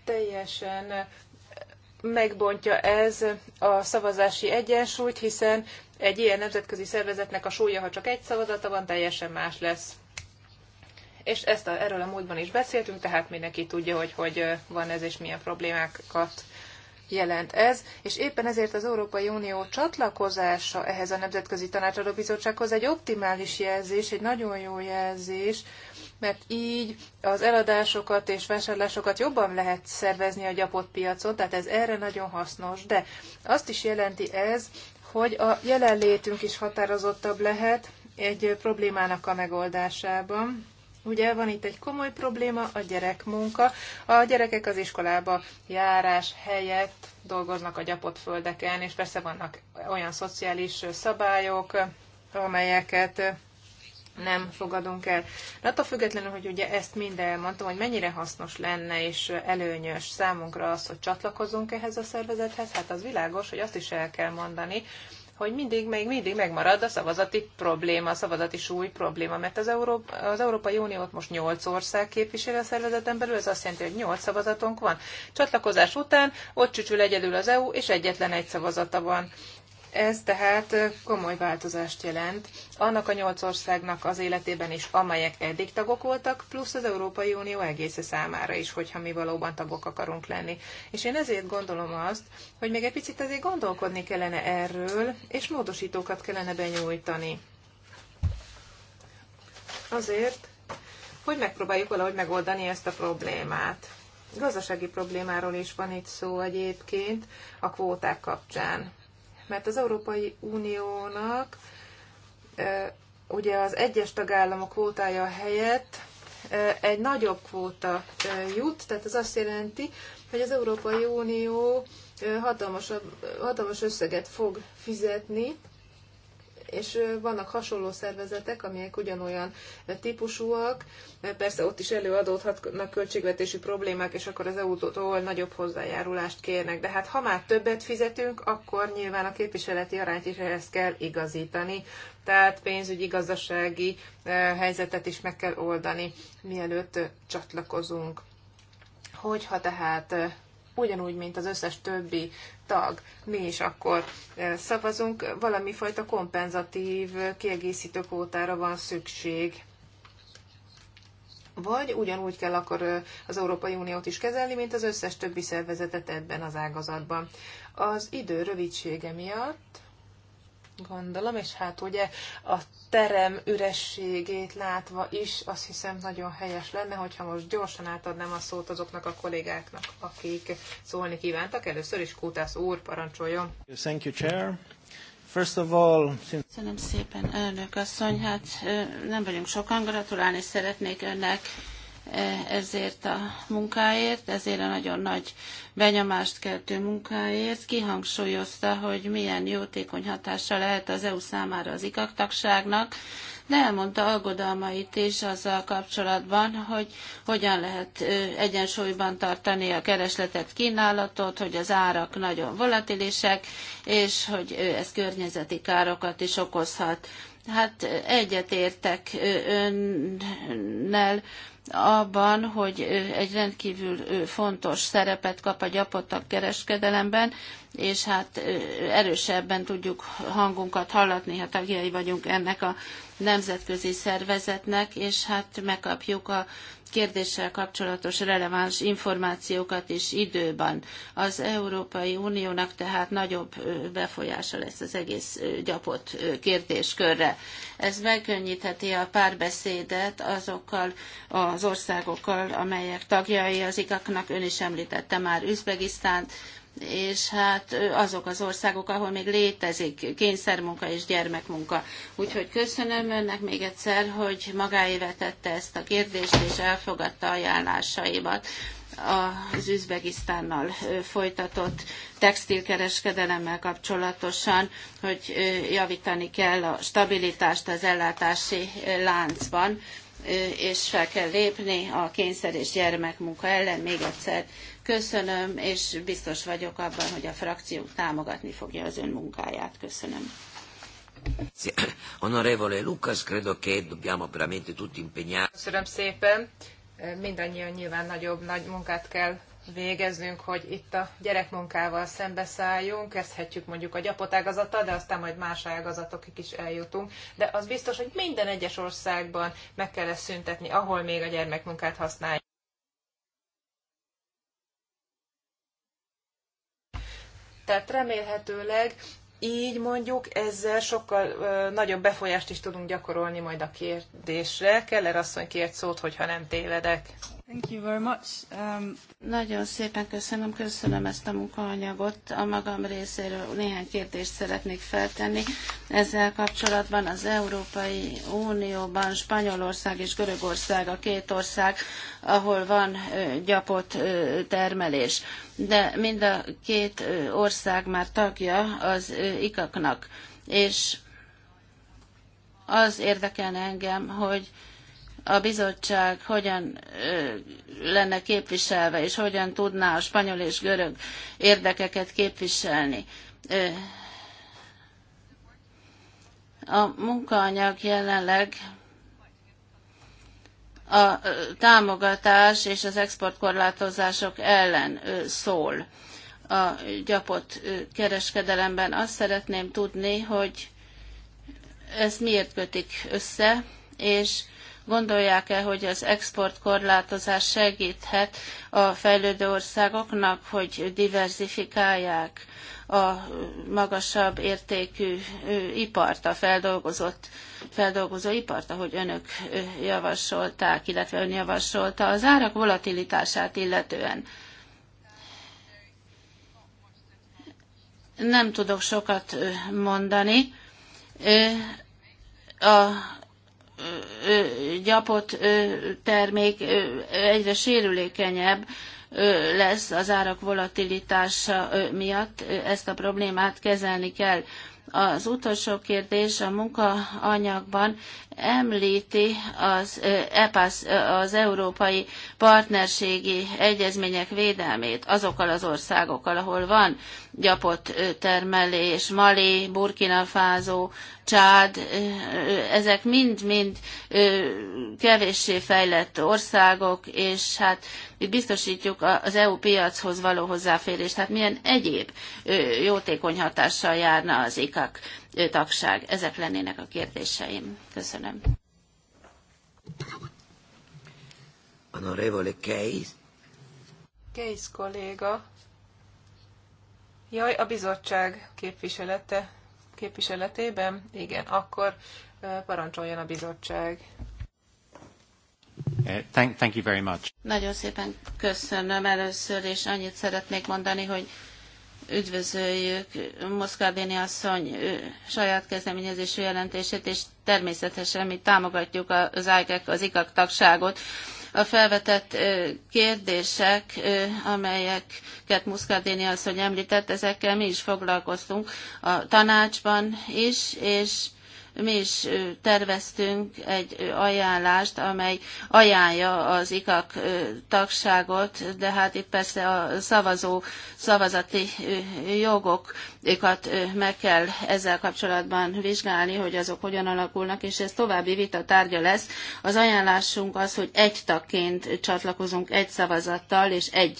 teljesen megbontja ez a szavazási egyensúlyt, hiszen egy ilyen nemzetközi szervezetnek a súlya, ha csak egy szavazata van, teljesen más lesz és ezt a, erről a múltban is beszéltünk, tehát mindenki tudja, hogy hogy van ez és milyen problémákat jelent ez, és éppen ezért az Európai Unió csatlakozása ehhez a Nemzetközi Tanácsadó Bizottsághoz egy optimális jelzés, egy nagyon jó jelzés, mert így az eladásokat és vásárlásokat jobban lehet szervezni a gyapott piacon, tehát ez erre nagyon hasznos, de azt is jelenti ez, hogy a jelenlétünk is határozottabb lehet egy problémának a megoldásában Ugye van itt egy komoly probléma, a gyerekmunka. A gyerekek az iskolába járás helyett dolgoznak a gyapott földeken, és persze vannak olyan szociális szabályok, amelyeket nem fogadunk el. De attól függetlenül, hogy ugye ezt mind elmondtam, hogy mennyire hasznos lenne és előnyös számunkra az, hogy csatlakozunk ehhez a szervezethez, hát az világos, hogy azt is el kell mondani, hogy mindig, még mindig megmarad a szavazati probléma, a szavazati súly probléma, mert az, Európa, az Európai Uniót most 8 ország képviseli a szervezeten belül, ez azt jelenti, hogy 8 szavazatunk van. Csatlakozás után ott csücsül egyedül az EU, és egyetlen egy szavazata van. Ez tehát komoly változást jelent annak a nyolc országnak az életében is, amelyek eddig tagok voltak, plusz az Európai Unió egész számára is, hogyha mi valóban tagok akarunk lenni. És én ezért gondolom azt, hogy még egy picit azért gondolkodni kellene erről, és módosítókat kellene benyújtani. Azért, hogy megpróbáljuk valahogy megoldani ezt a problémát. Gazdasági problémáról is van itt szó egyébként a kvóták kapcsán mert az Európai Uniónak ugye az egyes tagállamok kvótája helyett egy nagyobb kvóta jut, tehát ez azt jelenti, hogy az Európai Unió hatalmas, hatalmas összeget fog fizetni és vannak hasonló szervezetek, amelyek ugyanolyan típusúak, persze ott is előadódhatnak költségvetési problémák, és akkor az EU-tól nagyobb hozzájárulást kérnek. De hát ha már többet fizetünk, akkor nyilván a képviseleti arányt is ehhez kell igazítani. Tehát pénzügyi, gazdasági helyzetet is meg kell oldani, mielőtt csatlakozunk. Hogyha tehát ugyanúgy, mint az összes többi tag. Mi is akkor szavazunk, valami fajta kompenzatív kiegészítő kótára van szükség. Vagy ugyanúgy kell akkor az Európai Uniót is kezelni, mint az összes többi szervezetet ebben az ágazatban. Az idő rövidsége miatt gondolom, és hát ugye a terem ürességét látva is azt hiszem nagyon helyes lenne, hogyha most gyorsan átadnám a szót azoknak a kollégáknak, akik szólni kívántak. Először is Kutász úr, parancsoljon. Thank you, Chair. First of all, since... Köszönöm szépen, elnök asszony, hát nem vagyunk sokan, gratulálni szeretnék önnek ezért a munkáért, ezért a nagyon nagy benyomást keltő munkáért. Kihangsúlyozta, hogy milyen jótékony hatása lehet az EU számára az ikaktagságnak, de elmondta aggodalmait is azzal kapcsolatban, hogy hogyan lehet egyensúlyban tartani a keresletet, kínálatot, hogy az árak nagyon volatilisek, és hogy ez környezeti károkat is okozhat. Hát egyetértek önnel, abban, hogy egy rendkívül fontos szerepet kap a gyapottak kereskedelemben, és hát erősebben tudjuk hangunkat hallatni, ha tagjai vagyunk ennek a nemzetközi szervezetnek, és hát megkapjuk a kérdéssel kapcsolatos releváns információkat is időben. Az Európai Uniónak tehát nagyobb befolyása lesz az egész gyapott kérdéskörre. Ez megkönnyítheti a párbeszédet azokkal az országokkal, amelyek tagjai az ikaknak. Ön is említette már Üzbegisztánt, és hát azok az országok, ahol még létezik kényszermunka és gyermekmunka. Úgyhogy köszönöm önnek még egyszer, hogy magáévet tette ezt a kérdést, és elfogadta ajánlásaimat az Üzbegisztánnal folytatott textilkereskedelemmel kapcsolatosan, hogy javítani kell a stabilitást az ellátási láncban, és fel kell lépni a kényszer és gyermekmunka ellen. Még egyszer Köszönöm, és biztos vagyok abban, hogy a frakció támogatni fogja az ön munkáját. Köszönöm. Onorevole Lucas, credo che dobbiamo veramente tutti impegnare. Köszönöm szépen. Mindannyian nyilván nagyobb, nagy munkát kell végeznünk, hogy itt a gyerekmunkával szembeszálljunk, kezdhetjük mondjuk a gyapotágazata, de aztán majd más ágazatokig is eljutunk. De az biztos, hogy minden egyes országban meg kell ezt szüntetni, ahol még a gyermekmunkát használják. Tehát remélhetőleg így mondjuk ezzel sokkal ö, nagyobb befolyást is tudunk gyakorolni majd a kérdésre. Keller asszony kért szót, hogyha nem tévedek. Thank you very much. Um... Nagyon szépen köszönöm, köszönöm ezt a munkaanyagot. A magam részéről néhány kérdést szeretnék feltenni. Ezzel kapcsolatban az Európai Unióban Spanyolország és Görögország a két ország, ahol van gyapott termelés. De mind a két ország már tagja az ikaknak. És az érdekelne engem, hogy a bizottság hogyan lenne képviselve, és hogyan tudná a spanyol és görög érdekeket képviselni. A munkaanyag jelenleg a támogatás és az exportkorlátozások ellen szól a gyapott kereskedelemben. Azt szeretném tudni, hogy ezt miért kötik össze, és Gondolják-e, hogy az exportkorlátozás segíthet a fejlődő országoknak, hogy diversifikálják a magasabb értékű ipart, a feldolgozott feldolgozó ipart, ahogy önök javasolták, illetve ön javasolta, az árak volatilitását illetően. Nem tudok sokat mondani. A gyapott termék egyre sérülékenyebb lesz az árak volatilitása miatt, ezt a problémát kezelni kell. Az utolsó kérdés a munkaanyagban említi az EPAS, az Európai Partnerségi Egyezmények védelmét azokkal az országokkal, ahol van gyapott termelés, Mali, Burkina Faso, Csád, ezek mind-mind kevéssé fejlett országok, és hát biztosítjuk az EU piachoz való hozzáférést, tehát milyen egyéb jótékony hatással járna az IKAK tagság. Ezek lennének a kérdéseim. Köszönöm. Honorevole Keis. Keis kolléga. Jaj, a bizottság képviselete, képviseletében? Igen, akkor parancsoljon a bizottság. Uh, thank, thank you very much. Nagyon szépen köszönöm először, és annyit szeretnék mondani, hogy üdvözöljük Muscardini asszony saját kezdeményezésű jelentését, és természetesen mi támogatjuk az IGAC, e az IGAC tagságot. A felvetett kérdések, amelyeket Muscardini asszony említett, ezekkel mi is foglalkoztunk a tanácsban is, és mi is terveztünk egy ajánlást, amely ajánlja az IKAK tagságot, de hát itt persze a szavazó szavazati jogokat meg kell ezzel kapcsolatban vizsgálni, hogy azok hogyan alakulnak, és ez további vita tárgya lesz. Az ajánlásunk az, hogy egy tagként csatlakozunk egy szavazattal és egy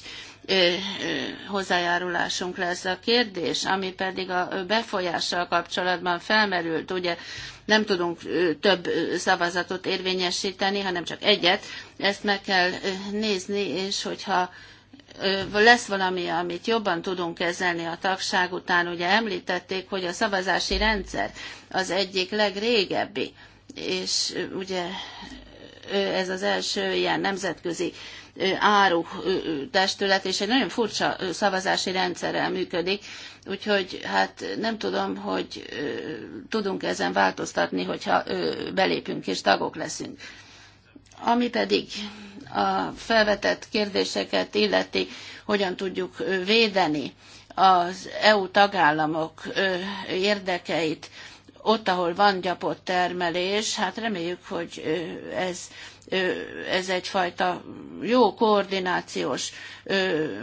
hozzájárulásunk lesz a kérdés, ami pedig a befolyással kapcsolatban felmerült, ugye nem tudunk több szavazatot érvényesíteni, hanem csak egyet, ezt meg kell nézni, és hogyha lesz valami, amit jobban tudunk kezelni a tagság után. Ugye említették, hogy a szavazási rendszer az egyik legrégebbi, és ugye ez az első ilyen nemzetközi áru testület, és egy nagyon furcsa szavazási rendszerrel működik, úgyhogy hát nem tudom, hogy tudunk ezen változtatni, hogyha belépünk és tagok leszünk. Ami pedig a felvetett kérdéseket illeti, hogyan tudjuk védeni az EU tagállamok érdekeit, ott, ahol van gyapott termelés, hát reméljük, hogy ez ez egyfajta jó koordinációs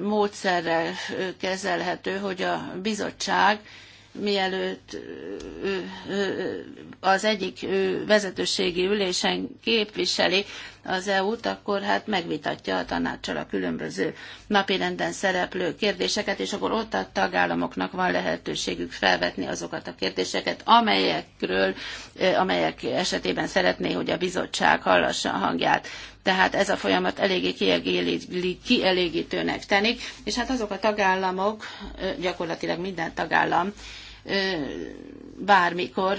módszerrel kezelhető, hogy a bizottság mielőtt az egyik vezetőségi ülésen képviseli az EU-t, akkor hát megvitatja a tanácsal a különböző napirenden szereplő kérdéseket, és akkor ott a tagállamoknak van lehetőségük felvetni azokat a kérdéseket, amelyekről, amelyek esetében szeretné, hogy a bizottság hallassa a hangját tehát ez a folyamat eléggé kielégítőnek tenik, és hát azok a tagállamok, gyakorlatilag minden tagállam, bármikor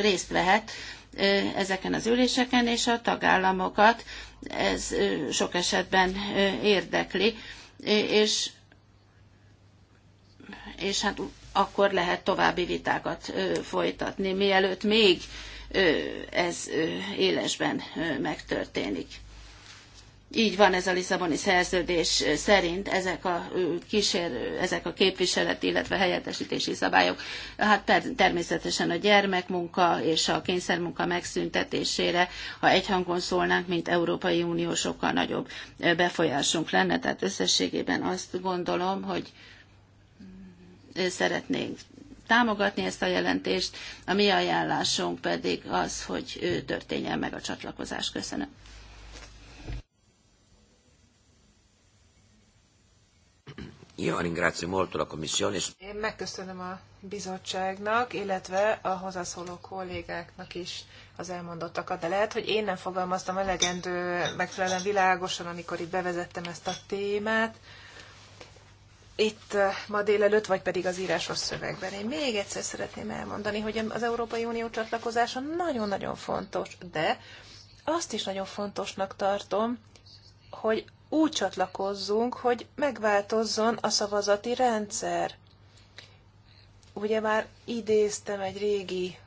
részt vehet ezeken az üléseken, és a tagállamokat ez sok esetben érdekli, és, és hát akkor lehet további vitákat folytatni, mielőtt még ez élesben megtörténik így van ez a Lisszaboni szerződés szerint ezek a kísérő, ezek a képviseleti, illetve helyettesítési szabályok. Hát ter- természetesen a gyermekmunka és a kényszermunka megszüntetésére, ha egyhangon szólnánk, mint Európai Unió, sokkal nagyobb befolyásunk lenne. Tehát összességében azt gondolom, hogy szeretnénk támogatni ezt a jelentést. A mi ajánlásunk pedig az, hogy történjen meg a csatlakozás. Köszönöm. Io ringrazio molto la Commissione. Én megköszönöm a bizottságnak, illetve a hozzászóló kollégáknak is az elmondottakat, de lehet, hogy én nem fogalmaztam elegendő, megfelelően világosan, amikor itt bevezettem ezt a témát itt eh, ma délelőtt, vagy pedig az írásos szövegben. Én még egyszer szeretném elmondani, hogy az Európai Unió csatlakozása nagyon-nagyon fontos, de azt is nagyon fontosnak tartom, hogy úgy csatlakozzunk, hogy megváltozzon a szavazati rendszer. Ugye már idéztem egy régi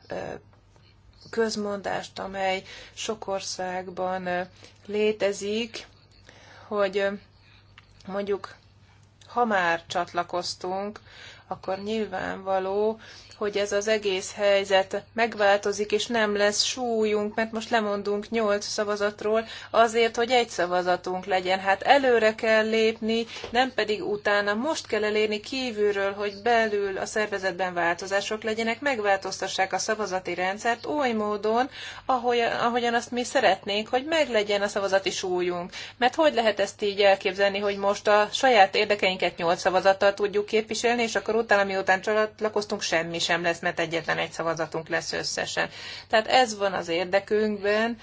közmondást, amely sok országban létezik, hogy mondjuk ha már csatlakoztunk akkor nyilvánvaló, hogy ez az egész helyzet megváltozik, és nem lesz súlyunk, mert most lemondunk nyolc szavazatról azért, hogy egy szavazatunk legyen. Hát előre kell lépni, nem pedig utána. Most kell elérni kívülről, hogy belül a szervezetben változások legyenek, megváltoztassák a szavazati rendszert oly módon, ahogyan, ahogyan azt mi szeretnénk, hogy meglegyen a szavazati súlyunk. Mert hogy lehet ezt így elképzelni, hogy most a saját érdekeinket nyolc szavazattal tudjuk képviselni, és akkor akkor utána, miután csatlakoztunk, semmi sem lesz, mert egyetlen egy szavazatunk lesz összesen. Tehát ez van az érdekünkben,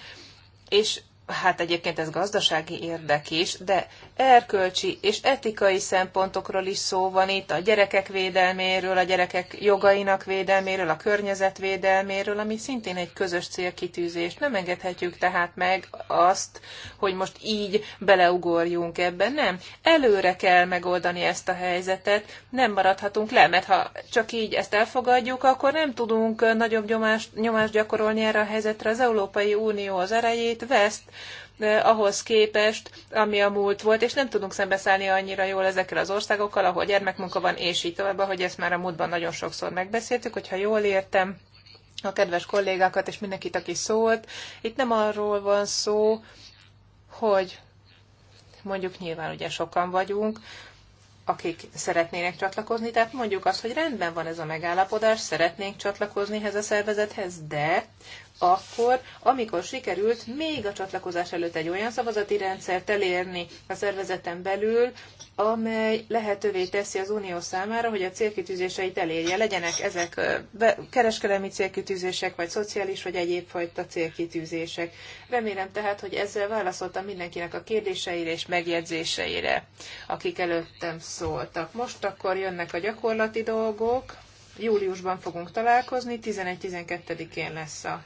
és hát egyébként ez gazdasági érdek is, de erkölcsi és etikai szempontokról is szó van itt, a gyerekek védelméről, a gyerekek jogainak védelméről, a környezet védelméről, ami szintén egy közös célkitűzés. Nem engedhetjük tehát meg azt, hogy most így beleugorjunk ebbe. Nem. Előre kell megoldani ezt a helyzetet, nem maradhatunk le, mert ha csak így ezt elfogadjuk, akkor nem tudunk nagyobb nyomást, nyomást gyakorolni erre a helyzetre. Az Európai Unió az erejét veszt, ahhoz képest, ami a múlt volt, és nem tudunk szembeszállni annyira jól ezekkel az országokkal, ahol gyermekmunka van, és így tovább, ahogy ezt már a múltban nagyon sokszor megbeszéltük, hogyha jól értem a kedves kollégákat és mindenkit, aki szólt. Itt nem arról van szó, hogy mondjuk nyilván ugye sokan vagyunk, akik szeretnének csatlakozni, tehát mondjuk azt, hogy rendben van ez a megállapodás, szeretnénk csatlakozni ehhez a szervezethez, de akkor, amikor sikerült még a csatlakozás előtt egy olyan szavazati rendszert elérni a szervezeten belül, amely lehetővé teszi az unió számára, hogy a célkitűzéseit elérje. Legyenek ezek kereskedelmi célkitűzések, vagy szociális, vagy egyéb fajta célkitűzések. Remélem tehát, hogy ezzel válaszoltam mindenkinek a kérdéseire és megjegyzéseire, akik előttem szóltak. Most akkor jönnek a gyakorlati dolgok. Júliusban fogunk találkozni, 11-12-én lesz a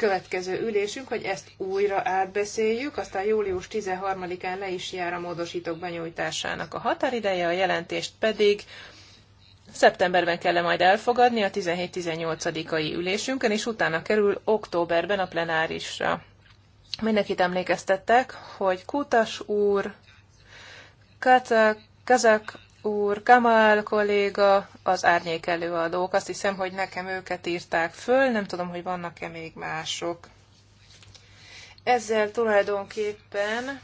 következő ülésünk, hogy ezt újra átbeszéljük, aztán július 13-án le is jár a módosítók benyújtásának a határideje, a jelentést pedig Szeptemberben kell -e majd elfogadni a 17-18-ai ülésünkön, és utána kerül októberben a plenárisra. Mindenkit emlékeztettek, hogy Kutas úr, Kazak úr, Kamal kolléga, az árnyék előadók. Azt hiszem, hogy nekem őket írták föl, nem tudom, hogy vannak-e még mások. Ezzel tulajdonképpen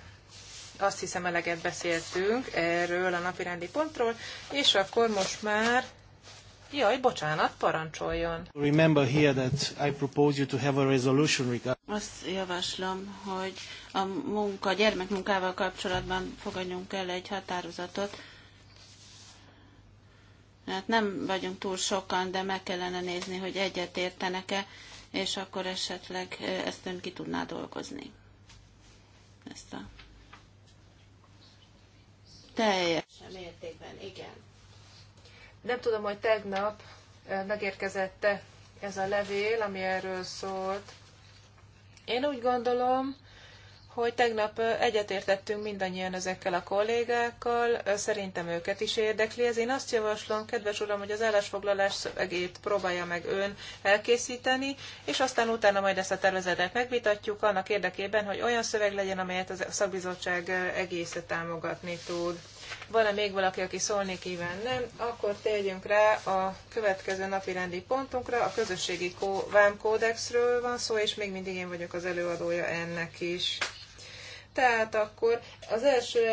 azt hiszem eleget beszéltünk erről a napirendi pontról, és akkor most már Jaj, bocsánat, parancsoljon. Remember here that I propose you to have a resolution regard. Azt javaslom, hogy a munka, gyermekmunkával kapcsolatban fogadjunk el egy határozatot, Hát nem vagyunk túl sokan, de meg kellene nézni, hogy egyet értenek-e, és akkor esetleg ezt ön ki tudná dolgozni. Ezt a teljesen mértékben, igen. Nem tudom, hogy tegnap megérkezette ez a levél, ami erről szólt. Én úgy gondolom, hogy tegnap egyetértettünk mindannyian ezekkel a kollégákkal, szerintem őket is érdekli ez. Én azt javaslom, kedves uram, hogy az állásfoglalás szövegét próbálja meg ön elkészíteni, és aztán utána majd ezt a tervezetet megvitatjuk annak érdekében, hogy olyan szöveg legyen, amelyet a szakbizottság egészet támogatni tud. Van-e még valaki, aki szólni kíván? Nem? Akkor térjünk rá a következő napi rendi pontunkra. A közösségi vámkódexről van szó, és még mindig én vagyok az előadója ennek is. Tehát akkor az első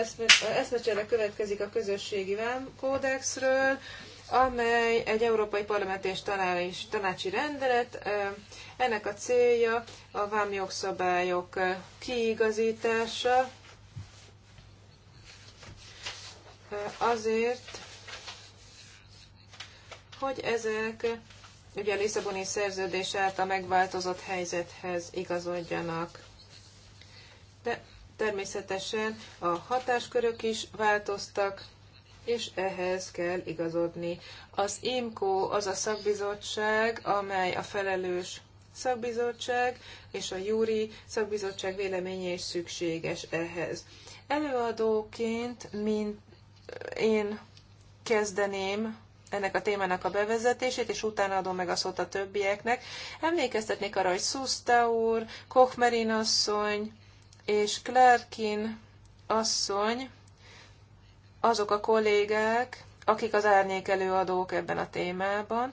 eszmecsere következik a közösségi vámkódexről, amely egy Európai Parlament és Tanácsi Rendelet. Ennek a célja a vámjogszabályok kiigazítása azért, hogy ezek ugye a Lisszaboni szerződés által megváltozott helyzethez igazodjanak. De Természetesen a hatáskörök is változtak, és ehhez kell igazodni. Az IMCO az a szakbizottság, amely a felelős szakbizottság, és a júri szakbizottság véleménye is szükséges ehhez. Előadóként, mint én kezdeném ennek a témának a bevezetését, és utána adom meg a szót a többieknek. Emlékeztetnék arra, hogy Szuszta úr, Kochmerin asszony, és Klerkin asszony azok a kollégák, akik az árnyékelő adók ebben a témában,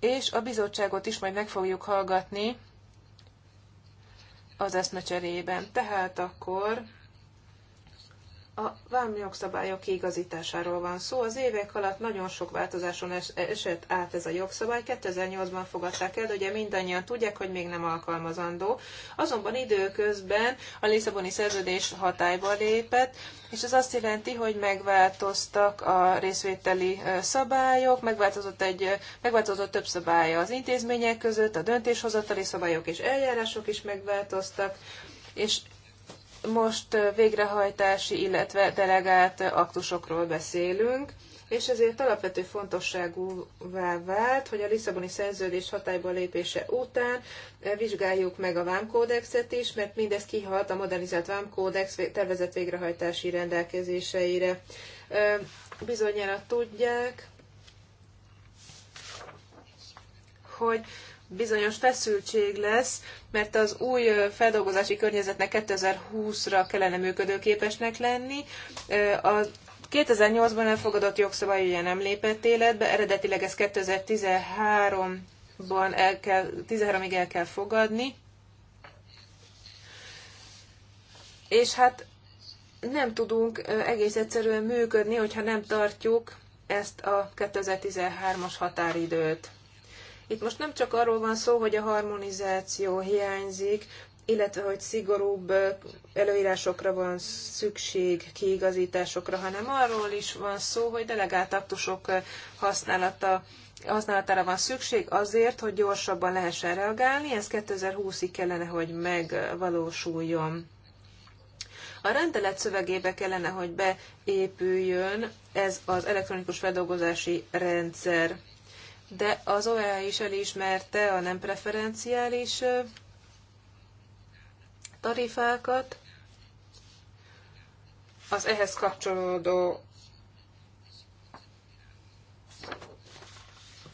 és a bizottságot is majd meg fogjuk hallgatni az eszmecserében. Tehát akkor a vámjogszabályok kiigazításáról van szó. Az évek alatt nagyon sok változáson es- esett át ez a jogszabály. 2008-ban fogadták el, de ugye mindannyian tudják, hogy még nem alkalmazandó. Azonban időközben a Lisszaboni szerződés hatályba lépett, és ez azt jelenti, hogy megváltoztak a részvételi szabályok, megváltozott, egy, megváltozott több szabálya az intézmények között, a döntéshozatali szabályok és eljárások is megváltoztak, és most végrehajtási, illetve delegált aktusokról beszélünk, és ezért alapvető fontosságúvá vált, hogy a Lisszaboni szerződés hatályba lépése után vizsgáljuk meg a vámkódexet is, mert mindez kihat a modernizált vámkódex tervezett végrehajtási rendelkezéseire. Bizonyára tudják, hogy bizonyos feszültség lesz, mert az új feldolgozási környezetnek 2020-ra kellene működőképesnek lenni. A 2008-ban elfogadott jogszabály ugye nem lépett életbe, eredetileg ez 2013-ban el kell, 13-ig el kell fogadni. És hát nem tudunk egész egyszerűen működni, hogyha nem tartjuk ezt a 2013-as határidőt. Itt most nem csak arról van szó, hogy a harmonizáció hiányzik, illetve hogy szigorúbb előírásokra van szükség, kiigazításokra, hanem arról is van szó, hogy delegált aktusok használata, használatára van szükség azért, hogy gyorsabban lehessen reagálni, ez 2020-ig kellene, hogy megvalósuljon. A rendelet szövegébe kellene, hogy beépüljön ez az elektronikus feldolgozási rendszer de az OEA is elismerte a nem preferenciális tarifákat, az ehhez kapcsolódó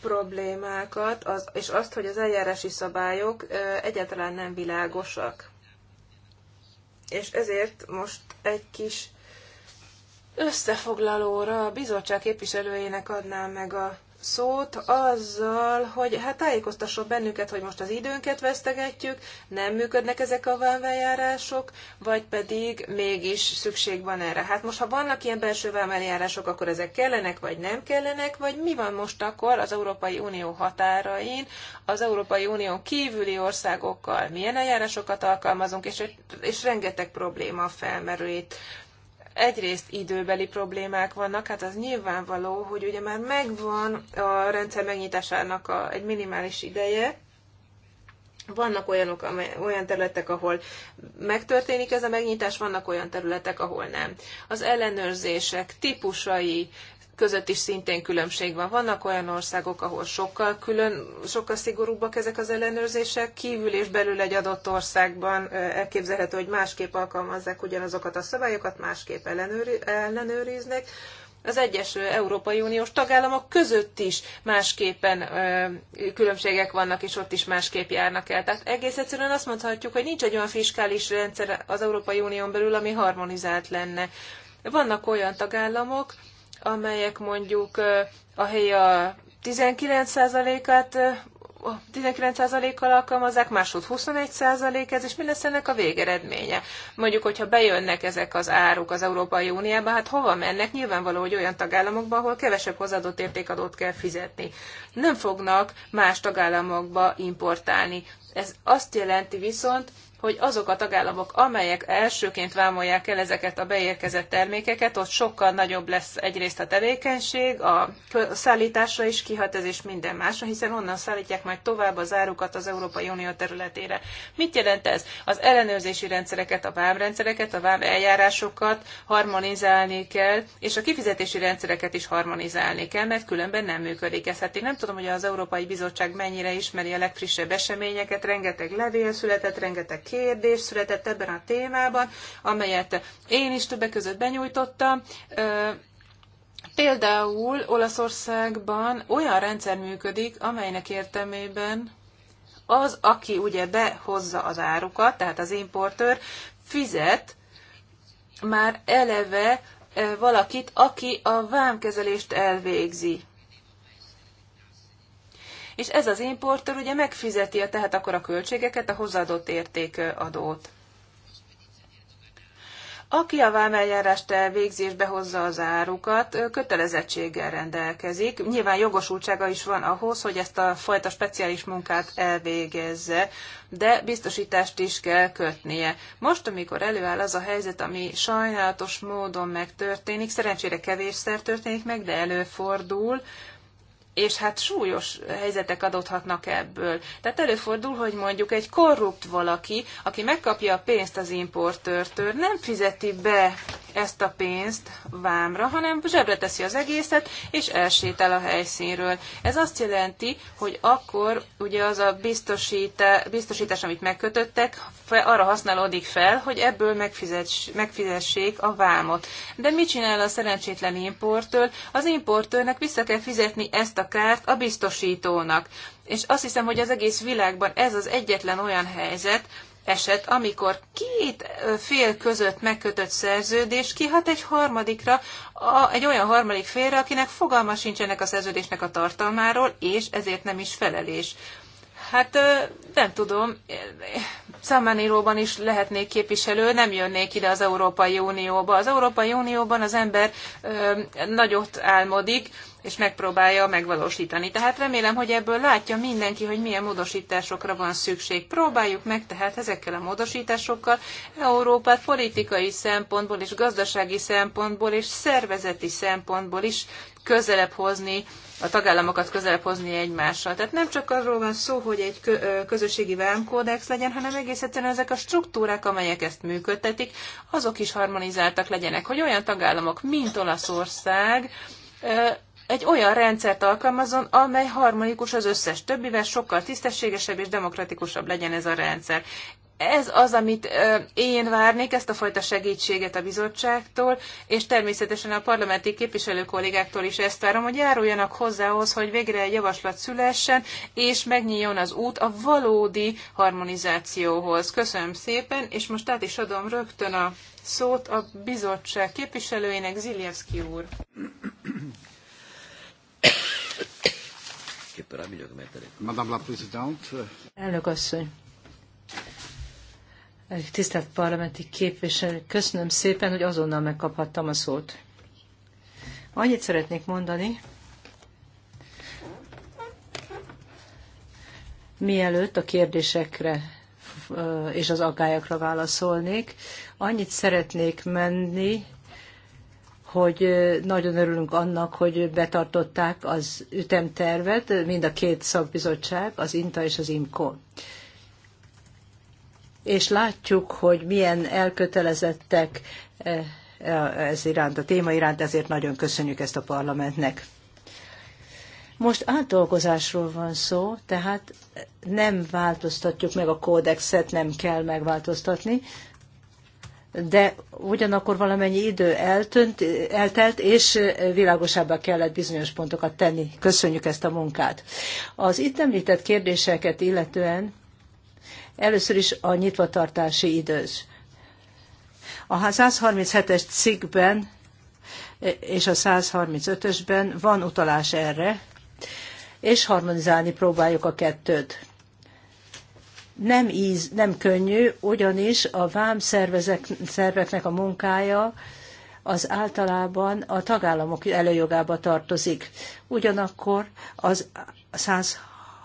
problémákat, az, és azt, hogy az eljárási szabályok ö, egyáltalán nem világosak. És ezért most egy kis összefoglalóra a bizottság képviselőjének adnám meg a szót azzal, hogy hát tájékoztasson bennünket, hogy most az időnket vesztegetjük, nem működnek ezek a vámeljárások, vagy pedig mégis szükség van erre. Hát most, ha vannak ilyen belső vámeljárások, akkor ezek kellenek, vagy nem kellenek, vagy mi van most akkor az Európai Unió határain, az Európai Unió kívüli országokkal, milyen eljárásokat alkalmazunk, és, és rengeteg probléma felmerül itt egyrészt időbeli problémák vannak, hát az nyilvánvaló, hogy ugye már megvan a rendszer megnyitásának a, egy minimális ideje, vannak olyanok, olyan területek, ahol megtörténik ez a megnyitás, vannak olyan területek, ahol nem. Az ellenőrzések típusai, között is szintén különbség van. Vannak olyan országok, ahol sokkal külön, sokkal szigorúbbak ezek az ellenőrzések, kívül és belül egy adott országban elképzelhető, hogy másképp alkalmazzák ugyanazokat a szabályokat, másképp ellenőriznek. Az egyes Európai Uniós tagállamok között is másképpen ö, különbségek vannak, és ott is másképp járnak el. Tehát egész egyszerűen azt mondhatjuk, hogy nincs egy olyan fiskális rendszer az Európai Unión belül, ami harmonizált lenne. Vannak olyan tagállamok, amelyek mondjuk a helyi a 19%-át 19%-kal alkalmazzák, máshogy 21% ez, és mi lesz ennek a végeredménye? Mondjuk, hogyha bejönnek ezek az áruk az Európai Uniába, hát hova mennek? Nyilvánvaló, hogy olyan tagállamokba, ahol kevesebb hozadott értékadót kell fizetni. Nem fognak más tagállamokba importálni. Ez azt jelenti viszont, hogy azok a tagállamok, amelyek elsőként vámolják el ezeket a beérkezett termékeket, ott sokkal nagyobb lesz egyrészt a tevékenység, a szállításra is kihat ez és minden másra, hiszen onnan szállítják majd tovább az árukat az Európai Unió területére. Mit jelent ez? Az ellenőrzési rendszereket, a vámrendszereket, a vám eljárásokat harmonizálni kell, és a kifizetési rendszereket is harmonizálni kell, mert különben nem működik ez. Hát én nem tudom, hogy az Európai Bizottság mennyire ismeri a legfrissebb eseményeket, rengeteg levél született, rengeteg kérdés született ebben a témában, amelyet én is többek között benyújtottam. Például Olaszországban olyan rendszer működik, amelynek értelmében az, aki ugye behozza az árukat, tehát az importőr, fizet már eleve valakit, aki a vámkezelést elvégzi és ez az importőr ugye megfizeti a, tehát akkor a költségeket, a hozzáadott érték adót. Aki a vámeljárást elvégzi és behozza az árukat, kötelezettséggel rendelkezik. Nyilván jogosultsága is van ahhoz, hogy ezt a fajta speciális munkát elvégezze, de biztosítást is kell kötnie. Most, amikor előáll az a helyzet, ami sajnálatos módon megtörténik, szerencsére kevésszer történik meg, de előfordul, és hát súlyos helyzetek adódhatnak ebből. Tehát előfordul, hogy mondjuk egy korrupt valaki, aki megkapja a pénzt az importőrtől, nem fizeti be ezt a pénzt vámra, hanem zsebre teszi az egészet, és elsétel a helyszínről. Ez azt jelenti, hogy akkor ugye az a biztosítás, biztosítás amit megkötöttek, arra használódik fel, hogy ebből megfizess, megfizessék a vámot. De mit csinál a szerencsétlen importőr? Az importőrnek vissza kell fizetni ezt a kárt a biztosítónak. És azt hiszem, hogy az egész világban ez az egyetlen olyan helyzet, eset, amikor két fél között megkötött szerződés kihat egy harmadikra, a, egy olyan harmadik félre, akinek fogalma sincsenek a szerződésnek a tartalmáról, és ezért nem is felelés. Hát nem tudom, Számáníróban is lehetnék képviselő, nem jönnék ide az Európai Unióba. Az Európai Unióban az ember nagyot álmodik, és megpróbálja megvalósítani. Tehát remélem, hogy ebből látja mindenki, hogy milyen módosításokra van szükség. Próbáljuk meg tehát ezekkel a módosításokkal Európát politikai szempontból és gazdasági szempontból és szervezeti szempontból is közelebb hozni, a tagállamokat közelebb hozni egymással. Tehát nem csak arról van szó, hogy egy közösségi vámkódex legyen, hanem egész egyszerűen ezek a struktúrák, amelyek ezt működtetik, azok is harmonizáltak legyenek, hogy olyan tagállamok, mint Olaszország, egy olyan rendszert alkalmazzon, amely harmonikus az összes többivel, sokkal tisztességesebb és demokratikusabb legyen ez a rendszer. Ez az, amit én várnék, ezt a fajta segítséget a bizottságtól, és természetesen a parlamenti képviselő kollégáktól is ezt várom, hogy járuljanak ahhoz, hogy végre egy javaslat szülessen, és megnyíljon az út a valódi harmonizációhoz. Köszönöm szépen, és most át is adom rögtön a szót a bizottság képviselőjének, Zilievski úr. Madame la Présidente. Elnök asszony. Tisztelt parlamenti képviselő, köszönöm szépen, hogy azonnal megkaphattam a szót. Annyit szeretnék mondani, mielőtt a kérdésekre és az aggályokra válaszolnék, annyit szeretnék menni, hogy nagyon örülünk annak, hogy betartották az ütemtervet, mind a két szakbizottság, az INTA és az IMCO. És látjuk, hogy milyen elkötelezettek ez iránt, a téma iránt, ezért nagyon köszönjük ezt a parlamentnek. Most átdolgozásról van szó, tehát nem változtatjuk meg a kódexet, nem kell megváltoztatni, de ugyanakkor valamennyi idő eltönt, eltelt, és világosabbá kellett bizonyos pontokat tenni. Köszönjük ezt a munkát. Az itt említett kérdéseket illetően először is a nyitvatartási időz A 137-es cikkben és a 135-ösben van utalás erre, és harmonizálni próbáljuk a kettőt nem, íz, nem könnyű, ugyanis a vámszerveknek a munkája az általában a tagállamok előjogába tartozik. Ugyanakkor az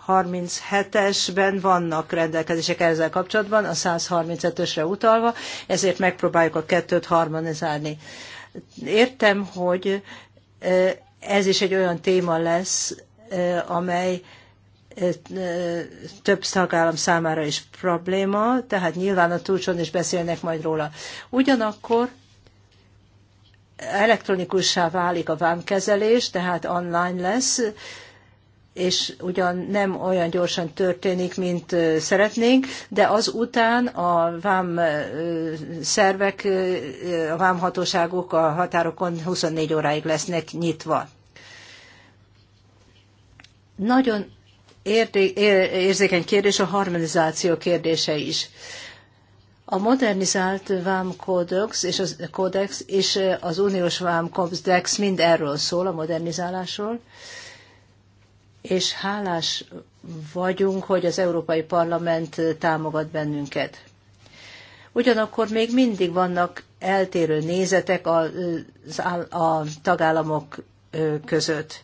137-esben vannak rendelkezések ezzel kapcsolatban, a 135-ösre utalva, ezért megpróbáljuk a kettőt harmonizálni. Értem, hogy ez is egy olyan téma lesz, amely több tagállam számára is probléma, tehát nyilván a túlcson is beszélnek majd róla. Ugyanakkor elektronikussá válik a vámkezelés, tehát online lesz, és ugyan nem olyan gyorsan történik, mint szeretnénk, de azután a vám szervek, a vámhatóságok a határokon 24 óráig lesznek nyitva. Nagyon érzékeny kérdés a harmonizáció kérdése is. A modernizált vámkódex és az, kódex és az uniós vámkódex mind erről szól, a modernizálásról, és hálás vagyunk, hogy az Európai Parlament támogat bennünket. Ugyanakkor még mindig vannak eltérő nézetek a, a tagállamok között.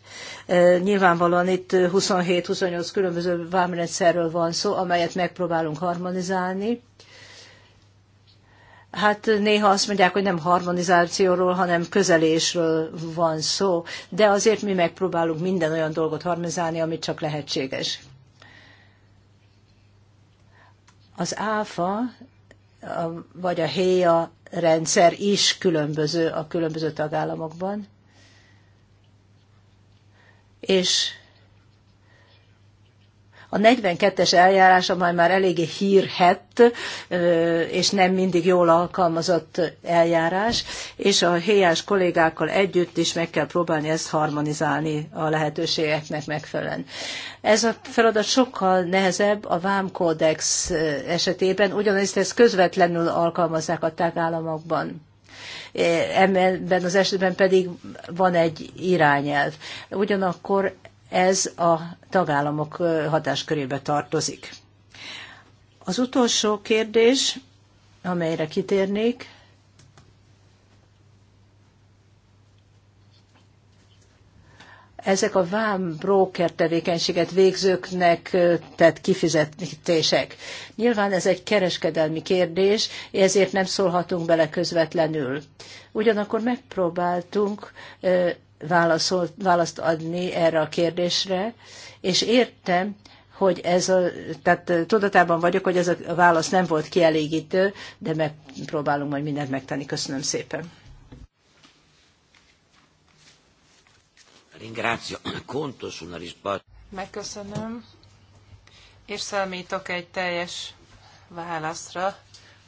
Nyilvánvalóan itt 27-28 különböző vámrendszerről van szó, amelyet megpróbálunk harmonizálni. Hát néha azt mondják, hogy nem harmonizációról, hanem közelésről van szó, de azért mi megpróbálunk minden olyan dolgot harmonizálni, amit csak lehetséges. Az áfa vagy a héja rendszer is különböző a különböző tagállamokban és a 42-es eljárás, amely már eléggé hírhett, és nem mindig jól alkalmazott eljárás, és a héjás kollégákkal együtt is meg kell próbálni ezt harmonizálni a lehetőségeknek megfelelően. Ez a feladat sokkal nehezebb a vámkódex esetében, ugyanis ezt közvetlenül alkalmazzák a tagállamokban Eh, ebben az esetben pedig van egy irányelv. Ugyanakkor ez a tagállamok eh, hatáskörébe tartozik. Az utolsó kérdés, amelyre kitérnék, ezek a vám broker tevékenységet végzőknek tett kifizetések. Nyilván ez egy kereskedelmi kérdés, ezért nem szólhatunk bele közvetlenül. Ugyanakkor megpróbáltunk válaszol, választ adni erre a kérdésre, és értem, hogy ez a, tehát tudatában vagyok, hogy ez a válasz nem volt kielégítő, de megpróbálunk majd mindent megtenni. Köszönöm szépen. Ringrazio, conto su una risposta. Megköszönöm, és számítok egy teljes válaszra,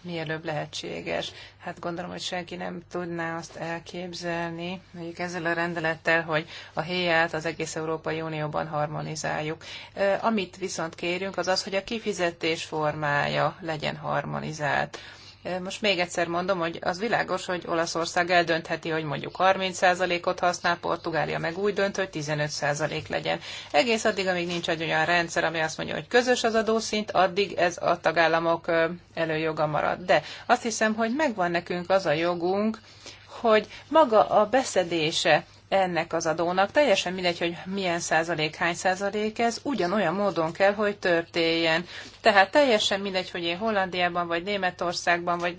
mielőbb lehetséges. Hát gondolom, hogy senki nem tudná azt elképzelni, mondjuk ezzel a rendelettel, hogy a héját az egész Európai Unióban harmonizáljuk. Amit viszont kérünk, az az, hogy a kifizetés formája legyen harmonizált most még egyszer mondom, hogy az világos, hogy Olaszország eldöntheti, hogy mondjuk 30%-ot használ, Portugália meg úgy dönt, hogy 15% legyen. Egész addig, amíg nincs egy olyan rendszer, ami azt mondja, hogy közös az adószint, addig ez a tagállamok előjoga marad. De azt hiszem, hogy megvan nekünk az a jogunk, hogy maga a beszedése ennek az adónak, teljesen mindegy, hogy milyen százalék, hány százalék ez, ugyanolyan módon kell, hogy történjen. Tehát teljesen mindegy, hogy én Hollandiában, vagy Németországban, vagy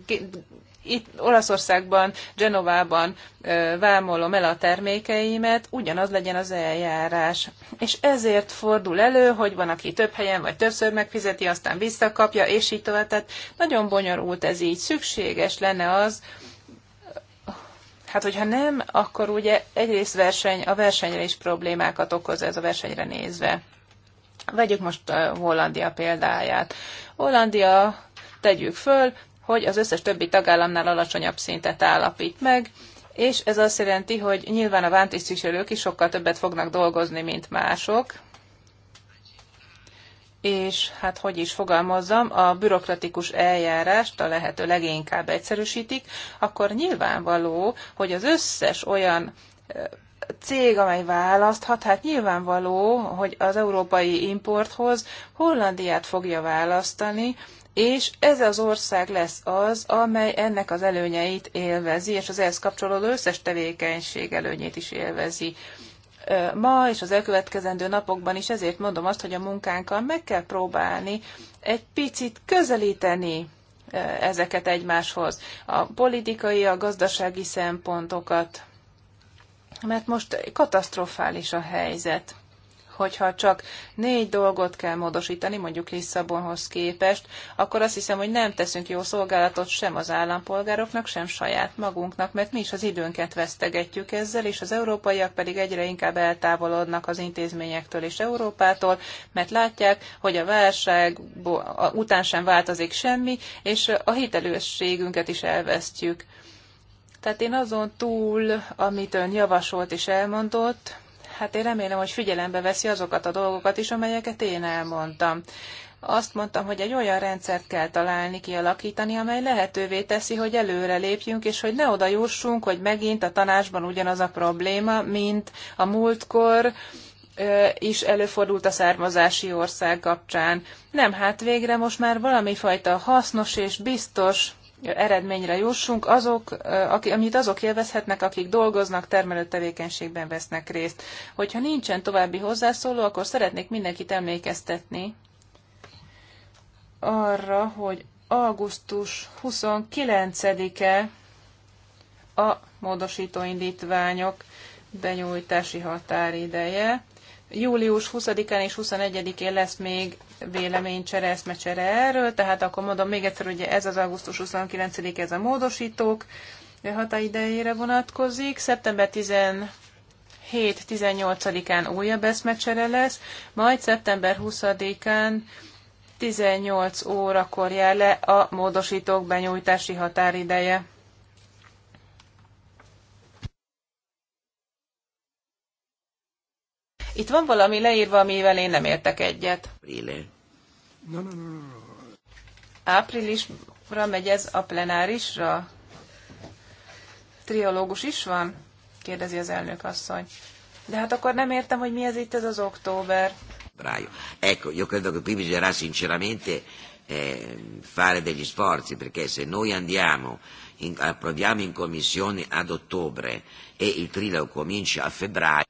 itt Olaszországban, Genovában ö, vámolom el a termékeimet, ugyanaz legyen az eljárás. És ezért fordul elő, hogy van, aki több helyen vagy többször megfizeti, aztán visszakapja, és így tovább. Tehát nagyon bonyolult ez így. Szükséges lenne az, Hát, hogyha nem, akkor ugye egyrészt verseny, a versenyre is problémákat okoz ez a versenyre nézve. Vegyük most Hollandia példáját. Hollandia, tegyük föl, hogy az összes többi tagállamnál alacsonyabb szintet állapít meg, és ez azt jelenti, hogy nyilván a vántisztviselők is sokkal többet fognak dolgozni, mint mások, és hát hogy is fogalmazzam, a bürokratikus eljárást a lehető leginkább egyszerűsítik, akkor nyilvánvaló, hogy az összes olyan cég, amely választhat, hát nyilvánvaló, hogy az európai importhoz Hollandiát fogja választani, és ez az ország lesz az, amely ennek az előnyeit élvezi, és az ehhez kapcsolódó összes tevékenység előnyét is élvezi ma és az elkövetkezendő napokban is, ezért mondom azt, hogy a munkánkkal meg kell próbálni egy picit közelíteni ezeket egymáshoz, a politikai, a gazdasági szempontokat, mert most katasztrofális a helyzet hogyha csak négy dolgot kell módosítani, mondjuk Lisszabonhoz képest, akkor azt hiszem, hogy nem teszünk jó szolgálatot sem az állampolgároknak, sem saját magunknak, mert mi is az időnket vesztegetjük ezzel, és az európaiak pedig egyre inkább eltávolodnak az intézményektől és Európától, mert látják, hogy a válság után sem változik semmi, és a hitelőségünket is elvesztjük. Tehát én azon túl, amit ön javasolt és elmondott, hát én remélem, hogy figyelembe veszi azokat a dolgokat is, amelyeket én elmondtam. Azt mondtam, hogy egy olyan rendszert kell találni, kialakítani, amely lehetővé teszi, hogy előre lépjünk, és hogy ne oda jussunk, hogy megint a tanácsban ugyanaz a probléma, mint a múltkor, is előfordult a származási ország kapcsán. Nem, hát végre most már valami fajta hasznos és biztos eredményre jussunk, azok, aki, amit azok élvezhetnek, akik dolgoznak, termelő tevékenységben vesznek részt. Hogyha nincsen további hozzászóló, akkor szeretnék mindenkit emlékeztetni arra, hogy augusztus 29-e a módosító indítványok benyújtási határideje július 20-án és 21-én lesz még véleménycsere, eszmecsere erről, tehát akkor mondom még egyszer, ugye ez az augusztus 29 ig ez a módosítók határidejére vonatkozik, szeptember 17 18 án újabb eszmecsere lesz, majd szeptember 20-án 18 órakor jár le a módosítók benyújtási határideje. Itt van valami leírva, amivel én nem értek egyet. No, no, no, no. Áprilisra megy ez a plenárisra? Triológus is van? kérdezi az elnök asszony. De hát akkor nem értem, hogy mi ez itt ez az október. Braio. Ecco, io credo che qui bisognerà sinceramente eh, fare degli sforzi, perché se noi andiamo, in, approviamo in commissione ad ottobre e il trilogo comincia a febbraio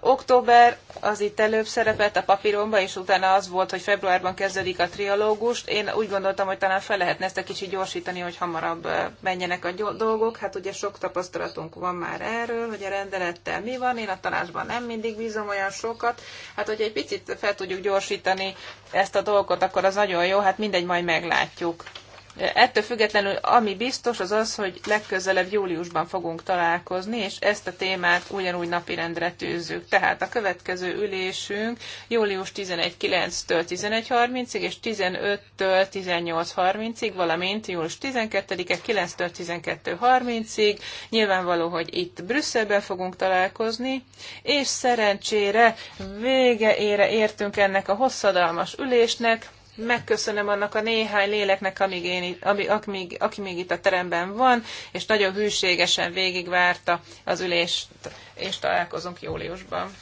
október az itt előbb szerepelt a papíromban, és utána az volt, hogy februárban kezdődik a trialógust. Én úgy gondoltam, hogy talán fel lehetne ezt egy kicsit gyorsítani, hogy hamarabb menjenek a dolgok. Hát ugye sok tapasztalatunk van már erről, hogy a rendelettel mi van. Én a tanácsban nem mindig bízom olyan sokat. Hát, hogyha egy picit fel tudjuk gyorsítani ezt a dolgot, akkor az nagyon jó. Hát mindegy, majd meglátjuk. Ettől függetlenül ami biztos az az, hogy legközelebb júliusban fogunk találkozni, és ezt a témát ugyanúgy napirendre tűzzük. Tehát a következő ülésünk július 19 től 11.30-ig és 15-től 18.30-ig, valamint július 12-e 9-től 12.30-ig. Nyilvánvaló, hogy itt Brüsszelben fogunk találkozni, és szerencsére vége ére értünk ennek a hosszadalmas ülésnek, megköszönöm annak a néhány léleknek, amíg én, ami, amíg, aki még itt a teremben van, és nagyon hűségesen végigvárta az ülést, és találkozunk júliusban.